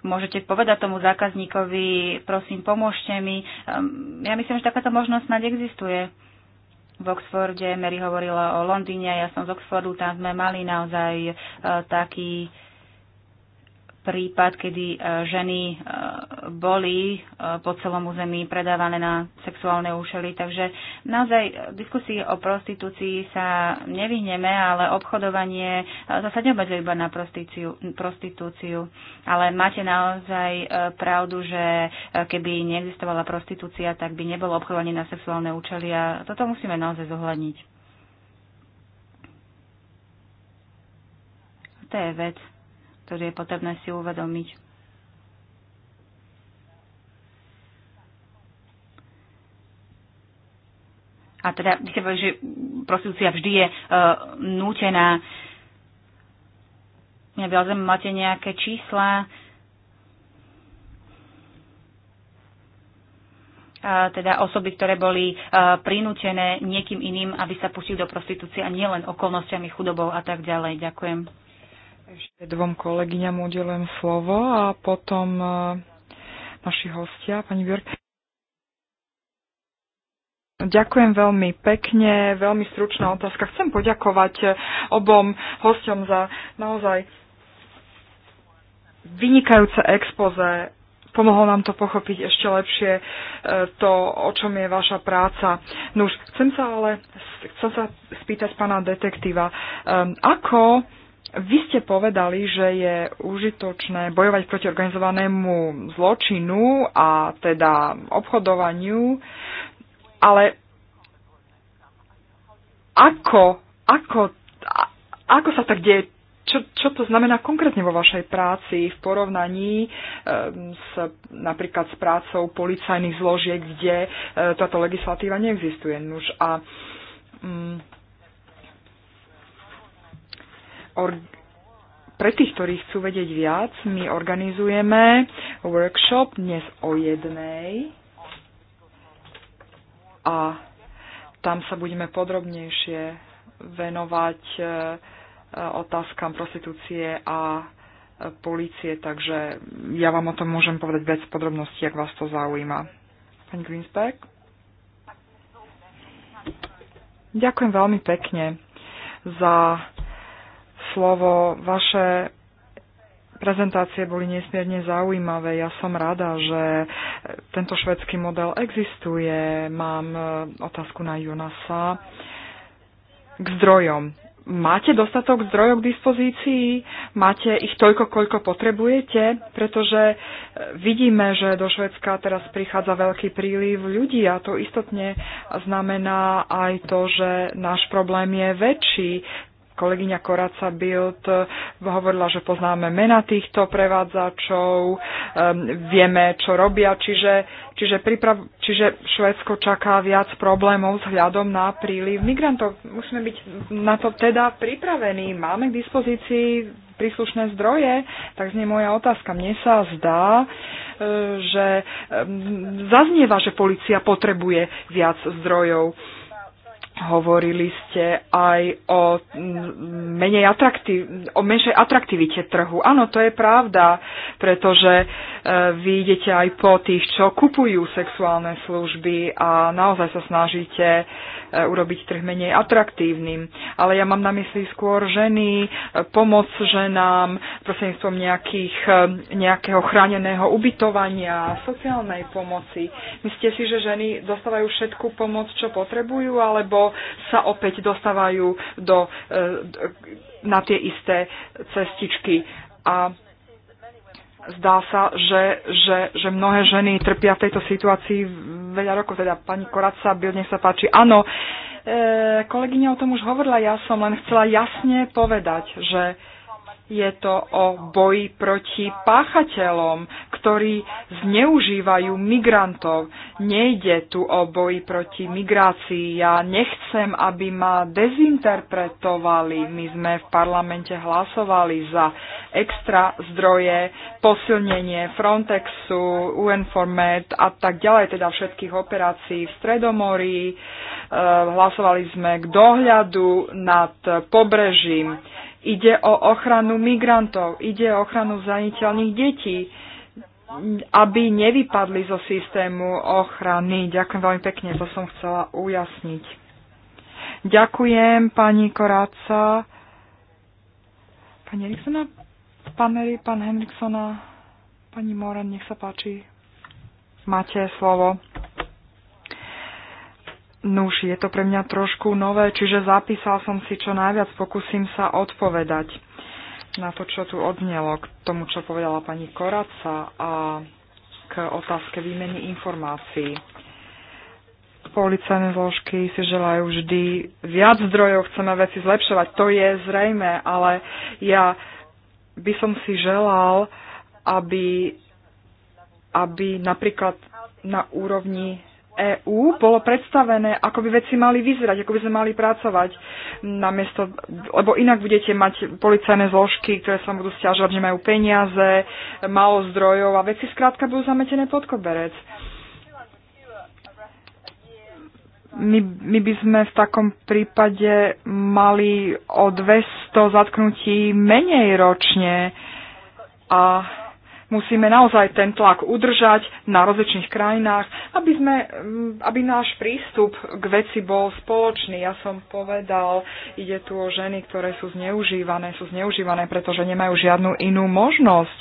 môžete povedať tomu zákazníkovi, prosím, pomôžte mi. Ehm, ja myslím, že takáto možnosť snad existuje. V Oxforde Mary hovorila o Londýne, ja som z Oxfordu, tam sme mali naozaj eh, taký prípad, kedy e, ženy e, boli e, po celom území predávané na sexuálne účely. Takže naozaj diskusii o prostitúcii sa nevyhneme, ale obchodovanie zase neobmedzuje iba na prostitúciu. Ale máte naozaj pravdu, že keby neexistovala prostitúcia, tak by nebolo obchodovanie na sexuálne účely a toto musíme naozaj zohľadniť. To je vec, ktorý je potrebné si uvedomiť. A teda, vy ste povedali, že prostitúcia vždy je uh, nútená. Ja by máte nejaké čísla, teda osoby, ktoré boli e, prinútené niekým iným, aby sa pustili do prostitúcie a nielen okolnostiami chudobou a tak ďalej. Ďakujem. Ešte dvom kolegyňam udelujem slovo a potom e, naši hostia, pani Björk. Ďakujem veľmi pekne, veľmi stručná otázka. Chcem poďakovať e, obom hostom za naozaj vynikajúce expoze. Pomohlo nám to pochopiť ešte lepšie e, to, o čom je vaša práca. Nuž, chcem sa ale chcem sa spýtať pána detektíva, ako vy ste povedali, že je užitočné bojovať proti organizovanému zločinu a teda obchodovaniu, ale ako, ako, ako sa tak deje? Čo, čo to znamená konkrétne vo vašej práci v porovnaní ehm, s, napríklad s prácou policajných zložiek, kde e, táto legislatíva neexistuje? Nuž a mm, or, pre tých, ktorí chcú vedieť viac, my organizujeme workshop dnes o jednej a tam sa budeme podrobnejšie venovať e, e, otázkam prostitúcie a e, policie, takže ja vám o tom môžem povedať viac podrobností, ak vás to zaujíma. Pani Greensberg? Ďakujem veľmi pekne za slovo. Vaše prezentácie boli nesmierne zaujímavé. Ja som rada, že tento švedský model existuje. Mám e, otázku na Jonasa. K zdrojom. Máte dostatok zdrojov k dispozícii? Máte ich toľko, koľko potrebujete? Pretože e, vidíme, že do Švedska teraz prichádza veľký príliv ľudí a to istotne znamená aj to, že náš problém je väčší. Kolegyňa Koraca Bild eh, hovorila, že poznáme mena týchto prevádzačov, eh, vieme, čo robia, čiže, čiže, priprav, čiže Švédsko čaká viac problémov s hľadom na príliv migrantov. Musíme byť na to teda pripravení. Máme k dispozícii príslušné zdroje, tak znie moja otázka. Mne sa zdá, eh, že zaznieva, že policia potrebuje viac zdrojov Hovorili ste aj o, menej atraktiv- o menšej atraktivite trhu. Áno, to je pravda, pretože e, vy idete aj po tých, čo kupujú sexuálne služby a naozaj sa snažíte E, urobiť trh menej atraktívnym. Ale ja mám na mysli skôr ženy, e, pomoc ženám, prostredníctvom nejakých, e, nejakého chráneného ubytovania, sociálnej pomoci. Myslíte si, že ženy dostávajú všetku pomoc, čo potrebujú, alebo sa opäť dostávajú do, na tie isté cestičky? A zdá sa, že, že, že mnohé ženy trpia v tejto situácii veľa rokov. Teda pani Koraca, Bild, nech sa páči. Áno, e, kolegyňa o tom už hovorila, ja som len chcela jasne povedať, že je to o boji proti páchateľom, ktorí zneužívajú migrantov. Nejde tu o boji proti migrácii. Ja nechcem, aby ma dezinterpretovali. My sme v parlamente hlasovali za extra zdroje, posilnenie Frontexu, UNFORMED a tak ďalej, teda všetkých operácií v Stredomorí. Eh, hlasovali sme k dohľadu nad pobrežím Ide o ochranu migrantov, ide o ochranu zraniteľných detí, aby nevypadli zo systému ochrany. Ďakujem veľmi pekne, to som chcela ujasniť. Ďakujem pani Koráca. Pani Eriksona, pán, Henriksona, pani Moran, nech sa páči. Máte slovo. Nuž, je to pre mňa trošku nové, čiže zapísal som si čo najviac, pokúsim sa odpovedať na to, čo tu odnelo, k tomu, čo povedala pani Koraca a k otázke výmeny informácií. Policajné zložky si želajú vždy viac zdrojov, chceme veci zlepšovať, to je zrejme, ale ja by som si želal, aby, aby napríklad na úrovni EÚ bolo predstavené, ako by veci mali vyzerať, ako by sme mali pracovať. Namiesto, lebo inak budete mať policajné zložky, ktoré sa budú stiažovať, že majú peniaze, málo zdrojov a veci skrátka budú zametené pod koberec. My, my by sme v takom prípade mali o 200 zatknutí menej ročne a Musíme naozaj ten tlak udržať na rozličných krajinách, aby, sme, mm, aby náš prístup k veci bol spoločný. Ja som povedal, ide tu o ženy, ktoré sú zneužívané, sú zneužívané, pretože nemajú žiadnu inú možnosť,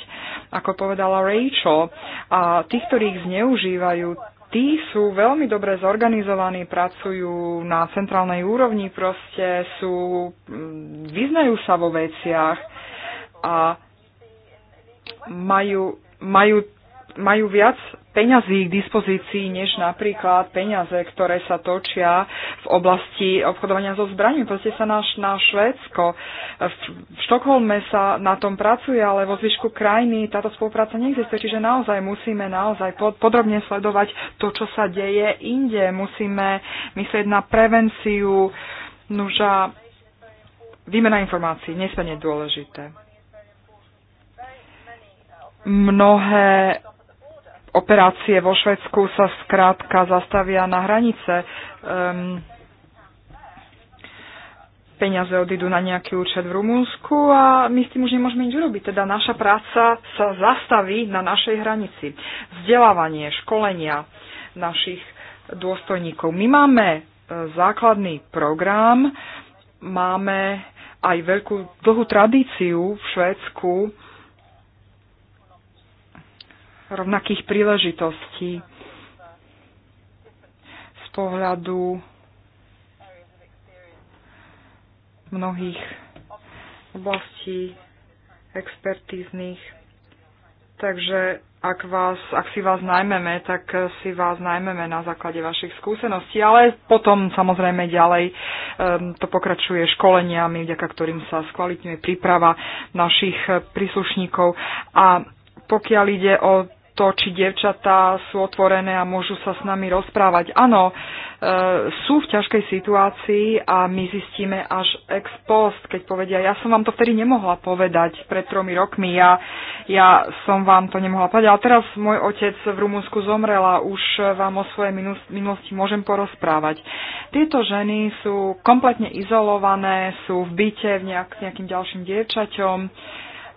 ako povedala Rachel. A tých, ktorí ich zneužívajú, tí sú veľmi dobre zorganizovaní, pracujú na centrálnej úrovni, proste sú, mm, vyznajú sa vo veciach a majú, majú, majú viac peňazí k dispozícii než napríklad peniaze, ktoré sa točia v oblasti obchodovania so zbraním. Proste sa náš na Švédsko. V, v Štokholme sa na tom pracuje, ale vo zvyšku krajiny táto spolupráca neexistuje. Čiže naozaj musíme naozaj pod, podrobne sledovať to, čo sa deje inde. Musíme myslieť na prevenciu, nuža, výmena informácií, nesmierne dôležité mnohé operácie vo Švedsku sa skrátka zastavia na hranice. Um, peniaze odídu na nejaký účet v Rumúnsku a my s tým už nemôžeme nič urobiť. Teda naša práca sa zastaví na našej hranici. Vzdelávanie, školenia našich dôstojníkov. My máme e, základný program, máme aj veľkú dlhú tradíciu v Švédsku rovnakých príležitostí z pohľadu mnohých oblastí expertíznych. Takže ak, vás, ak si vás najmeme, tak si vás najmeme na základe vašich skúseností, ale potom samozrejme ďalej um, to pokračuje školeniami, vďaka ktorým sa skvalitňuje príprava našich príslušníkov. A pokiaľ ide o to, či dievčatá sú otvorené a môžu sa s nami rozprávať. Áno, e, sú v ťažkej situácii a my zistíme až ex post, keď povedia, ja som vám to vtedy nemohla povedať pred tromi rokmi, ja, ja som vám to nemohla povedať, ale teraz môj otec v Rumunsku zomrel a už vám o svojej minulosti môžem porozprávať. Tieto ženy sú kompletne izolované, sú v byte v nejak, nejakým ďalším dievčaťom,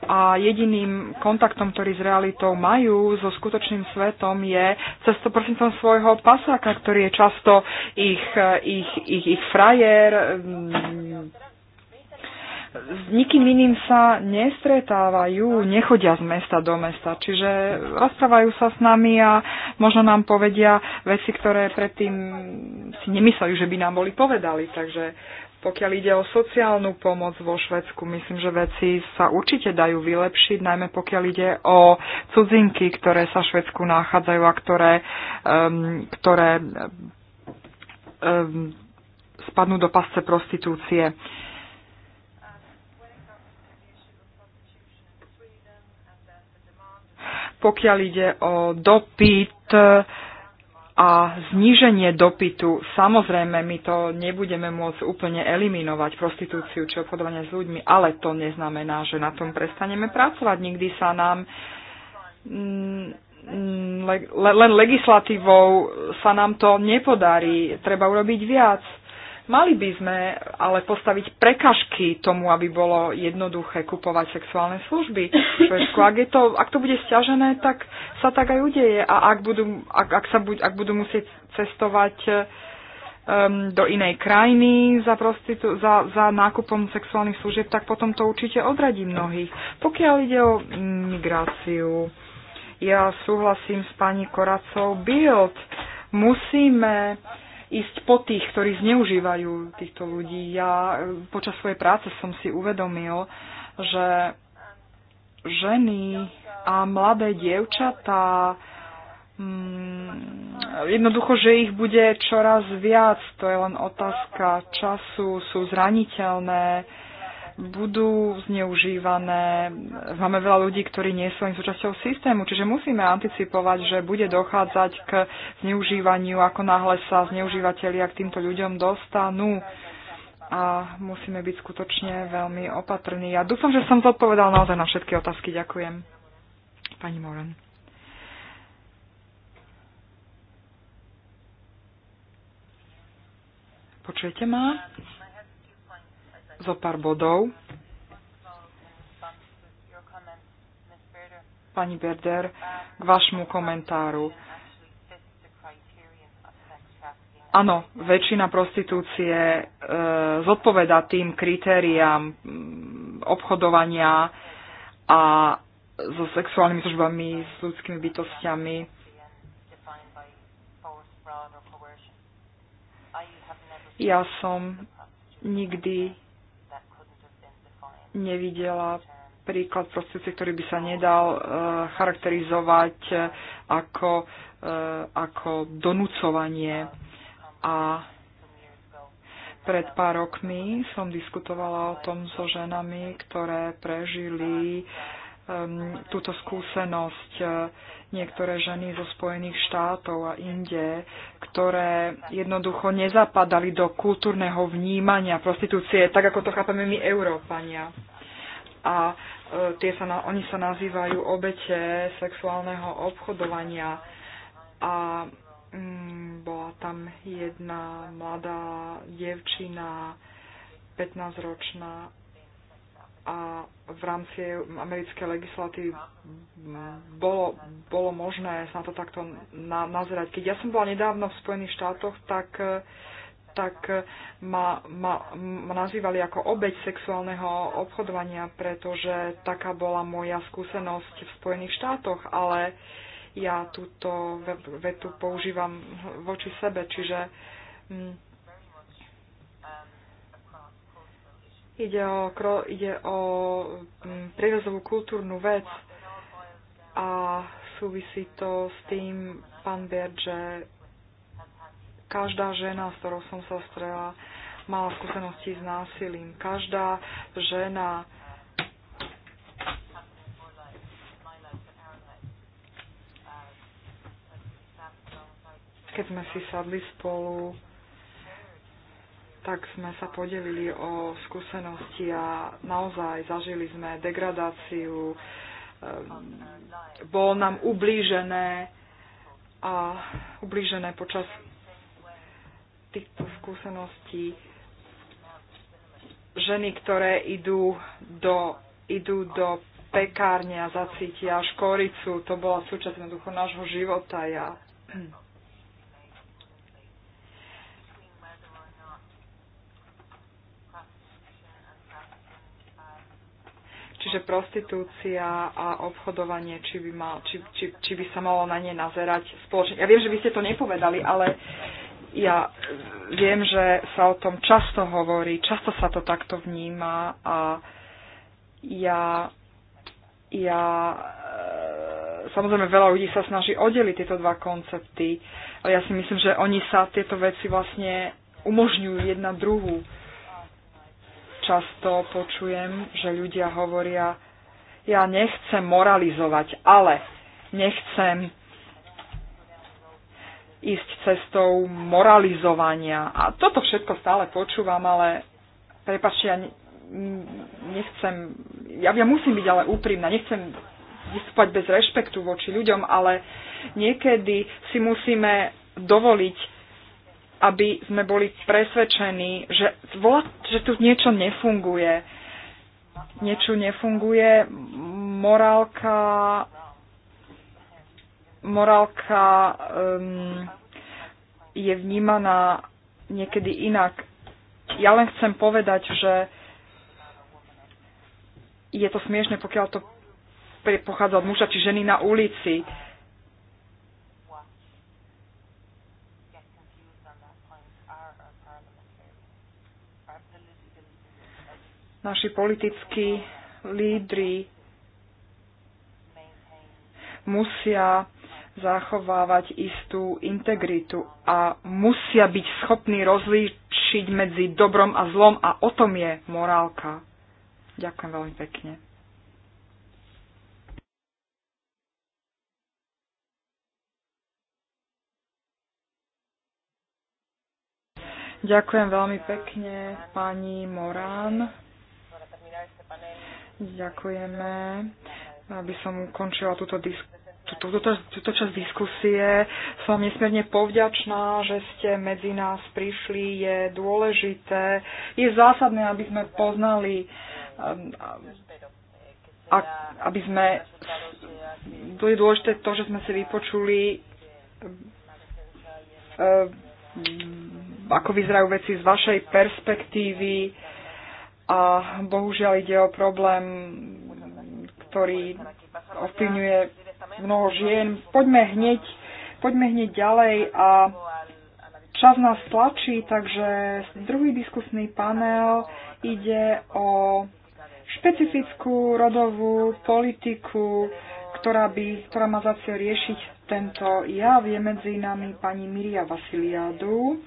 a jediným kontaktom, ktorý s realitou majú, so skutočným svetom, je cez to prosím svojho pasáka, ktorý je často ich, ich, ich, ich frajer. S nikým iným sa nestretávajú, nechodia z mesta do mesta, čiže rozprávajú sa s nami a možno nám povedia veci, ktoré predtým si nemysleli, že by nám boli povedali. Takže pokiaľ ide o sociálnu pomoc vo Švedsku, myslím, že veci sa určite dajú vylepšiť, najmä pokiaľ ide o cudzinky, ktoré sa v Švedsku nachádzajú a ktoré, um, ktoré um, spadnú do pasce prostitúcie. Pokiaľ ide o dopyt, a zníženie dopytu, samozrejme, my to nebudeme môcť úplne eliminovať, prostitúciu či obchodovanie s ľuďmi, ale to neznamená, že na tom prestaneme pracovať. Nikdy sa nám mm, len legislatívou sa nám to nepodarí. Treba urobiť viac. Mali by sme ale postaviť prekažky tomu, aby bolo jednoduché kupovať sexuálne služby Švedsku. Ak, je to, ak to bude stiažené, tak sa tak aj udeje. A ak budú, ak, ak sa buď, ak budú musieť cestovať um, do inej krajiny za, prostitu- za, za nákupom sexuálnych služieb, tak potom to určite odradí mnohých. Pokiaľ ide o migráciu, ja súhlasím s pani Koracou Bild. Musíme ísť po tých, ktorí zneužívajú týchto ľudí. Ja e, počas svojej práce som si uvedomil, že ženy a mladé dievčatá mm, jednoducho, že ich bude čoraz viac, to je len otázka času, sú zraniteľné, budú zneužívané. Máme veľa ľudí, ktorí nie sú ani súčasťou systému, čiže musíme anticipovať, že bude dochádzať k zneužívaniu, ako náhle sa zneužívateľia k týmto ľuďom dostanú a musíme byť skutočne veľmi opatrní. Ja dúfam, že som zodpovedal naozaj na všetky otázky. Ďakujem. Pani Moren. Počujete ma? zo pár bodov. Pani Berder, k vašmu komentáru. Áno, väčšina prostitúcie e, zodpoveda tým kritériám obchodovania a so sexuálnymi službami, s ľudskými bytostiami. Ja som nikdy nevidela príklad prostitúcie, ktorý by sa nedal eh, charakterizovať eh, ako, e, ako donúcovanie. A pred pár rokmi som diskutovala o tom so ženami, ktoré prežili uh, um, túto skúsenosť uh, niektoré ženy zo Spojených štátov a inde, ktoré jednoducho nezapadali do kultúrneho vnímania prostitúcie, tak ako to chápeme my Európania. A uh, tie sa na, oni sa nazývajú obete sexuálneho obchodovania. A mm, bola tam jedna mladá dievčina, 15-ročná a v rámci americkej legislatívy bolo, bolo možné sa na to takto na, nazerať. Keď ja som bola nedávno v Spojených štátoch, tak, tak ma, ma, ma nazývali ako obeď sexuálneho obchodovania, pretože taká bola moja skúsenosť v Spojených štátoch, ale ja túto vetu používam voči sebe, čiže mm, Ide o, ide o mm, prírezovú kultúrnu vec a súvisí to s tým, pán Bier, že každá žena, s ktorou som sa strela, mala skúsenosti s násilím. Každá žena keď sme si sadli spolu, tak sme sa podelili o skúsenosti a naozaj zažili sme degradáciu, ehm, bolo nám ublížené a ublížené počas týchto skúseností ženy, ktoré idú do, idú do pekárne a zacítia škoricu, to bola súčasť jednoducho nášho života. Ja Čiže prostitúcia a obchodovanie, či by, mal, či, či, či by sa malo na ne nazerať spoločne. Ja viem, že vy ste to nepovedali, ale ja viem, že sa o tom často hovorí, často sa to takto vníma a ja, ja e, samozrejme veľa ľudí sa snaží oddeliť tieto dva koncepty, ale ja si myslím, že oni sa tieto veci vlastne umožňujú jedna druhú. Často počujem, že ľudia hovoria, ja nechcem moralizovať, ale nechcem ísť cestou moralizovania. A toto všetko stále počúvam, ale prepačte, ja nechcem, ja, ja musím byť ale úprimná, nechcem vystúpať bez rešpektu voči ľuďom, ale niekedy si musíme dovoliť aby sme boli presvedčení, že, že tu niečo nefunguje. Niečo nefunguje, morálka, morálka um, je vnímaná niekedy inak. Ja len chcem povedať, že je to smiešne, pokiaľ to pochádza od muža či ženy na ulici naši politickí lídry musia zachovávať istú integritu a musia byť schopní rozlíčiť medzi dobrom a zlom a o tom je morálka. Ďakujem veľmi pekne. Ďakujem veľmi pekne pani Morán. Ďakujeme. Aby som ukončila túto diskusiu túto, túto, túto časť diskusie. Som nesmierne povďačná, že ste medzi nás prišli. Je dôležité, je zásadné, aby sme poznali, aby sme, je dôležité to, že sme si vypočuli, e, ako vyzerajú veci z vašej perspektívy a bohužiaľ ide o problém, ktorý ovplyvňuje mnoho žien. Poďme hneď, poďme hneď ďalej a čas nás tlačí, takže druhý diskusný panel ide o špecifickú rodovú politiku, ktorá, by, ktorá má za cieľ riešiť tento jav. Je medzi nami pani Miria Vasiliadu,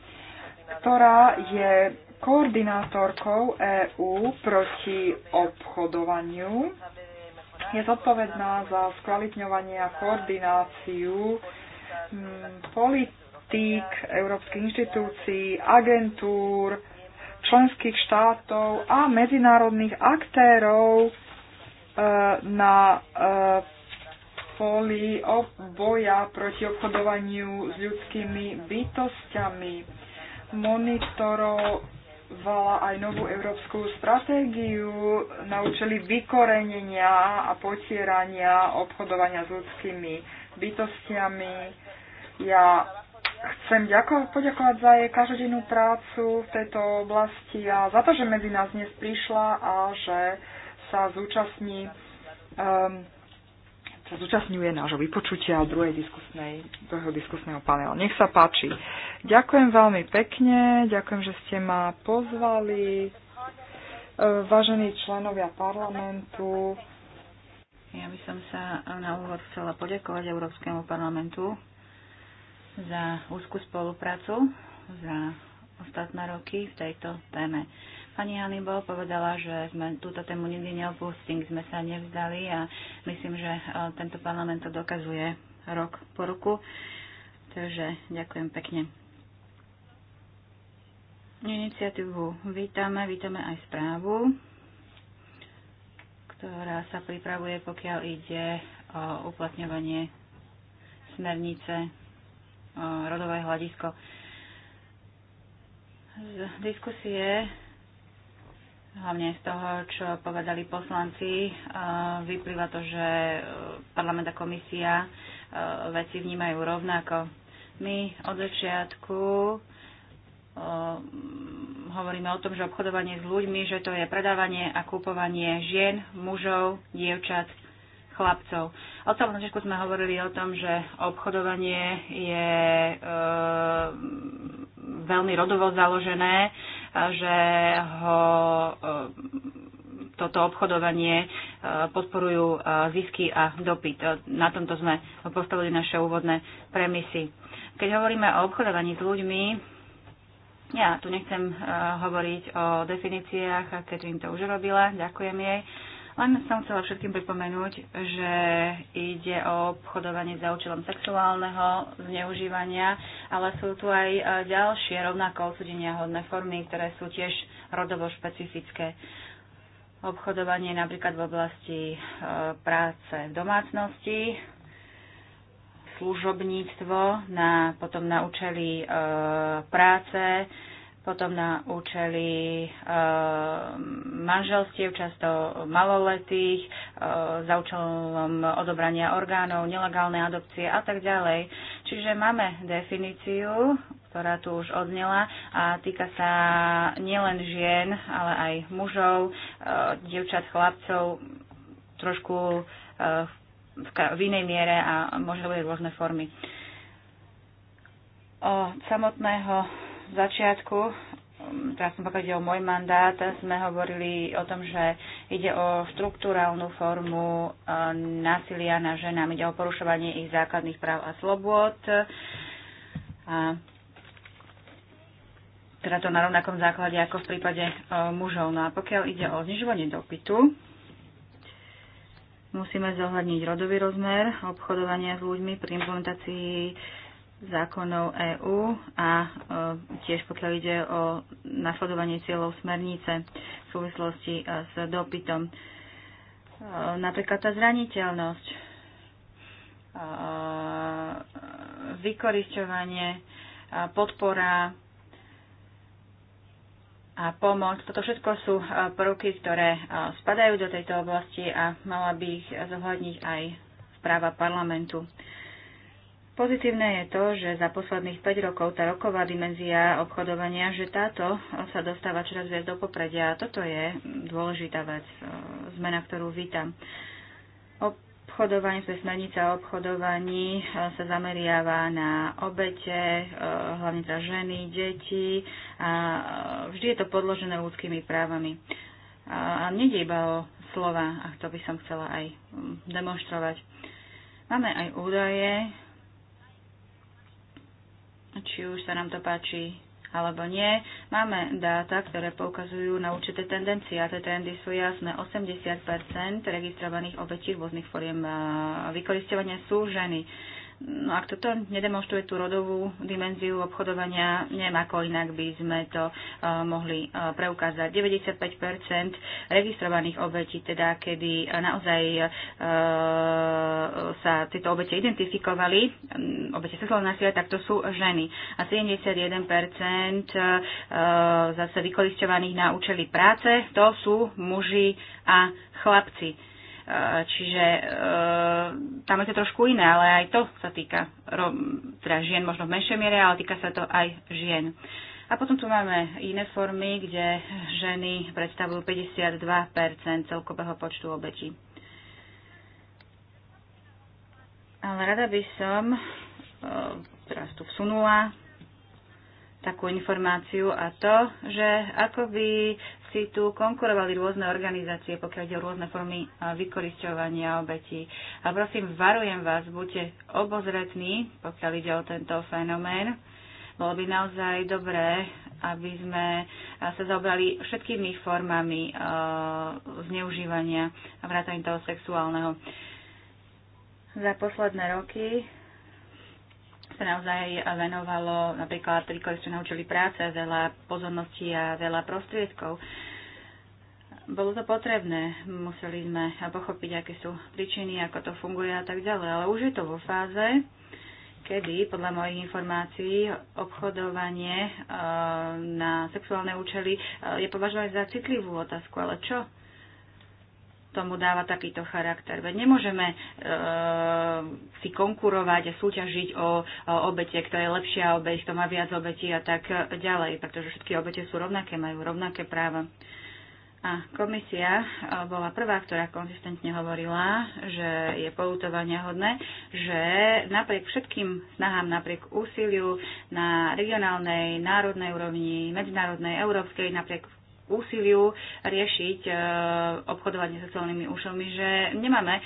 ktorá je koordinátorkou EÚ proti obchodovaniu. Je zodpovedná za skvalitňovanie a koordináciu mm, politík európskych inštitúcií, agentúr, členských štátov a medzinárodných aktérov e, na e, poli boja proti obchodovaniu s ľudskými bytostiami monitoro, vypracovala aj novú európsku stratégiu na účely vykorenenia a potierania obchodovania s ľudskými bytostiami. Ja chcem ďako- poďakovať za jej každodennú prácu v tejto oblasti a za to, že medzi nás dnes prišla a že sa zúčastní um, sa zúčastňuje nášho vypočutia druhej diskusnej, druhého diskusného panelu. Nech sa páči. Ďakujem veľmi pekne, ďakujem, že ste ma pozvali. E, vážení členovia parlamentu, ja by som sa na úvod chcela poďakovať Európskemu parlamentu za úzkú spoluprácu za ostatné roky v tejto téme. Pani Hannibal povedala, že sme túto tému nikdy neopustili, sme sa nevzdali a myslím, že e, tento parlament to dokazuje rok po roku. Takže ďakujem pekne. Iniciatívu vítame, vítame aj správu, ktorá sa pripravuje, pokiaľ ide o uplatňovanie smernice rodové hľadisko. Z diskusie Hlavne z toho, čo povedali poslanci, e, vyplýva to, že e, parlament a komisia e, veci vnímajú rovnako. My od začiatku hovoríme o tom, že obchodovanie s ľuďmi, že to je predávanie a kúpovanie žien, mužov, dievčat, chlapcov. Od samého začiatku sme hovorili o tom, že obchodovanie je e, veľmi rodovo založené že ho e, toto obchodovanie e, podporujú e, zisky a dopyt. Na tomto sme postavili naše úvodné premisy. Keď hovoríme o obchodovaní s ľuďmi, ja tu nechcem hovoriť o definíciách, Katrin to už robila, ďakujem jej. Len som chcela všetkým pripomenúť, že ide o obchodovanie za účelom sexuálneho zneužívania, ale sú tu aj e, ďalšie rovnako osudenia hodné formy, ktoré sú tiež rodovo špecifické. Obchodovanie napríklad v oblasti e, práce v domácnosti, služobníctvo na, potom na účely e, práce, potom na účely e, manželstiev, často maloletých, e, za účelom odobrania orgánov, nelegálne adopcie a tak ďalej. Čiže máme definíciu, ktorá tu už odznela a týka sa nielen žien, ale aj mužov, e, dievčat, chlapcov, trošku v, v inej miere a možno bude rôzne formy. O samotného začiatku, um, teraz som pokiaľ ide o môj mandát, sme hovorili o tom, že ide o štruktúrálnu formu uh, násilia na ženám, ide o porušovanie ich základných práv a slobôd. A teda to na rovnakom základe ako v prípade uh, mužov. No a pokiaľ ide o znižovanie dopytu, musíme zohľadniť rodový rozmer obchodovania s ľuďmi pri implementácii zákonov EÚ a e, tiež pokiaľ ide o nasledovanie cieľov smernice v súvislosti e, s dopytom. E, napríklad tá zraniteľnosť, vykorisťovanie, podpora a pomoc. Toto všetko sú prvky, ktoré spadajú do tejto oblasti a mala by ich zohľadniť aj správa parlamentu. Pozitívne je to, že za posledných 5 rokov tá roková dimenzia obchodovania, že táto sa dostáva čoraz viac do popredia a toto je dôležitá vec, e, zmena, ktorú vítam. Obchodovanie, to teda je smernica o obchodovaní, e, sa zameriava na obete, e, hlavne za teda ženy, deti a vždy je to podložené ľudskými právami. A nejde iba o slova, a to by som chcela aj demonstrovať. Máme aj údaje, či už sa nám to páči alebo nie. Máme dáta, ktoré poukazujú na určité tendencie a tie trendy sú jasné. 80% registrovaných obetí rôznych foriem vykoristovania sú ženy. No ak toto nedemonstruje tú rodovú dimenziu obchodovania, neviem ako inak by sme to e, mohli e, preukázať. 95% registrovaných obetí, teda kedy naozaj e, sa tieto obete identifikovali, obete sexuálneho násilia, tak to sú ženy. A 71% zase vykoristovaných na účely práce, to sú muži a chlapci Eh, čiže eh, tam je to trošku iné, ale aj to sa týka teda žien možno v menšej miere, ale týka sa to aj žien. A potom tu máme iné formy, kde ženy predstavujú 52 celkového počtu obetí. Ale rada by som eh, teraz tu vsunula takú informáciu a to, že ako by si tu konkurovali rôzne organizácie, pokiaľ ide o rôzne formy vykorisťovania obetí. A prosím, varujem vás, buďte obozretní, pokiaľ ide o tento fenomén. Bolo by naozaj dobré, aby sme sa zaobrali všetkými formami zneužívania a vrátania toho sexuálneho. Za posledné roky sa naozaj venovalo napríklad príklad, sa naučili práce, veľa pozornosti a veľa prostriedkov. Bolo to potrebné, museli sme pochopiť, aké sú príčiny, ako to funguje a tak ďalej, ale už je to vo fáze, kedy podľa mojich informácií obchodovanie eh, na sexuálne účely eh, je považované za citlivú otázku, ale čo tomu dáva takýto charakter. Veď nemôžeme e, si konkurovať a súťažiť o, o obete, kto je lepšia obeť, kto má viac obetí a tak ďalej, pretože všetky obete sú rovnaké, majú rovnaké práva. A komisia e, bola prvá, ktorá konzistentne hovorila, že je poutovania hodné, že napriek všetkým snahám, napriek úsiliu na regionálnej, národnej úrovni, medzinárodnej, európskej, napriek úsiliu riešiť e, obchodovanie so celnými úšovmi, že nemáme e,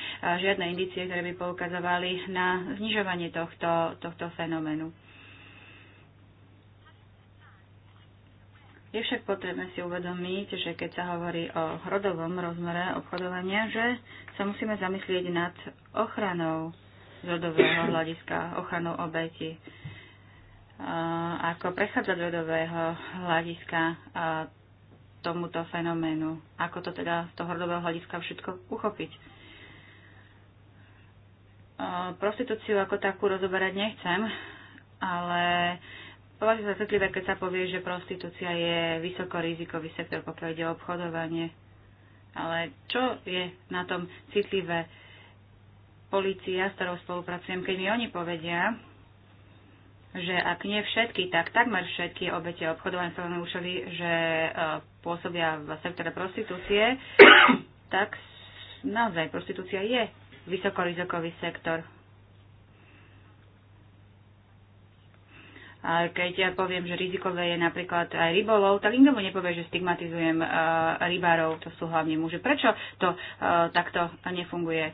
žiadne indície, ktoré by poukazovali na znižovanie tohto, tohto fenoménu. Je však potrebné si uvedomiť, že keď sa hovorí o rodovom rozmere obchodovania, že sa musíme zamyslieť nad ochranou z rodového hľadiska, ochranou obeti. Ako prechádzať rodového hľadiska tomuto fenoménu? Ako to teda z toho rodového hľadiska všetko uchopiť? Prostitúciu ako takú rozoberať nechcem, ale považujem sa citlivé, keď sa povie, že prostitúcia je vysokorizikový sektor, pokiaľ ide o obchodovanie. Ale čo je na tom citlivé? Polícia, s ktorou spolupracujem, keď mi oni povedia, že ak nie všetky, tak takmer všetky obete obchodovania sa ušeli, že e, pôsobia v sektore prostitúcie, tak naozaj prostitúcia je vysokorizikový sektor. Keď ja poviem, že rizikové je napríklad aj rybolov, tak nikto mu nepovie, že stigmatizujem e, rybárov, to sú hlavne muži. Prečo to e, takto nefunguje? E,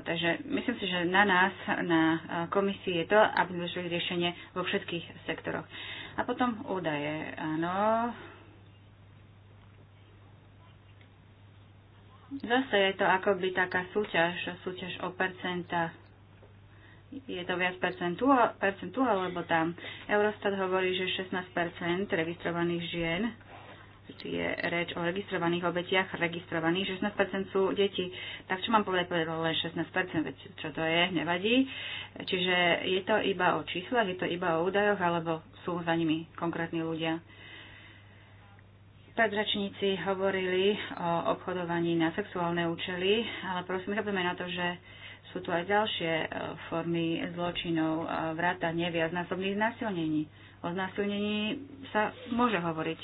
takže myslím si, že na nás, na komisii je to, aby sme došli riešenie vo všetkých sektoroch. A potom údaje. Áno, Zase je to akoby taká súťaž, súťaž o percenta je to viac percentuál, lebo tam Eurostat hovorí, že 16% registrovaných žien tu je reč o registrovaných obetiach, registrovaných 16% sú deti. Tak čo mám povedať, povedal len 16%, veď čo to je, nevadí. Čiže je to iba o číslach, je to iba o údajoch, alebo sú za nimi konkrétni ľudia. Predračníci hovorili o obchodovaní na sexuálne účely, ale prosím, chápeme na to, že sú tu aj ďalšie e, formy zločinov, vrátanie násobných znásilnení. O znásilnení sa môže hovoriť,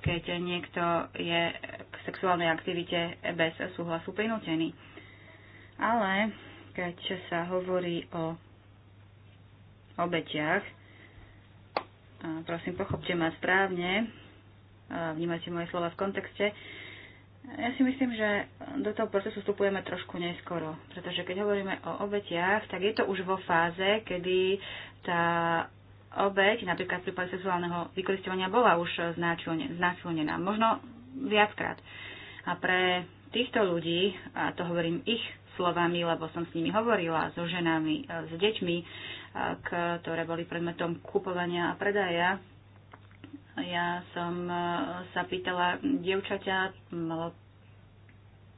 keď niekto je k sexuálnej aktivite bez súhlasu prinútený. Ale keď sa hovorí o obetiach, prosím, pochopte ma správne, vnímajte moje slova v kontexte, ja si myslím, že do toho procesu vstupujeme trošku neskoro, pretože keď hovoríme o obetiach, tak je to už vo fáze, kedy tá obeť, napríklad v prípade sexuálneho vykoristovania, bola už znásilnená. Možno viackrát. A pre týchto ľudí, a to hovorím ich slovami, lebo som s nimi hovorila, so ženami, s deťmi, ktoré boli predmetom kupovania a predaja ja som e, sa pýtala dievčaťa, malo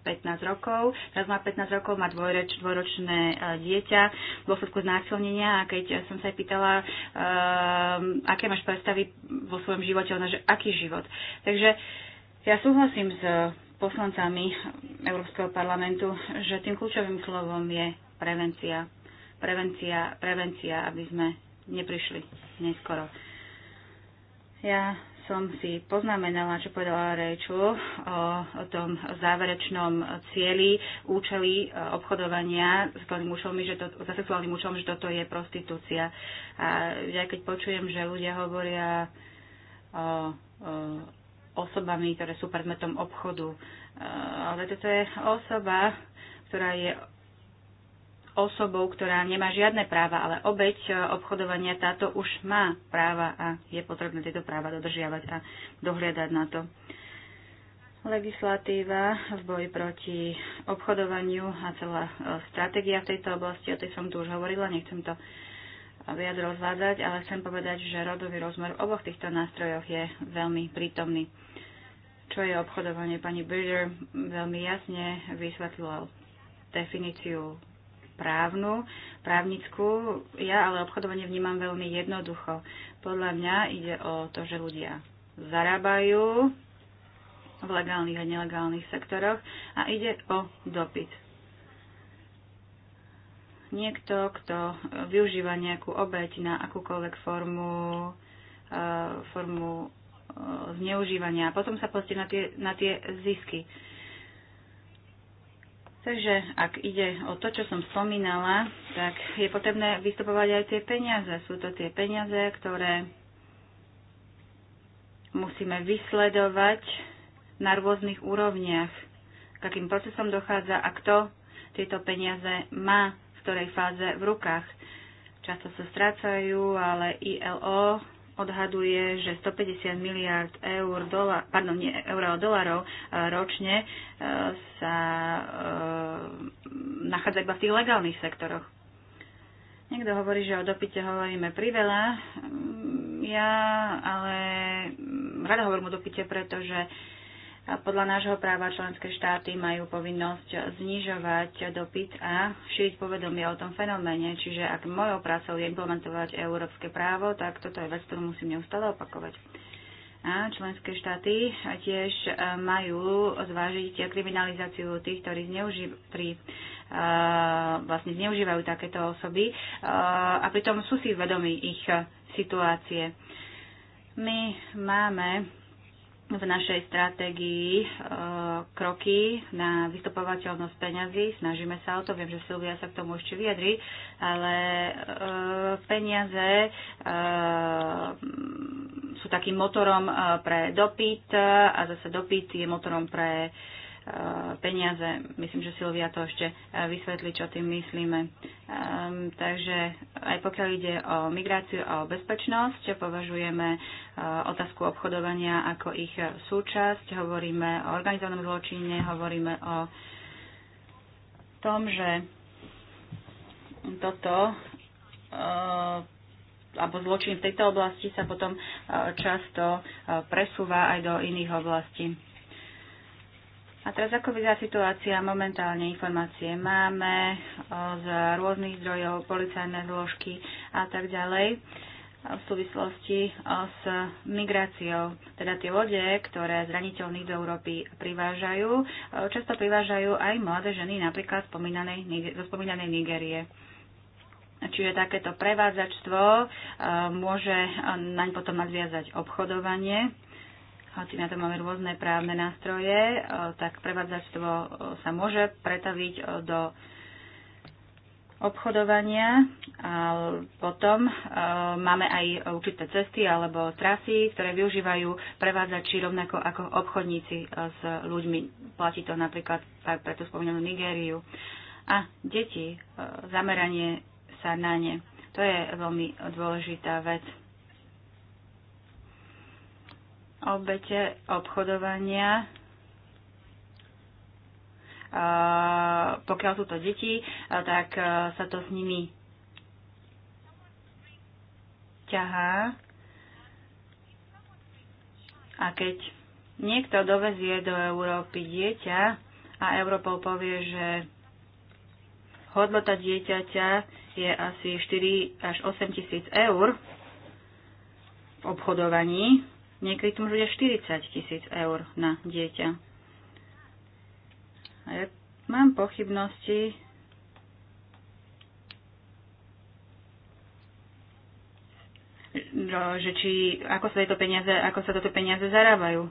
15 rokov, teraz má 15 rokov, má dvojreč, dvojročné e, dieťa v dôsledku znásilnenia a keď som sa jej pýtala, um, aké máš predstavy vo svojom živote, ona, že aký život. Takže ja súhlasím s poslancami Európskeho parlamentu, že tým kľúčovým slovom je prevencia. Prevencia, prevencia, aby sme neprišli neskoro. Ja som si poznamenala, čo povedala Rachel o, o tom záverečnom cieli, účely e, obchodovania s plným účelom, že to, za sexuálnym účelom, že toto je prostitúcia. A ja keď počujem, že ľudia hovoria o, o osobami, ktoré sú predmetom obchodu, e, ale toto je osoba, ktorá je osobou, ktorá nemá žiadne práva, ale obeď e, obchodovania táto už má práva a je potrebné tieto práva dodržiavať a dohliadať na to. Legislatíva v boji proti obchodovaniu a celá e, stratégia v tejto oblasti, o tej som tu už hovorila, nechcem to e, viac rozvádzať, ale chcem povedať, že rodový rozmer v oboch týchto nástrojoch je veľmi prítomný. Čo je obchodovanie? Pani Bridger veľmi jasne vysvetlila definíciu právnu, právnickú. Ja ale obchodovanie vnímam veľmi jednoducho. Podľa mňa ide o to, že ľudia zarábajú v legálnych a nelegálnych sektoroch a ide o dopyt. Niekto, kto využíva nejakú obeď na akúkoľvek formu, e, formu e, zneužívania a potom sa pozrie na tie, na tie zisky Takže ak ide o to, čo som spomínala, tak je potrebné vystupovať aj tie peniaze. Sú to tie peniaze, ktoré musíme vysledovať na rôznych úrovniach, k akým procesom dochádza a kto tieto peniaze má v ktorej fáze v rukách. Často sa strácajú, ale ILO odhaduje, že 150 miliard eur, dola, pardon, nie, eur ale dolarov e, ročne e, sa e, nachádza iba v tých legálnych sektoroch. Niekto hovorí, že o dopite hovoríme priveľa. Mm, ja ale mm, rada hovorím o dopite, pretože a podľa nášho práva členské štáty majú povinnosť znižovať dopyt a šíriť povedomie o tom fenoméne. Čiže ak mojou prácou je implementovať európske právo, tak toto je vec, ktorú musím neustále opakovať. A členské štáty tiež e, majú zvážiť kriminalizáciu tých, ktorí zneužívajú pri e, vlastne zneužívajú takéto osoby e, a pritom sú si vedomi ich situácie. My máme v našej stratégii e, kroky na vystupovateľnosť peňazí. Snažíme sa o to, viem, že Silvia sa k tomu ešte vyjadri, ale e, peniaze e, sú takým motorom e, pre dopyt e, a zase dopyt je motorom pre e, Eh, peniaze. Myslím, že Silvia to ešte eh, vysvetlí, čo tým myslíme. Ehm, takže aj pokiaľ ide o migráciu a o bezpečnosť, považujeme eh, otázku obchodovania ako ich súčasť. Hovoríme o organizovanom zločine, hovoríme o tom, že toto alebo zločin v tejto oblasti sa potom často presúva aj do iných oblastí. A teraz ako vyzerá situácia? Momentálne informácie máme z rôznych zdrojov, policajné zložky a tak ďalej v súvislosti s migráciou. Teda tie lode, ktoré zraniteľných do Európy privážajú, často privážajú aj mladé ženy napríklad spomínanej, zo spomínanej Nigérie. Čiže takéto prevádzačstvo môže naň potom nadviazať obchodovanie hoci na to máme rôzne právne nástroje, e, tak prevádzačstvo e, sa môže pretaviť e, do obchodovania a potom máme aj určité cesty alebo trasy, ktoré využívajú prevádzači rovnako ako obchodníci s ľuďmi. Platí to napríklad aj pre tú spomínanú Nigériu. A deti, zameranie sa na ne. To je veľmi dôležitá vec obete obchodovania, pokiaľ sú to deti, tak sa to s nimi ťahá. A keď niekto dovezie do Európy dieťa a Európou povie, že hodnota dieťaťa je asi 4 až 8 tisíc eur v obchodovaní, Niekedy to môže byť až 40 tisíc eur na dieťa. A ja mám pochybnosti, no, že či, ako sa tieto peniaze, ako sa toto peniaze zarábajú.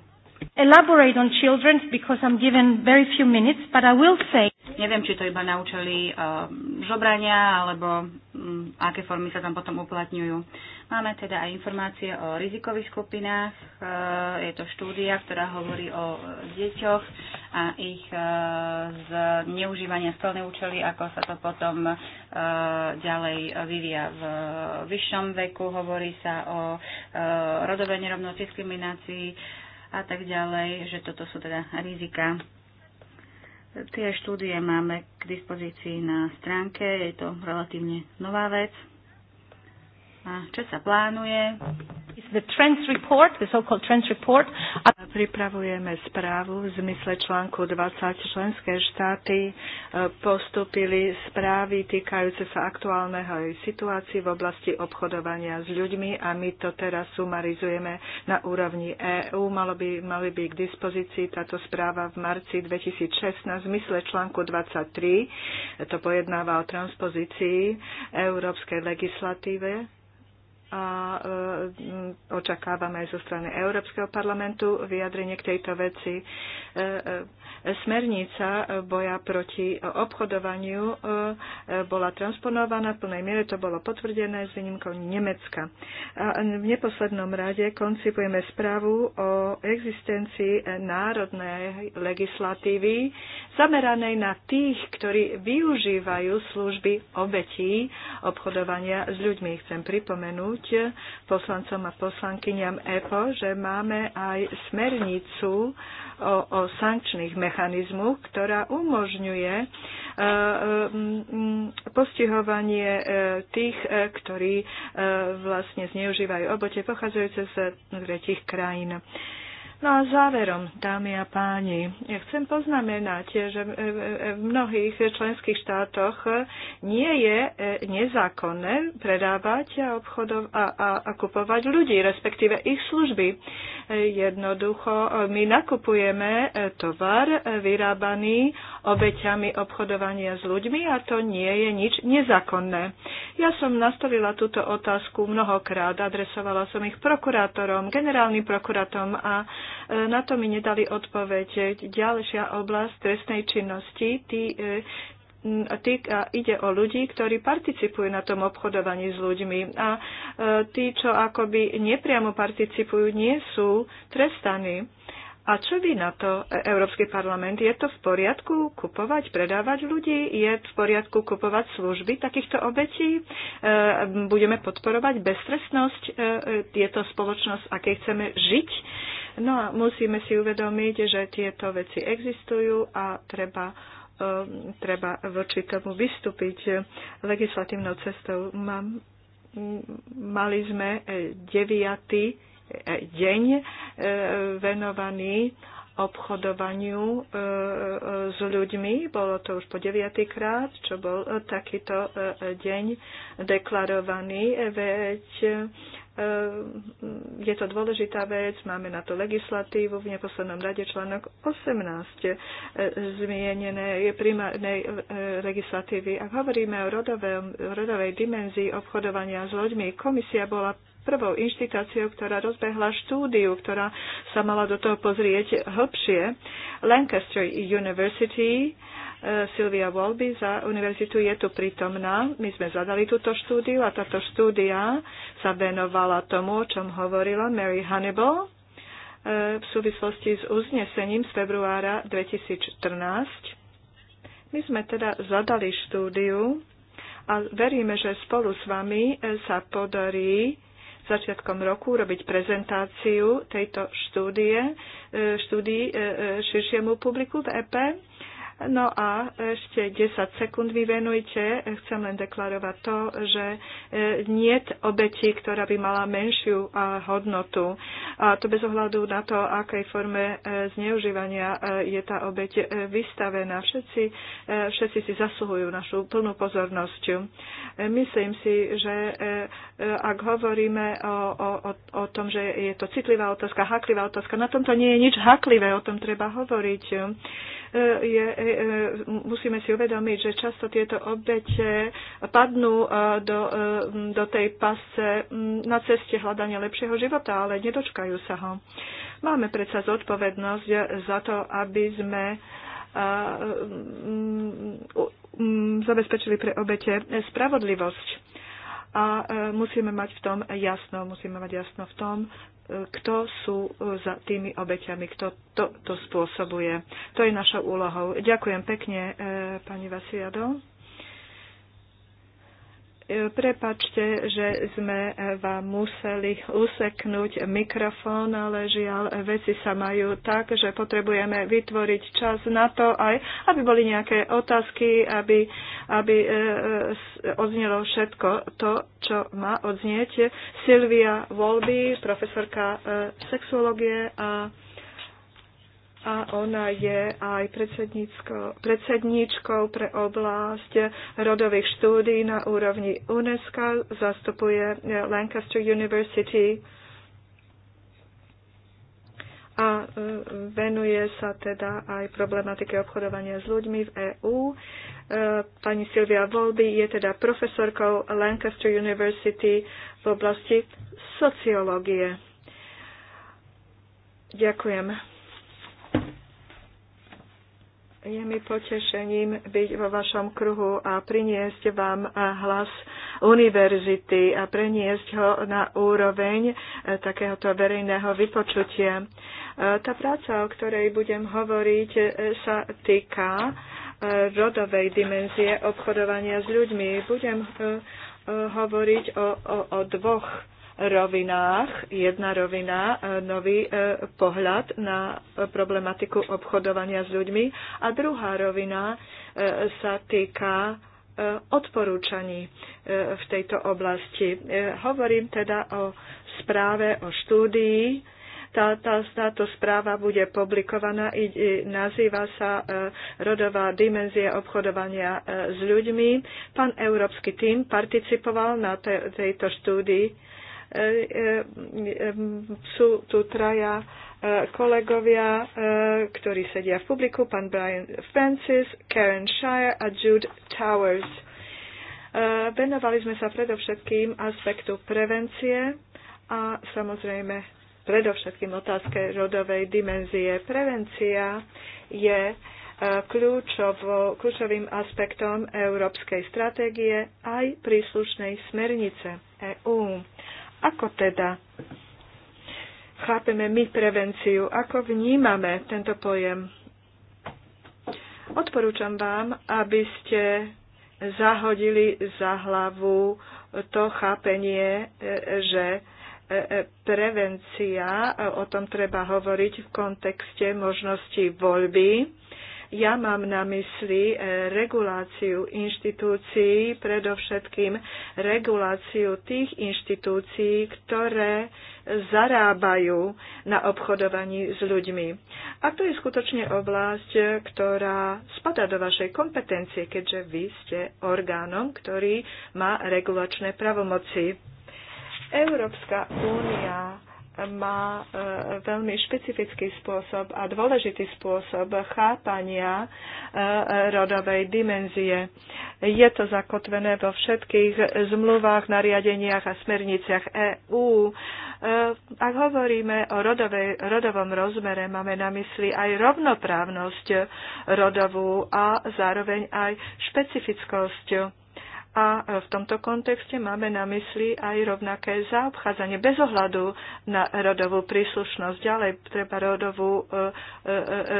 Elaborate on children because I'm given very few minutes, but I will say Neviem, či to iba na účely eh, žobrania, alebo mm, aké formy sa tam potom uplatňujú. Máme teda aj informácie o rizikových skupinách. Eh, je to štúdia, ktorá hovorí o eh, deťoch a ich neužívania stolné účely, ako sa to potom ďalej vyvíja v vyššom veku. Hovorí sa o rodovej nerovnosti, diskriminácii a tak ďalej, že toto sú teda rizika Tie štúdie máme k dispozícii na stránke, je to relatívne nová vec. A čo sa plánuje? The trends report, the so-called trends report. A pripravujeme správu v zmysle článku 20. Členské štáty e, postupili správy týkajúce sa aktuálneho situácii v oblasti obchodovania s ľuďmi a my to teraz sumarizujeme na úrovni EÚ. Malo by, mali by k dispozícii táto správa v marci 2016 v zmysle článku 23. To pojednáva o transpozícii európskej legislatíve a e, očakávame aj zo strany Európskeho parlamentu vyjadrenie k tejto veci. E, e, smernica boja proti obchodovaniu bola transponovaná v plnej miere, to bolo potvrdené s výnimkou Nemecka. A v neposlednom rade koncipujeme správu o existencii národnej legislatívy zameranej na tých, ktorí využívajú služby obetí obchodovania s ľuďmi. Chcem pripomenúť, pripomenúť poslancom a poslankyňam EPO, že máme aj smernicu o, o sankčných mechanizmoch, ktorá umožňuje e, e, postihovanie e, tých, ktorí vlastne zneužívajú obote pochádzajúce z tretich krajín. No a záverom, dámy a páni, ja chcem poznamenať, že v mnohých členských štátoch nie je e, nezákonné predávať a, obchodov, a, a, a kupovať ľudí, respektíve ich služby. E, jednoducho e, my nakupujeme tovar vyrábaný obeťami obchodovania s ľuďmi a to nie je nič nezákonné. Ja som nastavila túto otázku mnohokrát, adresovala som ich prokurátorom, generálnym prokurátorom a E, na to mi nedali odpoveď. Ďalšia oblasť trestnej činnosti, e, tí, a ide o ľudí, ktorí participujú na tom obchodovaní s ľuďmi a e, tí, čo akoby nepriamo participujú, nie sú trestaní. A čo by na to, Európsky parlament? Je to v poriadku kupovať, predávať ľudí? Je v poriadku kupovať služby takýchto obetí? Budeme podporovať beztrestnosť? tieto to spoločnosť, aké chceme žiť? No a musíme si uvedomiť, že tieto veci existujú a treba um, treba voči tomu vystúpiť legislatívnou cestou. mali sme eh, deviatý eh, deň eh, venovaný obchodovaniu s ľuďmi. Bolo to už po 9. krát, čo bol takýto deň deklarovaný. Veď Ehm, je to dôležitá vec, máme na to legislatívu, v neposlednom rade článok 18 e, zmienené primárnej e, legislatívy. Ak hovoríme o rodovej, rodovej dimenzii obchodovania s ľuďmi, komisia bola prvou inštitáciou, ktorá rozbehla štúdiu, ktorá sa mala do toho pozrieť hlbšie. Lancaster University uh, Silvia Wolby za univerzitu je tu prítomná. My sme zadali túto štúdiu a táto štúdia sa venovala tomu, o čom hovorila Mary Hannibal e, v súvislosti s uznesením z februára 2014. My sme teda zadali štúdiu a veríme, že spolu s vami e, sa podarí začiatkom roku robiť prezentáciu tejto štúdie, e, štúdii širšiemu publiku v EPE. No a ešte 10 sekúnd mi venujte. Chcem len deklarovať to, že e, nie obeti, ktorá by mala menšiu hodnotu. A to bez ohľadu na to, akej forme e, zneužívania e, je tá obeť vystavená. Všetci, všetci si zasluhujú našu plnú pozornosť. Myslím si, že ak hovoríme o, o, o tom, že je to citlivá otázka, haklivá otázka, na tomto nie je nič haklivé, o tom treba hovoriť je, e, e, musíme si uvedomiť, že často tieto obete padnú e, do, do tej pasce na ceste hľadania lepšieho života, ale nedočkajú sa ho. Máme predsa zodpovednosť za to, aby sme zabezpečili pre obete spravodlivosť a e, musíme mať v tom jasno, musíme mať jasno v tom, e, kto sú e, za tými obeťami, kto to, to spôsobuje. To je našou úlohou. Ďakujem pekne, pani Vasiado. Prepačte, že sme e, vám museli useknúť mikrofón, ale žiaľ, veci sa majú tak, že potrebujeme vytvoriť čas na to aj, aby boli nejaké otázky, aby, aby e, odznelo všetko to, čo má odznieť. Silvia Volby, profesorka e, sexuológie a a ona je aj predsedníčkou pre oblasť rodových štúdí na úrovni UNESCO, zastupuje Lancaster University a e, venuje sa teda aj problematike obchodovania s ľuďmi v EÚ. E, pani Silvia Volby je teda profesorkou Lancaster University v oblasti sociológie. Ďakujem. Je mi potešením byť vo vašom kruhu a priniesť vám hlas univerzity a preniesť ho na úroveň e, takéhoto verejného vypočutia. E, tá práca, o ktorej budem hovoriť, e, sa týka rodovej dimenzie obchodovania s ľuďmi. Budem hovoriť o, o, o dvoch rovinách. Jedna rovina, e, nový e, pohľad na problematiku obchodovania s ľuďmi a druhá rovina e, sa týka odporúčaní v tejto oblasti. Hovorím teda o správe, o štúdii. Tá, tá, táto správa bude publikovaná, i, i, nazýva sa e, Rodová dimenzia obchodovania e, s ľuďmi. Pan Európsky tým participoval na te, tejto štúdii sú tu traja eh, kolegovia, eh, ktorí sedia v publiku, pán Brian Francis, Karen Shire a Jude Towers. Eh, venovali sme sa predovšetkým aspektu prevencie a samozrejme predovšetkým otázke rodovej dimenzie. Prevencia je kľúčovo, kľúčovým aspektom európskej stratégie aj príslušnej smernice EÚ. EU ako teda chápeme my prevenciu? Ako vnímame tento pojem? Odporúčam vám, aby ste zahodili za hlavu to chápenie, že e, e, prevencia, e, o tom treba hovoriť v kontexte možnosti voľby ja mám na mysli e, reguláciu inštitúcií, predovšetkým reguláciu tých inštitúcií, ktoré zarábajú na obchodovaní s ľuďmi. A to je skutočne oblasť, ktorá spadá do vašej kompetencie, keďže vy ste orgánom, ktorý má regulačné pravomoci. Európska únia má e, veľmi špecifický spôsob a dôležitý spôsob chápania e, rodovej dimenzie. Je to zakotvené vo všetkých zmluvách, nariadeniach a smerniciach EÚ. E, ak hovoríme o rodovej, rodovom rozmere, máme na mysli aj rovnoprávnosť rodovú a zároveň aj špecifickosť a v tomto kontexte máme na mysli aj rovnaké zaobchádzanie bez ohľadu na rodovú príslušnosť. Ďalej treba rodovú e, e, e,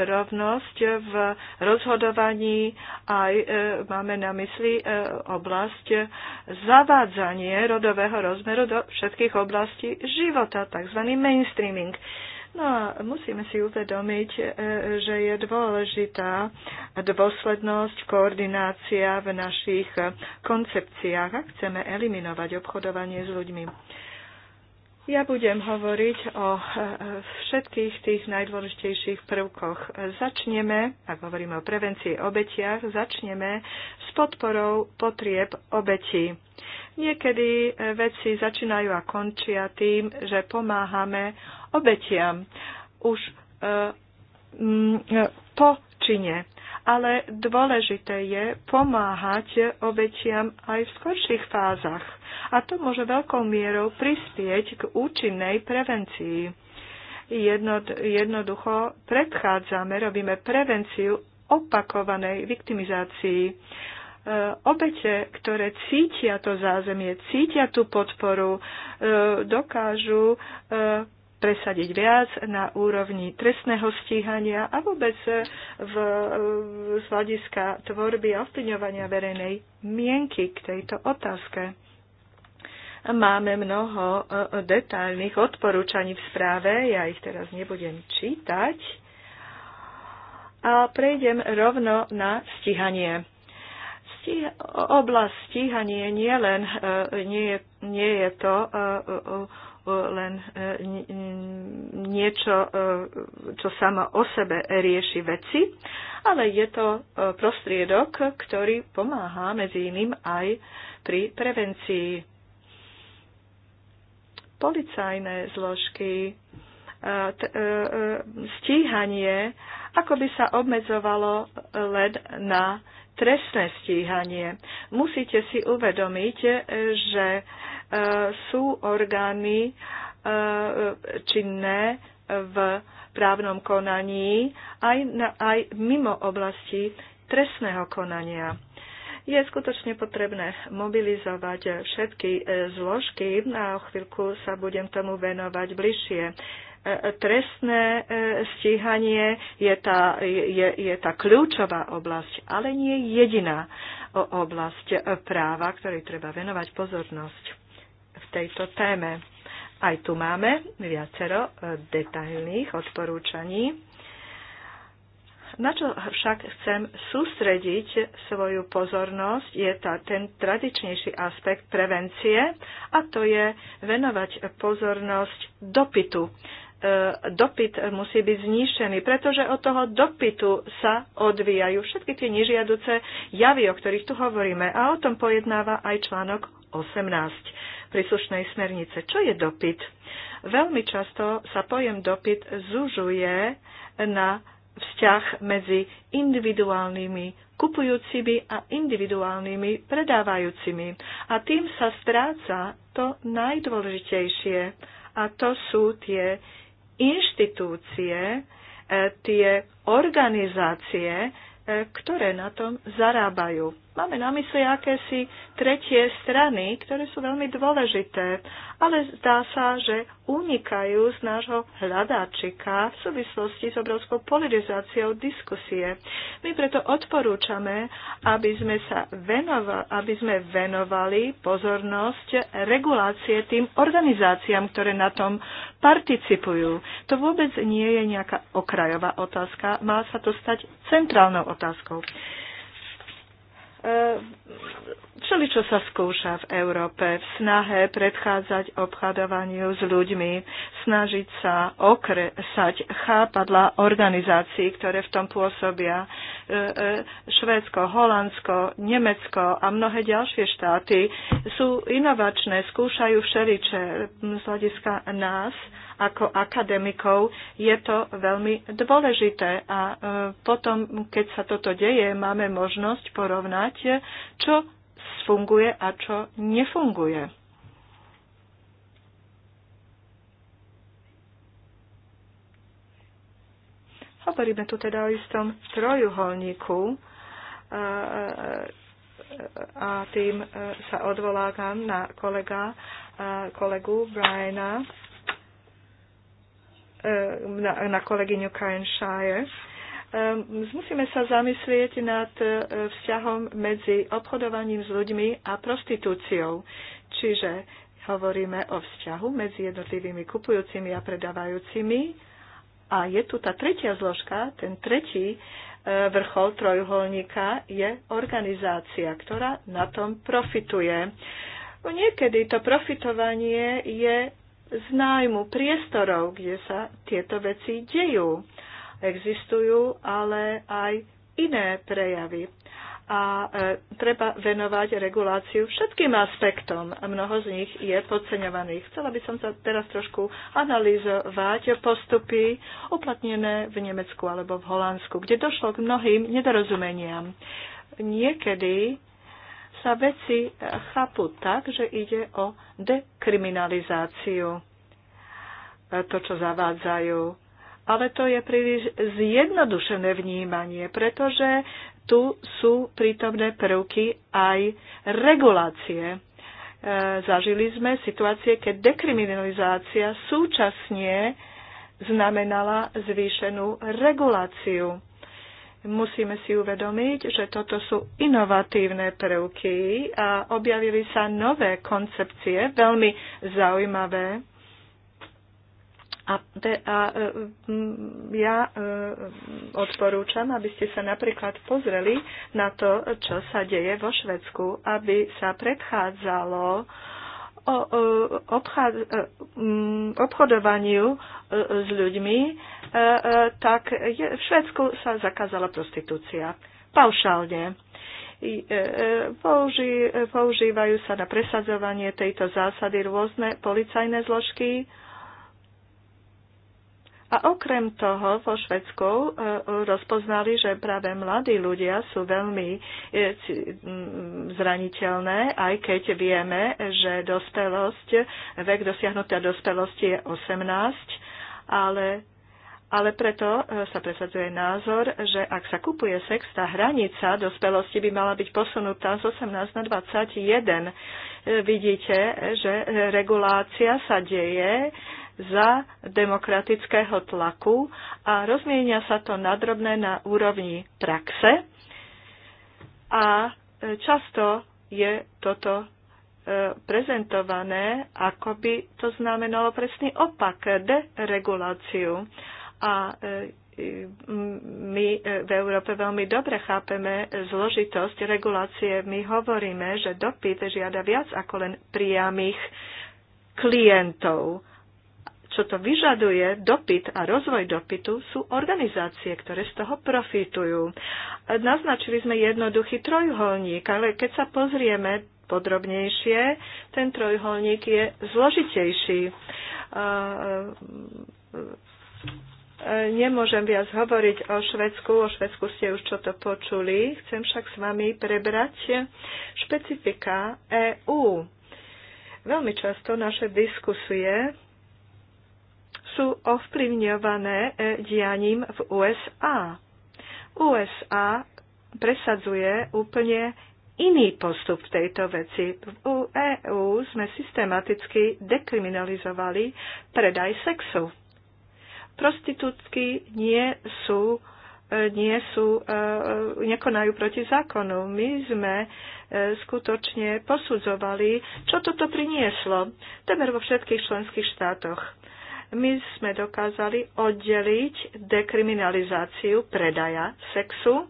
rovnosť v rozhodovaní. Aj máme na mysli oblasť zavádzanie rodového rozmeru do všetkých oblastí života, tzv. mainstreaming. No a musíme si uvedomiť, e, že je dôležitá dôslednosť, koordinácia v našich koncepciách, ak chceme eliminovať obchodovanie s ľuďmi. Ja budem hovoriť o e, e, všetkých tých najdôležitejších prvkoch. Začneme, ak hovoríme o prevencii obetiach, začneme s podporou potrieb obetí. Niekedy e, veci začínajú a končia tým, že pomáhame obetiam už po čine ale dôležité je pomáhať obetiam aj v skorších fázach. A to môže veľkou mierou prispieť k účinnej prevencii. Jednod, jednoducho predchádzame, robíme prevenciu opakovanej viktimizácii e, obete, ktoré cítia to zázemie, cítia tú podporu, e, dokážu e, presadiť viac na úrovni trestného stíhania a vôbec e, v, e, z hľadiska tvorby a ovplyvňovania verejnej mienky k tejto otázke. Máme mnoho e, detailných odporúčaní v správe, ja ich teraz nebudem čítať a prejdem rovno na stíhanie stíha, oblasť stíhanie nie, len, nie, nie je to len e, niečo, e, čo sama o sebe rieši veci, ale je to e, prostriedok, ktorý pomáha medzi iným aj pri prevencii. Policajné zložky, stíhanie, ako by sa obmedzovalo len na trestné stíhanie. Musíte si uvedomiť, že sú orgány e, činné v právnom konaní aj, na, aj mimo oblasti trestného konania. Je skutočne potrebné mobilizovať všetky e, zložky a o chvíľku sa budem tomu venovať bližšie e, trestné stíhanie je tá, je, je tá kľúčová oblasť, ale nie jediná oblasť práva, ktorej treba venovať pozornosť v tejto téme. Aj tu máme viacero e, detailných odporúčaní. Na čo však chcem sústrediť svoju pozornosť je tá, ten tradičnejší aspekt prevencie a to je venovať pozornosť dopytu e, dopyt musí byť znišený, pretože od toho dopytu sa odvíjajú všetky tie nežiaduce javy, o ktorých tu hovoríme. A o tom pojednáva aj článok 18 príslušnej smernice. Čo je dopyt? Veľmi často sa pojem dopyt zužuje na vzťah medzi individuálnymi kupujúcimi a individuálnymi predávajúcimi. A tým sa stráca to najdôležitejšie, a to sú tie inštitúcie, e, tie organizácie, e, ktoré na tom zarábajú. Máme na mysli akési tretie strany, ktoré sú veľmi dôležité, ale zdá sa, že unikajú z nášho hľadáčika v súvislosti s obrovskou politizáciou diskusie. My preto odporúčame, aby sme, sa venovali, aby sme venovali pozornosť regulácie tým organizáciám, ktoré na tom participujú. To vôbec nie je nejaká okrajová otázka, má sa to stať centrálnou otázkou uh, všeličo sa skúša v Európe v snahe predchádzať obchádovaniu s ľuďmi, snažiť sa okresať chápadla organizácií, ktoré v tom pôsobia. E, e, Švédsko, Holandsko, Nemecko a mnohé ďalšie štáty sú inovačné, skúšajú všeliče z hľadiska nás ako akademikov je to veľmi dôležité. A e, potom, keď sa toto deje, máme možnosť porovnať, čo funguje a čo nefunguje. Hovoríme tu teda o istom trojuholníku e, e, a tým e, sa odvolávam na kolega, kolegu Briana, na, na kolegyňu Karen Shire Ehm, musíme sa zamyslieť nad e, vzťahom medzi obchodovaním s ľuďmi a prostitúciou. Čiže hovoríme o vzťahu medzi jednotlivými kupujúcimi a predávajúcimi. A je tu tá tretia zložka, ten tretí e, vrchol trojuholníka je organizácia, ktorá na tom profituje. Niekedy to profitovanie je z nájmu priestorov, kde sa tieto veci dejú existujú, ale aj iné prejavy. A e, treba venovať reguláciu všetkým aspektom. Mnoho z nich je podceňovaných. Chcela by som sa teraz trošku analyzovať postupy uplatnené v Nemecku alebo v Holandsku, kde došlo k mnohým nedorozumeniam. Niekedy sa veci chápu tak, že ide o dekriminalizáciu. E, to, čo zavádzajú ale to je príliš zjednodušené vnímanie, pretože tu sú prítomné prvky aj regulácie. E, zažili sme situácie, keď dekriminalizácia súčasne znamenala zvýšenú reguláciu. Musíme si uvedomiť, že toto sú inovatívne prvky a objavili sa nové koncepcie, veľmi zaujímavé a, te, a e, ja e, odporúčam, aby ste sa napríklad pozreli na to, čo sa deje vo Švedsku, aby sa predchádzalo o, e, obchad, obchodovaniu s ľuďmi, tak je, v Švedsku sa zakázala prostitúcia. Paušálne používajú sa na presadzovanie tejto zásady rôzne policajné zložky a okrem toho vo Švedsku e, rozpoznali, že práve mladí ľudia sú veľmi e, zraniteľné, aj keď vieme, že dospelosť, vek dosiahnutá dospelosti je 18, ale ale preto e, sa presadzuje názor, že ak sa kupuje sex, tá hranica dospelosti by mala byť posunutá z 18 na 21. Vidíte, že regulácia sa deje za demokratického tlaku a rozmienia sa to nadrobné na úrovni praxe a e, často je toto e, prezentované, ako by to znamenalo presný opak, dereguláciu. A e, my v Európe veľmi dobre chápeme zložitosť regulácie. My hovoríme, že dopyt žiada viac ako len priamých klientov. Čo to vyžaduje, dopyt a rozvoj dopytu, sú organizácie, ktoré z toho profitujú. Naznačili sme jednoduchý trojuholník, ale keď sa pozrieme podrobnejšie, ten trojuholník je zložitejší. Nemôžem viac hovoriť o Švedsku, o Švedsku ste už čo to počuli, chcem však s vami prebrať špecifika EÚ. Veľmi často naše diskusie sú ovplyvňované e, dianím v USA. USA presadzuje úplne iný postup v tejto veci. V EÚ sme systematicky dekriminalizovali predaj sexu. Prostitútky nie sú e, nie sú, e, nekonajú proti zákonu. My sme skutočne posudzovali, čo toto prinieslo, temer vo všetkých členských štátoch my sme dokázali oddeliť dekriminalizáciu predaja sexu,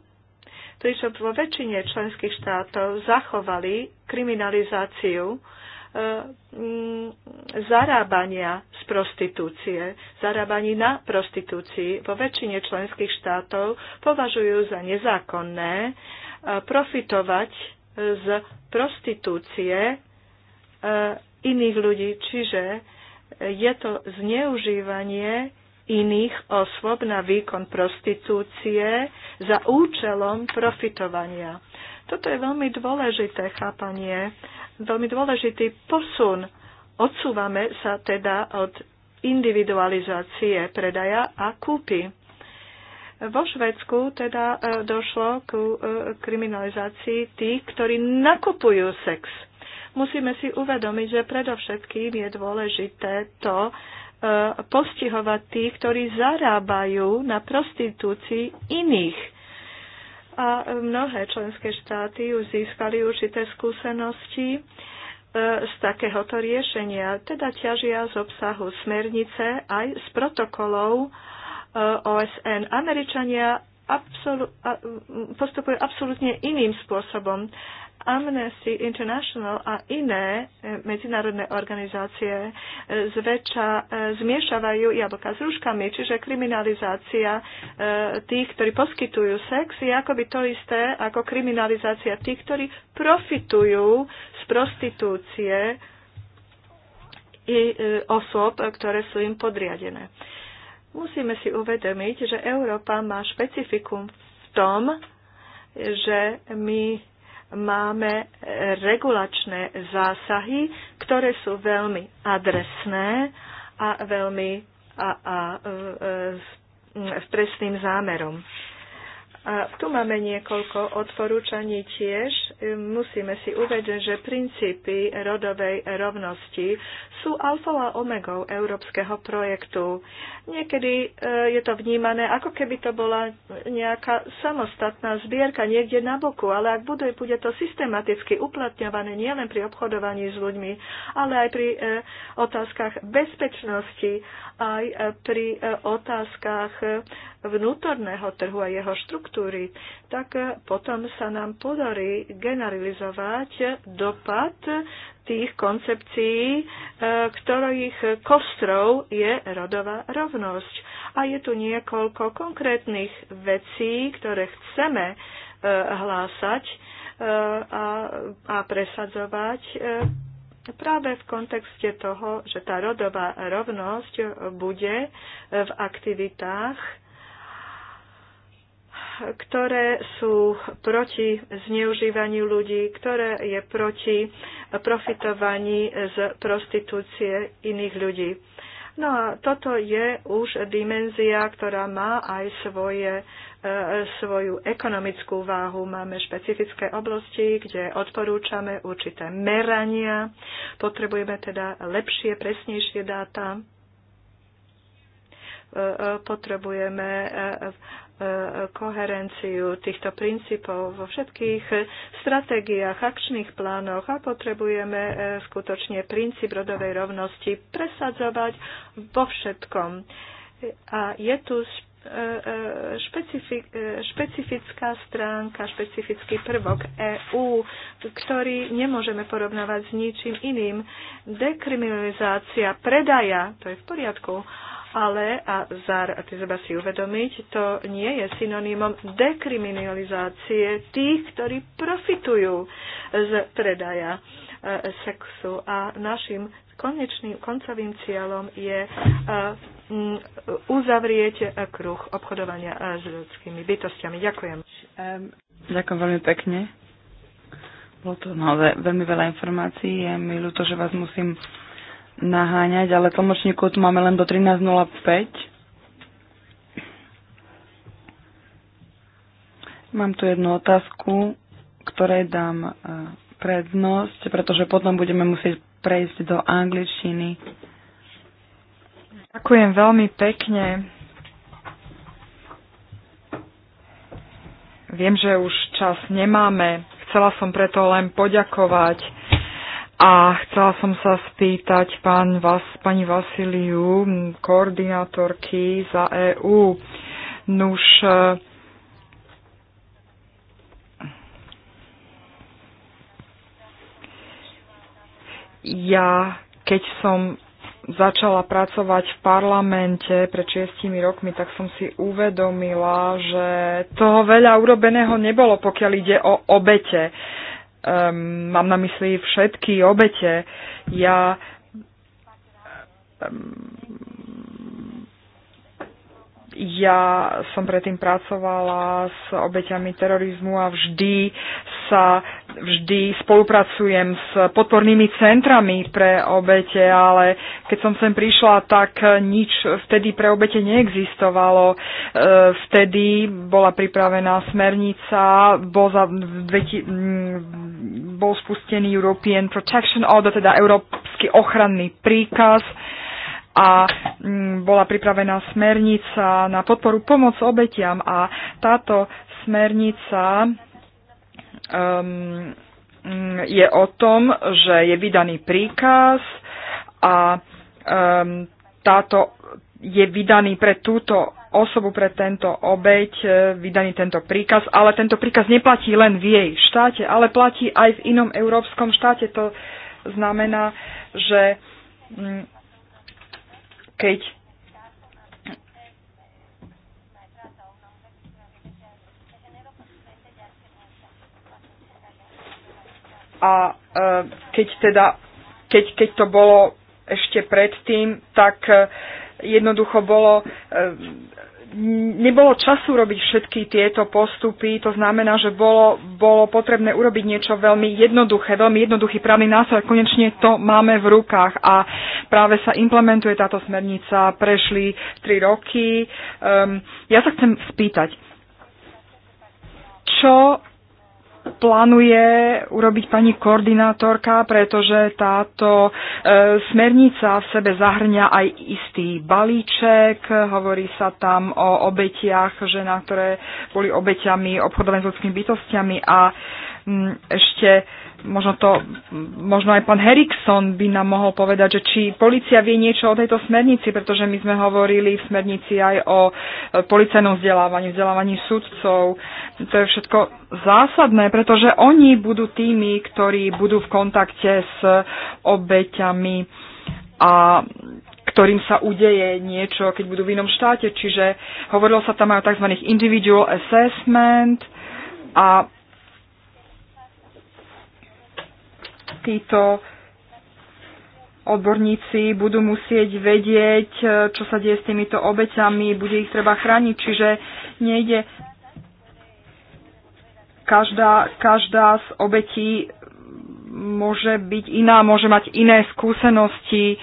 pričom vo väčšine členských štátov zachovali kriminalizáciu e, mm, zarábania z prostitúcie, zarábaní na prostitúcii vo väčšine členských štátov považujú za nezákonné e, profitovať z prostitúcie e, iných ľudí, čiže je to zneužívanie iných osôb na výkon prostitúcie za účelom profitovania. Toto je veľmi dôležité chápanie, veľmi dôležitý posun. Odsúvame sa teda od individualizácie predaja a kúpy. Vo Švedsku teda e, došlo ku e, kriminalizácii tých, ktorí nakupujú sex Musíme si uvedomiť, že predovšetkým je dôležité to, e, postihovať tých, ktorí zarábajú na prostitúcii iných. A mnohé členské štáty už získali určité skúsenosti e, z takéhoto riešenia, teda ťažia z obsahu smernice aj z protokolov e, OSN. Američania absolu- postupujú absolútne iným spôsobom. Amnesty International a iné e, medzinárodné organizácie e, zväčša e, zmiešavajú jablka s rúškami, čiže kriminalizácia tých, ktorí poskytujú sex, je akoby to isté ako kriminalizácia tých, ktorí profitujú z prostitúcie i osôb, ktoré sú im podriadené. Musíme si uvedomiť, že Európa má špecifikum v tom, že my máme e, regulačné zásahy, ktoré sú veľmi adresné a veľmi a, a, e, e, s, s presným zámerom. A tu máme niekoľko odporúčaní tiež. Musíme si uvedieť, že princípy rodovej rovnosti sú alfa a omegou európskeho projektu. Niekedy e, je to vnímané, ako keby to bola nejaká samostatná zbierka niekde na boku, ale ak bude, bude to systematicky uplatňované nielen pri obchodovaní s ľuďmi, ale aj pri e, otázkach bezpečnosti aj e, pri e, otázkach e, vnútorného trhu a jeho štruktúry, tak potom sa nám podarí generalizovať dopad tých koncepcií, ktorých kostrov je rodová rovnosť. A je tu niekoľko konkrétnych vecí, ktoré chceme hlásať a, presadzovať práve v kontexte toho, že tá rodová rovnosť bude v aktivitách, ktoré sú proti zneužívaniu ľudí, ktoré je proti profitovaní z prostitúcie iných ľudí. No a toto je už dimenzia, ktorá má aj svoje svoju ekonomickú váhu. Máme špecifické oblasti, kde odporúčame určité merania. Potrebujeme teda lepšie, presnejšie dáta. Potrebujeme eh, eh, koherenciu týchto princípov vo všetkých stratégiách, akčných plánoch a potrebujeme eh, skutočne princíp rodovej rovnosti presadzovať vo všetkom. A je tu špecifická stránka, špecifický prvok EÚ, ktorý nemôžeme porovnávať s ničím iným. Dekriminalizácia predaja, to je v poriadku, ale, a zar, a ty treba si uvedomiť, to nie je synonymom dekriminalizácie tých, ktorí profitujú z predaja e, sexu. A našim konečným koncovým cieľom je e, uzavrieť kruh obchodovania e, s ľudskými bytostiami. Ďakujem. Ehm, ďakujem veľmi pekne. Bolo to naozaj veľmi veľa informácií. Je mi ľúto, že vás musím naháňať, ale tlmočníkov tu máme len do 13.05. Mám tu jednu otázku, ktorej dám e, prednosť, pretože potom budeme musieť prejsť do angličtiny. Ďakujem veľmi pekne. Viem, že už čas nemáme. Chcela som preto len poďakovať a chcela som sa spýtať pán Vas, pani Vasiliu, koordinátorky za EÚ. Nuž, e, ja, keď som začala pracovať v parlamente pred šiestimi rokmi, tak som si uvedomila, že toho veľa urobeného nebolo, pokiaľ ide o obete. Um, mám na mysli všetky obete. Ja um, ja som predtým pracovala s obeťami terorizmu a vždy sa vždy spolupracujem s podpornými centrami pre obete, ale keď som sem prišla, tak nič vtedy pre obete neexistovalo. E, vtedy bola pripravená smernica, bol, za, mm, bol spustený European Protection Order, teda Európsky ochranný príkaz a mm, bola pripravená smernica na podporu pomoc obetiam a táto smernica um, je o tom, že je vydaný príkaz a um, táto je vydaný pre túto osobu, pre tento obeď, e, vydaný tento príkaz, ale tento príkaz neplatí len v jej štáte, ale platí aj v inom európskom štáte. To znamená, že mm, keď a e, keď teda, keď, keď to bolo ešte predtým, tak e, jednoducho bolo e, nebolo času robiť všetky tieto postupy, to znamená, že bolo, bolo potrebné urobiť niečo veľmi jednoduché, veľmi jednoduchý právny nástroj. Konečne to máme v rukách a práve sa implementuje táto smernica, prešli tri roky. Um, ja sa chcem spýtať, čo plánuje urobiť pani koordinátorka, pretože táto e, smernica v sebe zahrňa aj istý balíček. Hovorí sa tam o obetiach, žena, ktoré boli obeťami obchodovania s ľudskými bytostiami a m, mm, ešte možno, to, možno aj pán Herikson by nám mohol povedať, že či policia vie niečo o tejto smernici, pretože my sme hovorili v smernici aj o e, policajnom vzdelávaní, vzdelávaní sudcov. To je všetko zásadné, pretože oni budú tými, ktorí budú v kontakte s obeťami a ktorým sa udeje niečo, keď budú v inom štáte. Čiže hovorilo sa tam aj o tzv. individual assessment a títo odborníci budú musieť vedieť, e, čo sa deje s týmito obeťami, bude ich treba chrániť, čiže nejde každá, každá z obetí môže byť iná, môže mať iné skúsenosti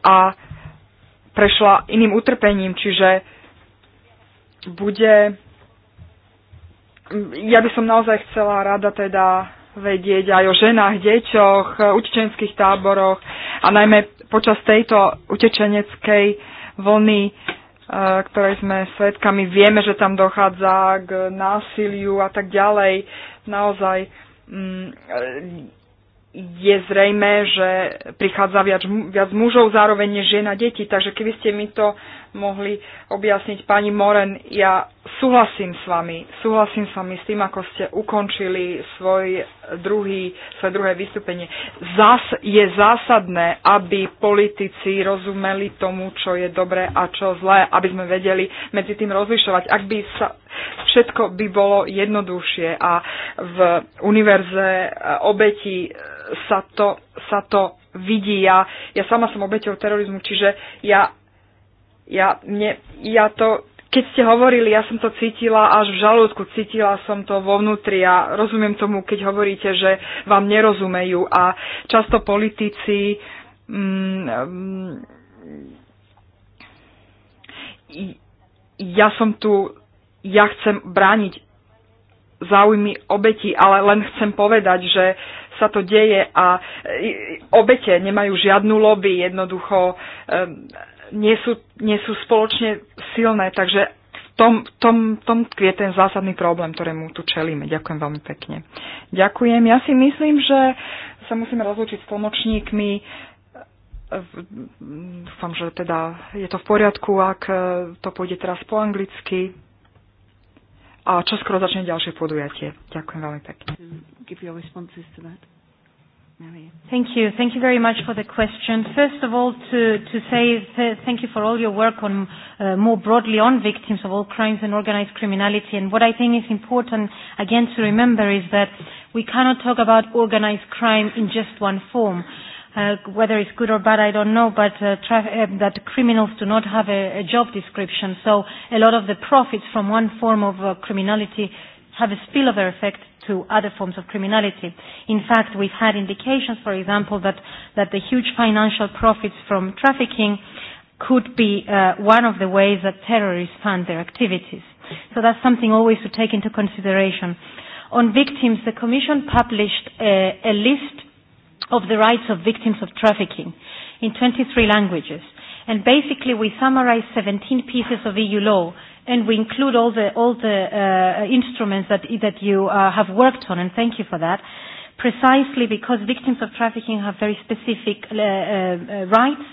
a prešla iným utrpením, čiže bude ja by som naozaj chcela rada teda vedieť aj o ženách, deťoch, e, utečenských táboroch a najmä počas tejto utečeneckej vlny, e, ktorej sme svedkami, vieme, že tam dochádza k násiliu a tak ďalej. Naozaj mm, e, je zrejme, že prichádza viac, viac mužov zároveň než žien a deti. takže keby ste mi to mohli objasniť, pani Moren, ja súhlasím s vami, súhlasím s vami s tým, ako ste ukončili svoj druhý, svoje druhé vystúpenie. Zas, je zásadné, aby politici rozumeli tomu, čo je dobré a čo zlé, aby sme vedeli medzi tým rozlišovať. Ak by sa Všetko by bolo jednoduchšie a v univerze e, obeti e, sa to, sa to vidí. Ja, ja sama som obeťou terorizmu, čiže ja, ja, mne, ja to keď ste hovorili, ja som to cítila až v žalúdku, cítila som to vo vnútri a rozumiem tomu, keď hovoríte, že vám nerozumejú a často politici mm, mm ja som tu ja chcem brániť záujmy obetí, ale len chcem povedať, že sa to deje a e, obete nemajú žiadnu lobby, jednoducho nie sú, nie sú spoločne silné, takže v tom, tom, tom je ten zásadný problém, ktorému tu čelíme. Ďakujem veľmi pekne. Ďakujem. Ja si myslím, že sa musíme rozlučiť s tlmočníkmi. E, dúfam, že teda je to v poriadku, ak e, to pôjde teraz po anglicky a čo skoro začne ďalšie podujatie. Ďakujem veľmi pekne. Thank you. Thank you very much for the question. First of all, to, to say th thank you for all your work on uh, more broadly on victims of all crimes and organized criminality. And what I think is important, again, to remember is that we cannot talk about organized crime in just one form uh, whether it's good or bad, I don't know, but uh, tra- uh, that criminals do not have a, a job description. So a lot of the profits from one form of uh, criminality have a spillover effect to other forms of criminality. In fact, we've had indications, for example, that, that the huge financial profits from trafficking could be uh, one of the ways that terrorists fund their activities. So that's something always to take into consideration. On victims, the Commission published a, a list of the rights of victims of trafficking in 23 languages. And basically, we summarize 17 pieces of EU law, and we include all the, all the uh, instruments that, that you uh, have worked on, and thank you for that, precisely because victims of trafficking have very specific uh, uh, uh rights,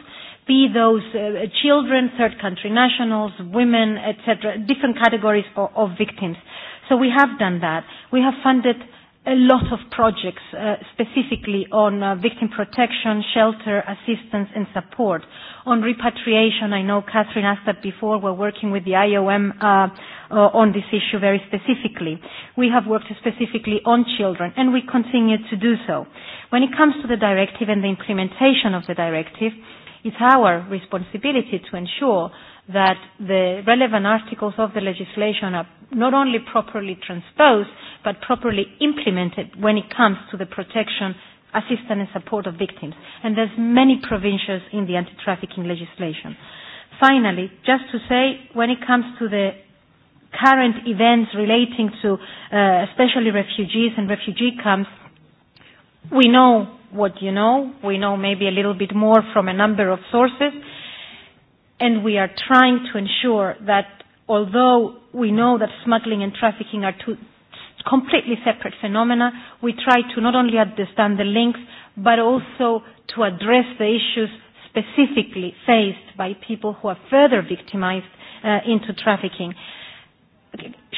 be those uh, children, third country nationals, women, etc., different categories of, of victims. So we have done that. We have funded a lot of projects uh, specifically on uh, victim protection, shelter, assistance and support. On repatriation, I know Catherine asked that before, we're working with the IOM uh, uh, on this issue very specifically. We have worked specifically on children and we continue to do so. When it comes to the directive and the implementation of the directive, it's our responsibility to ensure that the relevant articles of the legislation are not only properly transposed, but properly implemented when it comes to the protection, assistance and support of victims. And there's many provincials in the anti-trafficking legislation. Finally, just to say, when it comes to the current events relating to uh, especially refugees and refugee camps, we know what you know. We know maybe a little bit more from a number of sources. And we are trying to ensure that although we know that smuggling and trafficking are two completely separate phenomena. We try to not only understand the links, but also to address the issues specifically faced by people who are further victimized uh, into trafficking.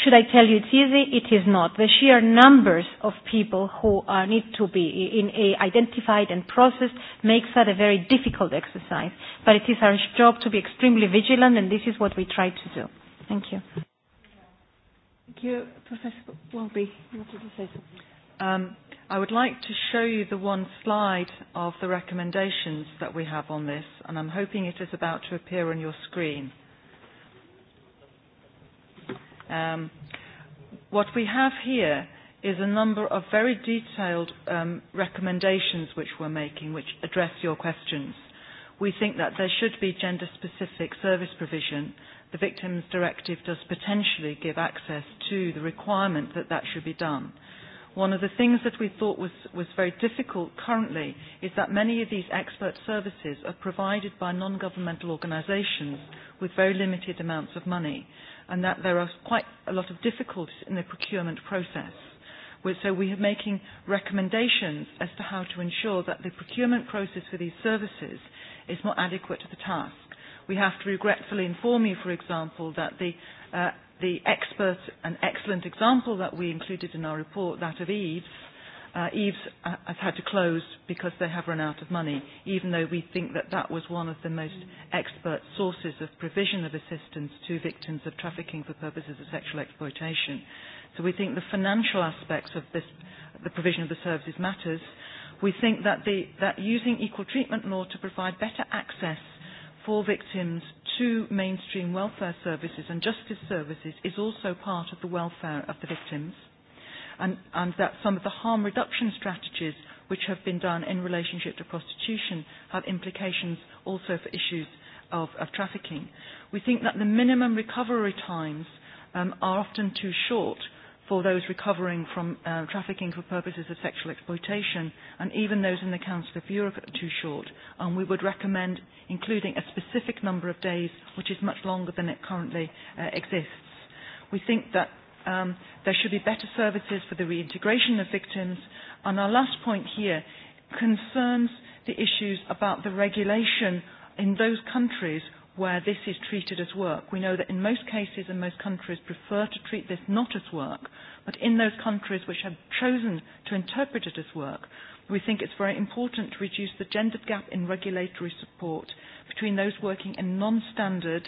Should I tell you it's easy? It is not. The sheer numbers of people who uh, need to be in a identified and processed makes that a very difficult exercise. But it is our job to be extremely vigilant, and this is what we try to do. Thank you. Thank you. Professor Welby, you wanted to say something? Um, I would like to show you the one slide of the recommendations that we have on this, and I'm hoping it is about to appear on your screen. Um, what we have here is a number of very detailed um, recommendations which we're making, which address your questions. We think that there should be gender-specific service provision the Victims Directive does potentially give access to the requirement that that should be done. One of the things that we thought was, was very difficult currently is that many of these expert services are provided by non-governmental organisations with very limited amounts of money and that there are quite a lot of difficulties in the procurement process. So we are making recommendations as to how to ensure that the procurement process for these services is more adequate to the task we have to regretfully inform you, for example, that the, uh, the expert and excellent example that we included in our report, that of Eves, uh, Eves uh, has had to close because they have run out of money, even though we think that that was one of the most expert sources of provision of assistance to victims of trafficking for purposes of sexual exploitation. So we think the financial aspects of this, the provision of the services matters. We think that, the, that using equal treatment law to provide better access for victims to mainstream welfare services and justice services is also part of the welfare of the victims and, and that some of the harm reduction strategies which have been done in relationship to prostitution have implications also for issues of, of trafficking. We think that the minimum recovery times um, are often too short for those recovering from uh, trafficking for purposes of sexual exploitation and even those in the Council of Europe are too short and we would recommend including a specific number of days which is much longer than it currently uh, exists. We think that um, there should be better services for the reintegration of victims and our last point here concerns the issues about the regulation in those countries where this is treated as work. We know that in most cases and most countries prefer to treat this not as work, but in those countries which have chosen to interpret it as work, we think it's very important to reduce the gender gap in regulatory support between those working in non-standard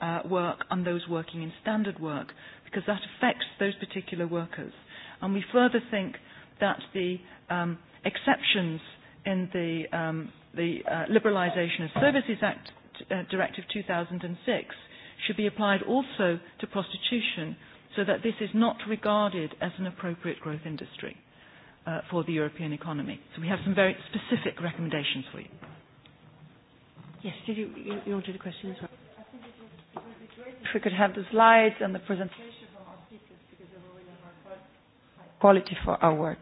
uh, work and those working in standard work, because that affects those particular workers. And we further think that the um, exceptions in the, um, the uh, Liberalisation of Services Act uh, Directive 2006 should be applied also to prostitution so that this is not regarded as an appropriate growth industry uh, for the European economy. So we have some very specific recommendations for you. Yes, did you, you, you want to do the question as well? if we could have the slides and the presentation from our speakers because they really high quality for our work.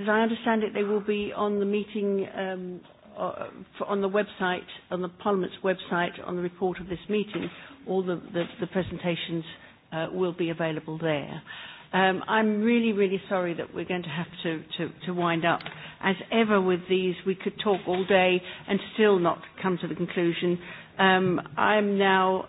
As I understand it, they will be on the meeting um, uh, on the website, on the Parliament's website, on the report of this meeting, all the, the, the presentations uh, will be available there. Um, I'm really, really sorry that we're going to have to, to, to wind up. As ever with these, we could talk all day and still not come to the conclusion. Um, I'm now